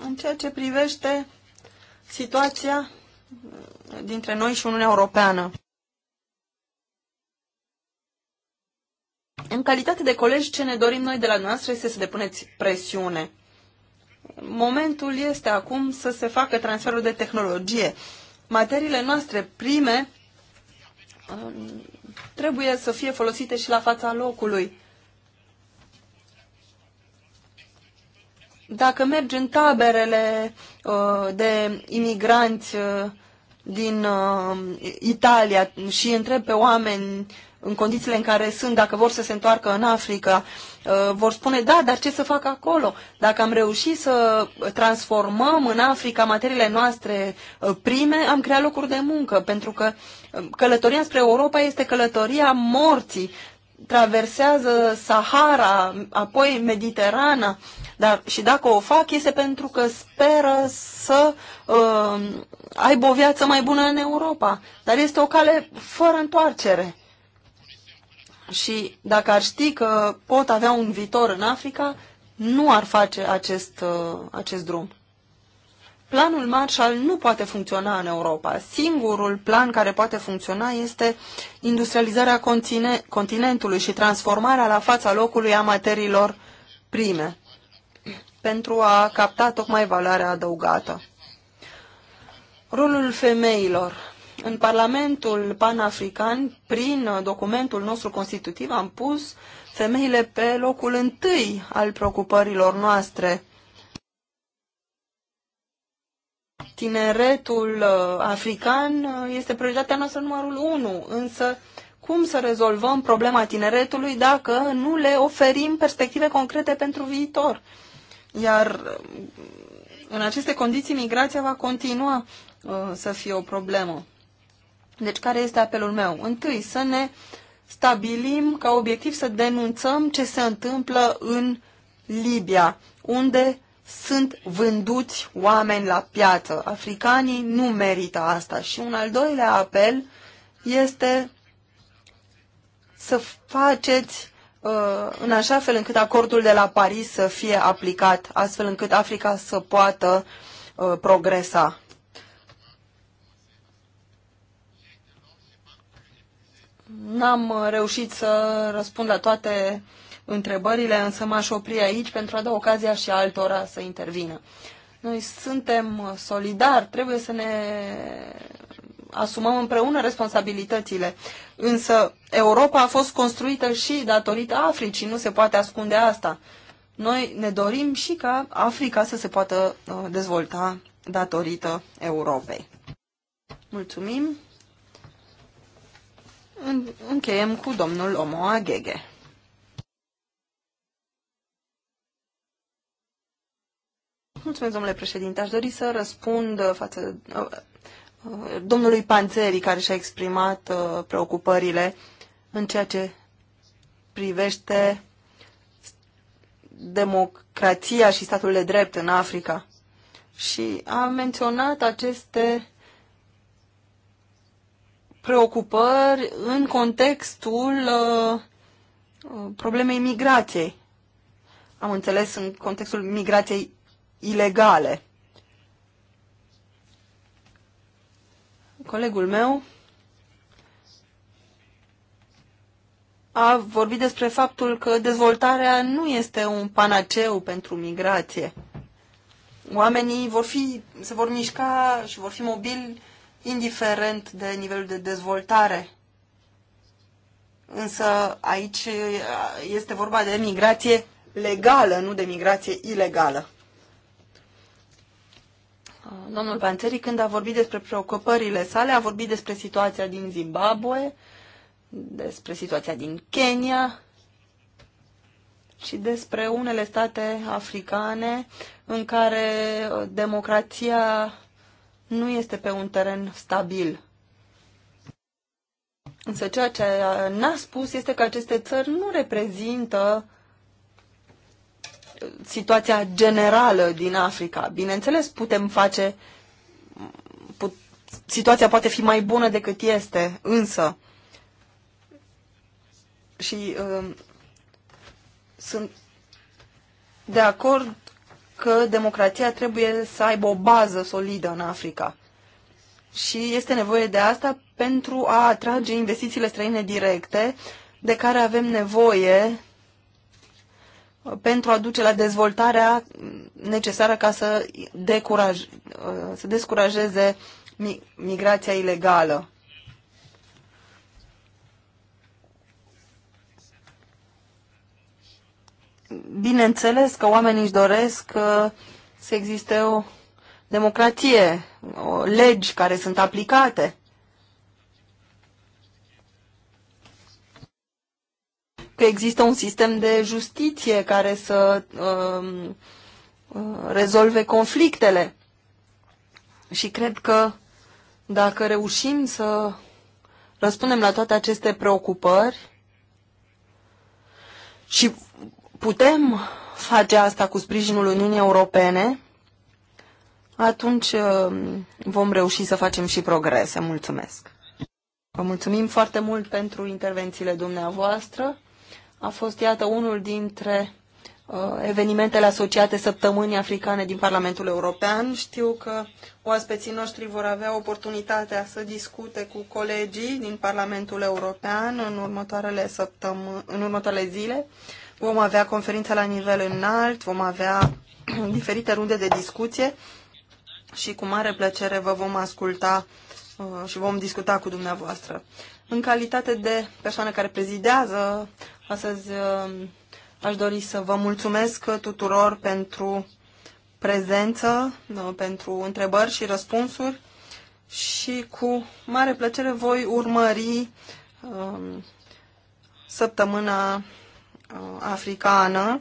În ceea ce privește situația uh, dintre noi și Uniunea Europeană. În calitate de colegi, ce ne dorim noi de la noastră este să depuneți presiune. Momentul este acum să se facă transferul de tehnologie. Materiile noastre prime uh, trebuie să fie folosite și la fața locului. Dacă mergi în taberele uh, de imigranți uh, din uh, Italia și întreb pe oameni în condițiile în care sunt, dacă vor să se întoarcă în Africa, vor spune, da, dar ce să fac acolo? Dacă am reușit să transformăm în Africa materiile noastre prime, am creat locuri de muncă, pentru că călătoria spre Europa este călătoria morții traversează Sahara, apoi Mediterana, dar și dacă o fac este pentru că speră să uh, aibă o viață mai bună în Europa. Dar este o cale fără întoarcere. Și dacă ar ști că pot avea un viitor în Africa, nu ar face acest, uh, acest drum planul Marshall nu poate funcționa în Europa. Singurul plan care poate funcționa este industrializarea continent continentului și transformarea la fața locului a materiilor prime pentru a capta tocmai valoarea adăugată. Rolul femeilor. În Parlamentul Panafrican, prin documentul nostru constitutiv, am pus femeile pe locul întâi al preocupărilor noastre tineretul uh, african uh, este prioritatea noastră numărul 1, însă cum să rezolvăm problema tineretului dacă nu le oferim perspective concrete pentru viitor? Iar uh, în aceste condiții migrația va continua să fie o problemă. Deci care este apelul meu? Întâi să ne stabilim ca obiectiv să denunțăm ce se întâmplă în Libia, unde sunt vânduți oameni la piață. Africanii nu merită asta. Și un al doilea apel este să faceți uh, în așa fel încât acordul de la Paris să fie aplicat, astfel încât Africa să poată uh, progresa. N-am uh, reușit să răspund la toate uh, întrebările, însă m-aș opri aici pentru a da ocazia și altora să intervină. Noi suntem solidari, trebuie să ne asumăm împreună responsabilitățile. Însă Europa a fost construită și datorită Africii, nu se poate ascunde asta. Noi ne dorim și ca Africa să se poată uh, dezvolta datorită Europei. Mulțumim. Încheiem cu domnul Omoa Agheghe. Mulțumesc, domnule președinte. Aș dori să răspund uh, față uh, uh, domnului Panțeri, care și-a exprimat preocupările în ceea ce privește democrația și statul de drept în Africa. Și a menționat aceste preocupări în contextul problemei migrației. Am înțeles în contextul migrației ilegale. Colegul meu a vorbit despre faptul că dezvoltarea nu este un panaceu pentru migrație. Oamenii vor fi, se vor mișca și vor fi mobili indiferent de nivelul de dezvoltare. Însă aici este vorba de migrație legală, nu de migrație ilegală. Uh, domnul Panțeri, când a vorbit despre preocupările sale, a vorbit despre situația din Zimbabwe, despre situația din Kenya și despre unele state africane în care uh, democrația nu este pe un teren stabil. Însă ceea ce n-a spus este că aceste țări nu reprezintă situația generală din Africa. Bineînțeles, putem face, put, situația poate fi mai bună decât este, însă, și uh, sunt de acord că democrația trebuie să aibă o bază solidă în Africa. Și este nevoie de asta pentru a atrage investițiile străine directe de care avem nevoie pentru a duce la dezvoltarea necesară ca să, decuraj, să descurajeze migrația ilegală. Bineînțeles că oamenii își doresc uh, să existe o democrație, o legi care sunt aplicate. că există un sistem de justiție care să uh, uh, rezolve conflictele. Și cred că dacă reușim să răspundem la toate aceste preocupări și putem face asta cu sprijinul Uniunii Europene, atunci um, vom reuși să facem și progrese. Mulțumesc! Vă mulțumim foarte mult pentru intervențiile dumneavoastră a fost, iată, unul dintre uh, evenimentele asociate săptămânii africane din Parlamentul European. Știu că oaspeții noștri vor avea oportunitatea să discute cu colegii din Parlamentul European în următoarele, săptămâ- în următoarele zile. Vom avea conferințe la nivel înalt, vom avea diferite runde de discuție și cu mare plăcere vă vom asculta uh, și vom discuta cu dumneavoastră. În calitate de persoană care prezidează, astăzi uh, aș dori să vă mulțumesc tuturor pentru prezență, uh, pentru întrebări și răspunsuri și cu mare plăcere voi urmări um, săptămâna uh, africană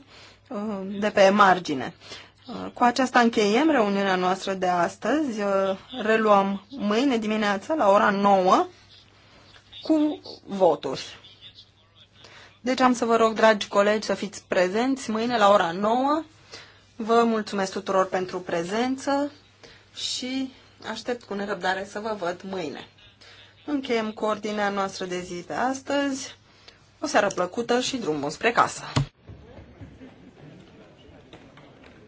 de pe margine. Cu aceasta încheiem reuniunea noastră de astăzi. Reluăm mâine dimineață la ora 9 cu votul. Deci am să vă rog, dragi colegi, să fiți prezenți mâine la ora 9. Vă mulțumesc tuturor pentru prezență și aștept cu nerăbdare să vă văd mâine. Încheiem coordinea noastră de zi de astăzi. O seară plăcută și drumul spre casă!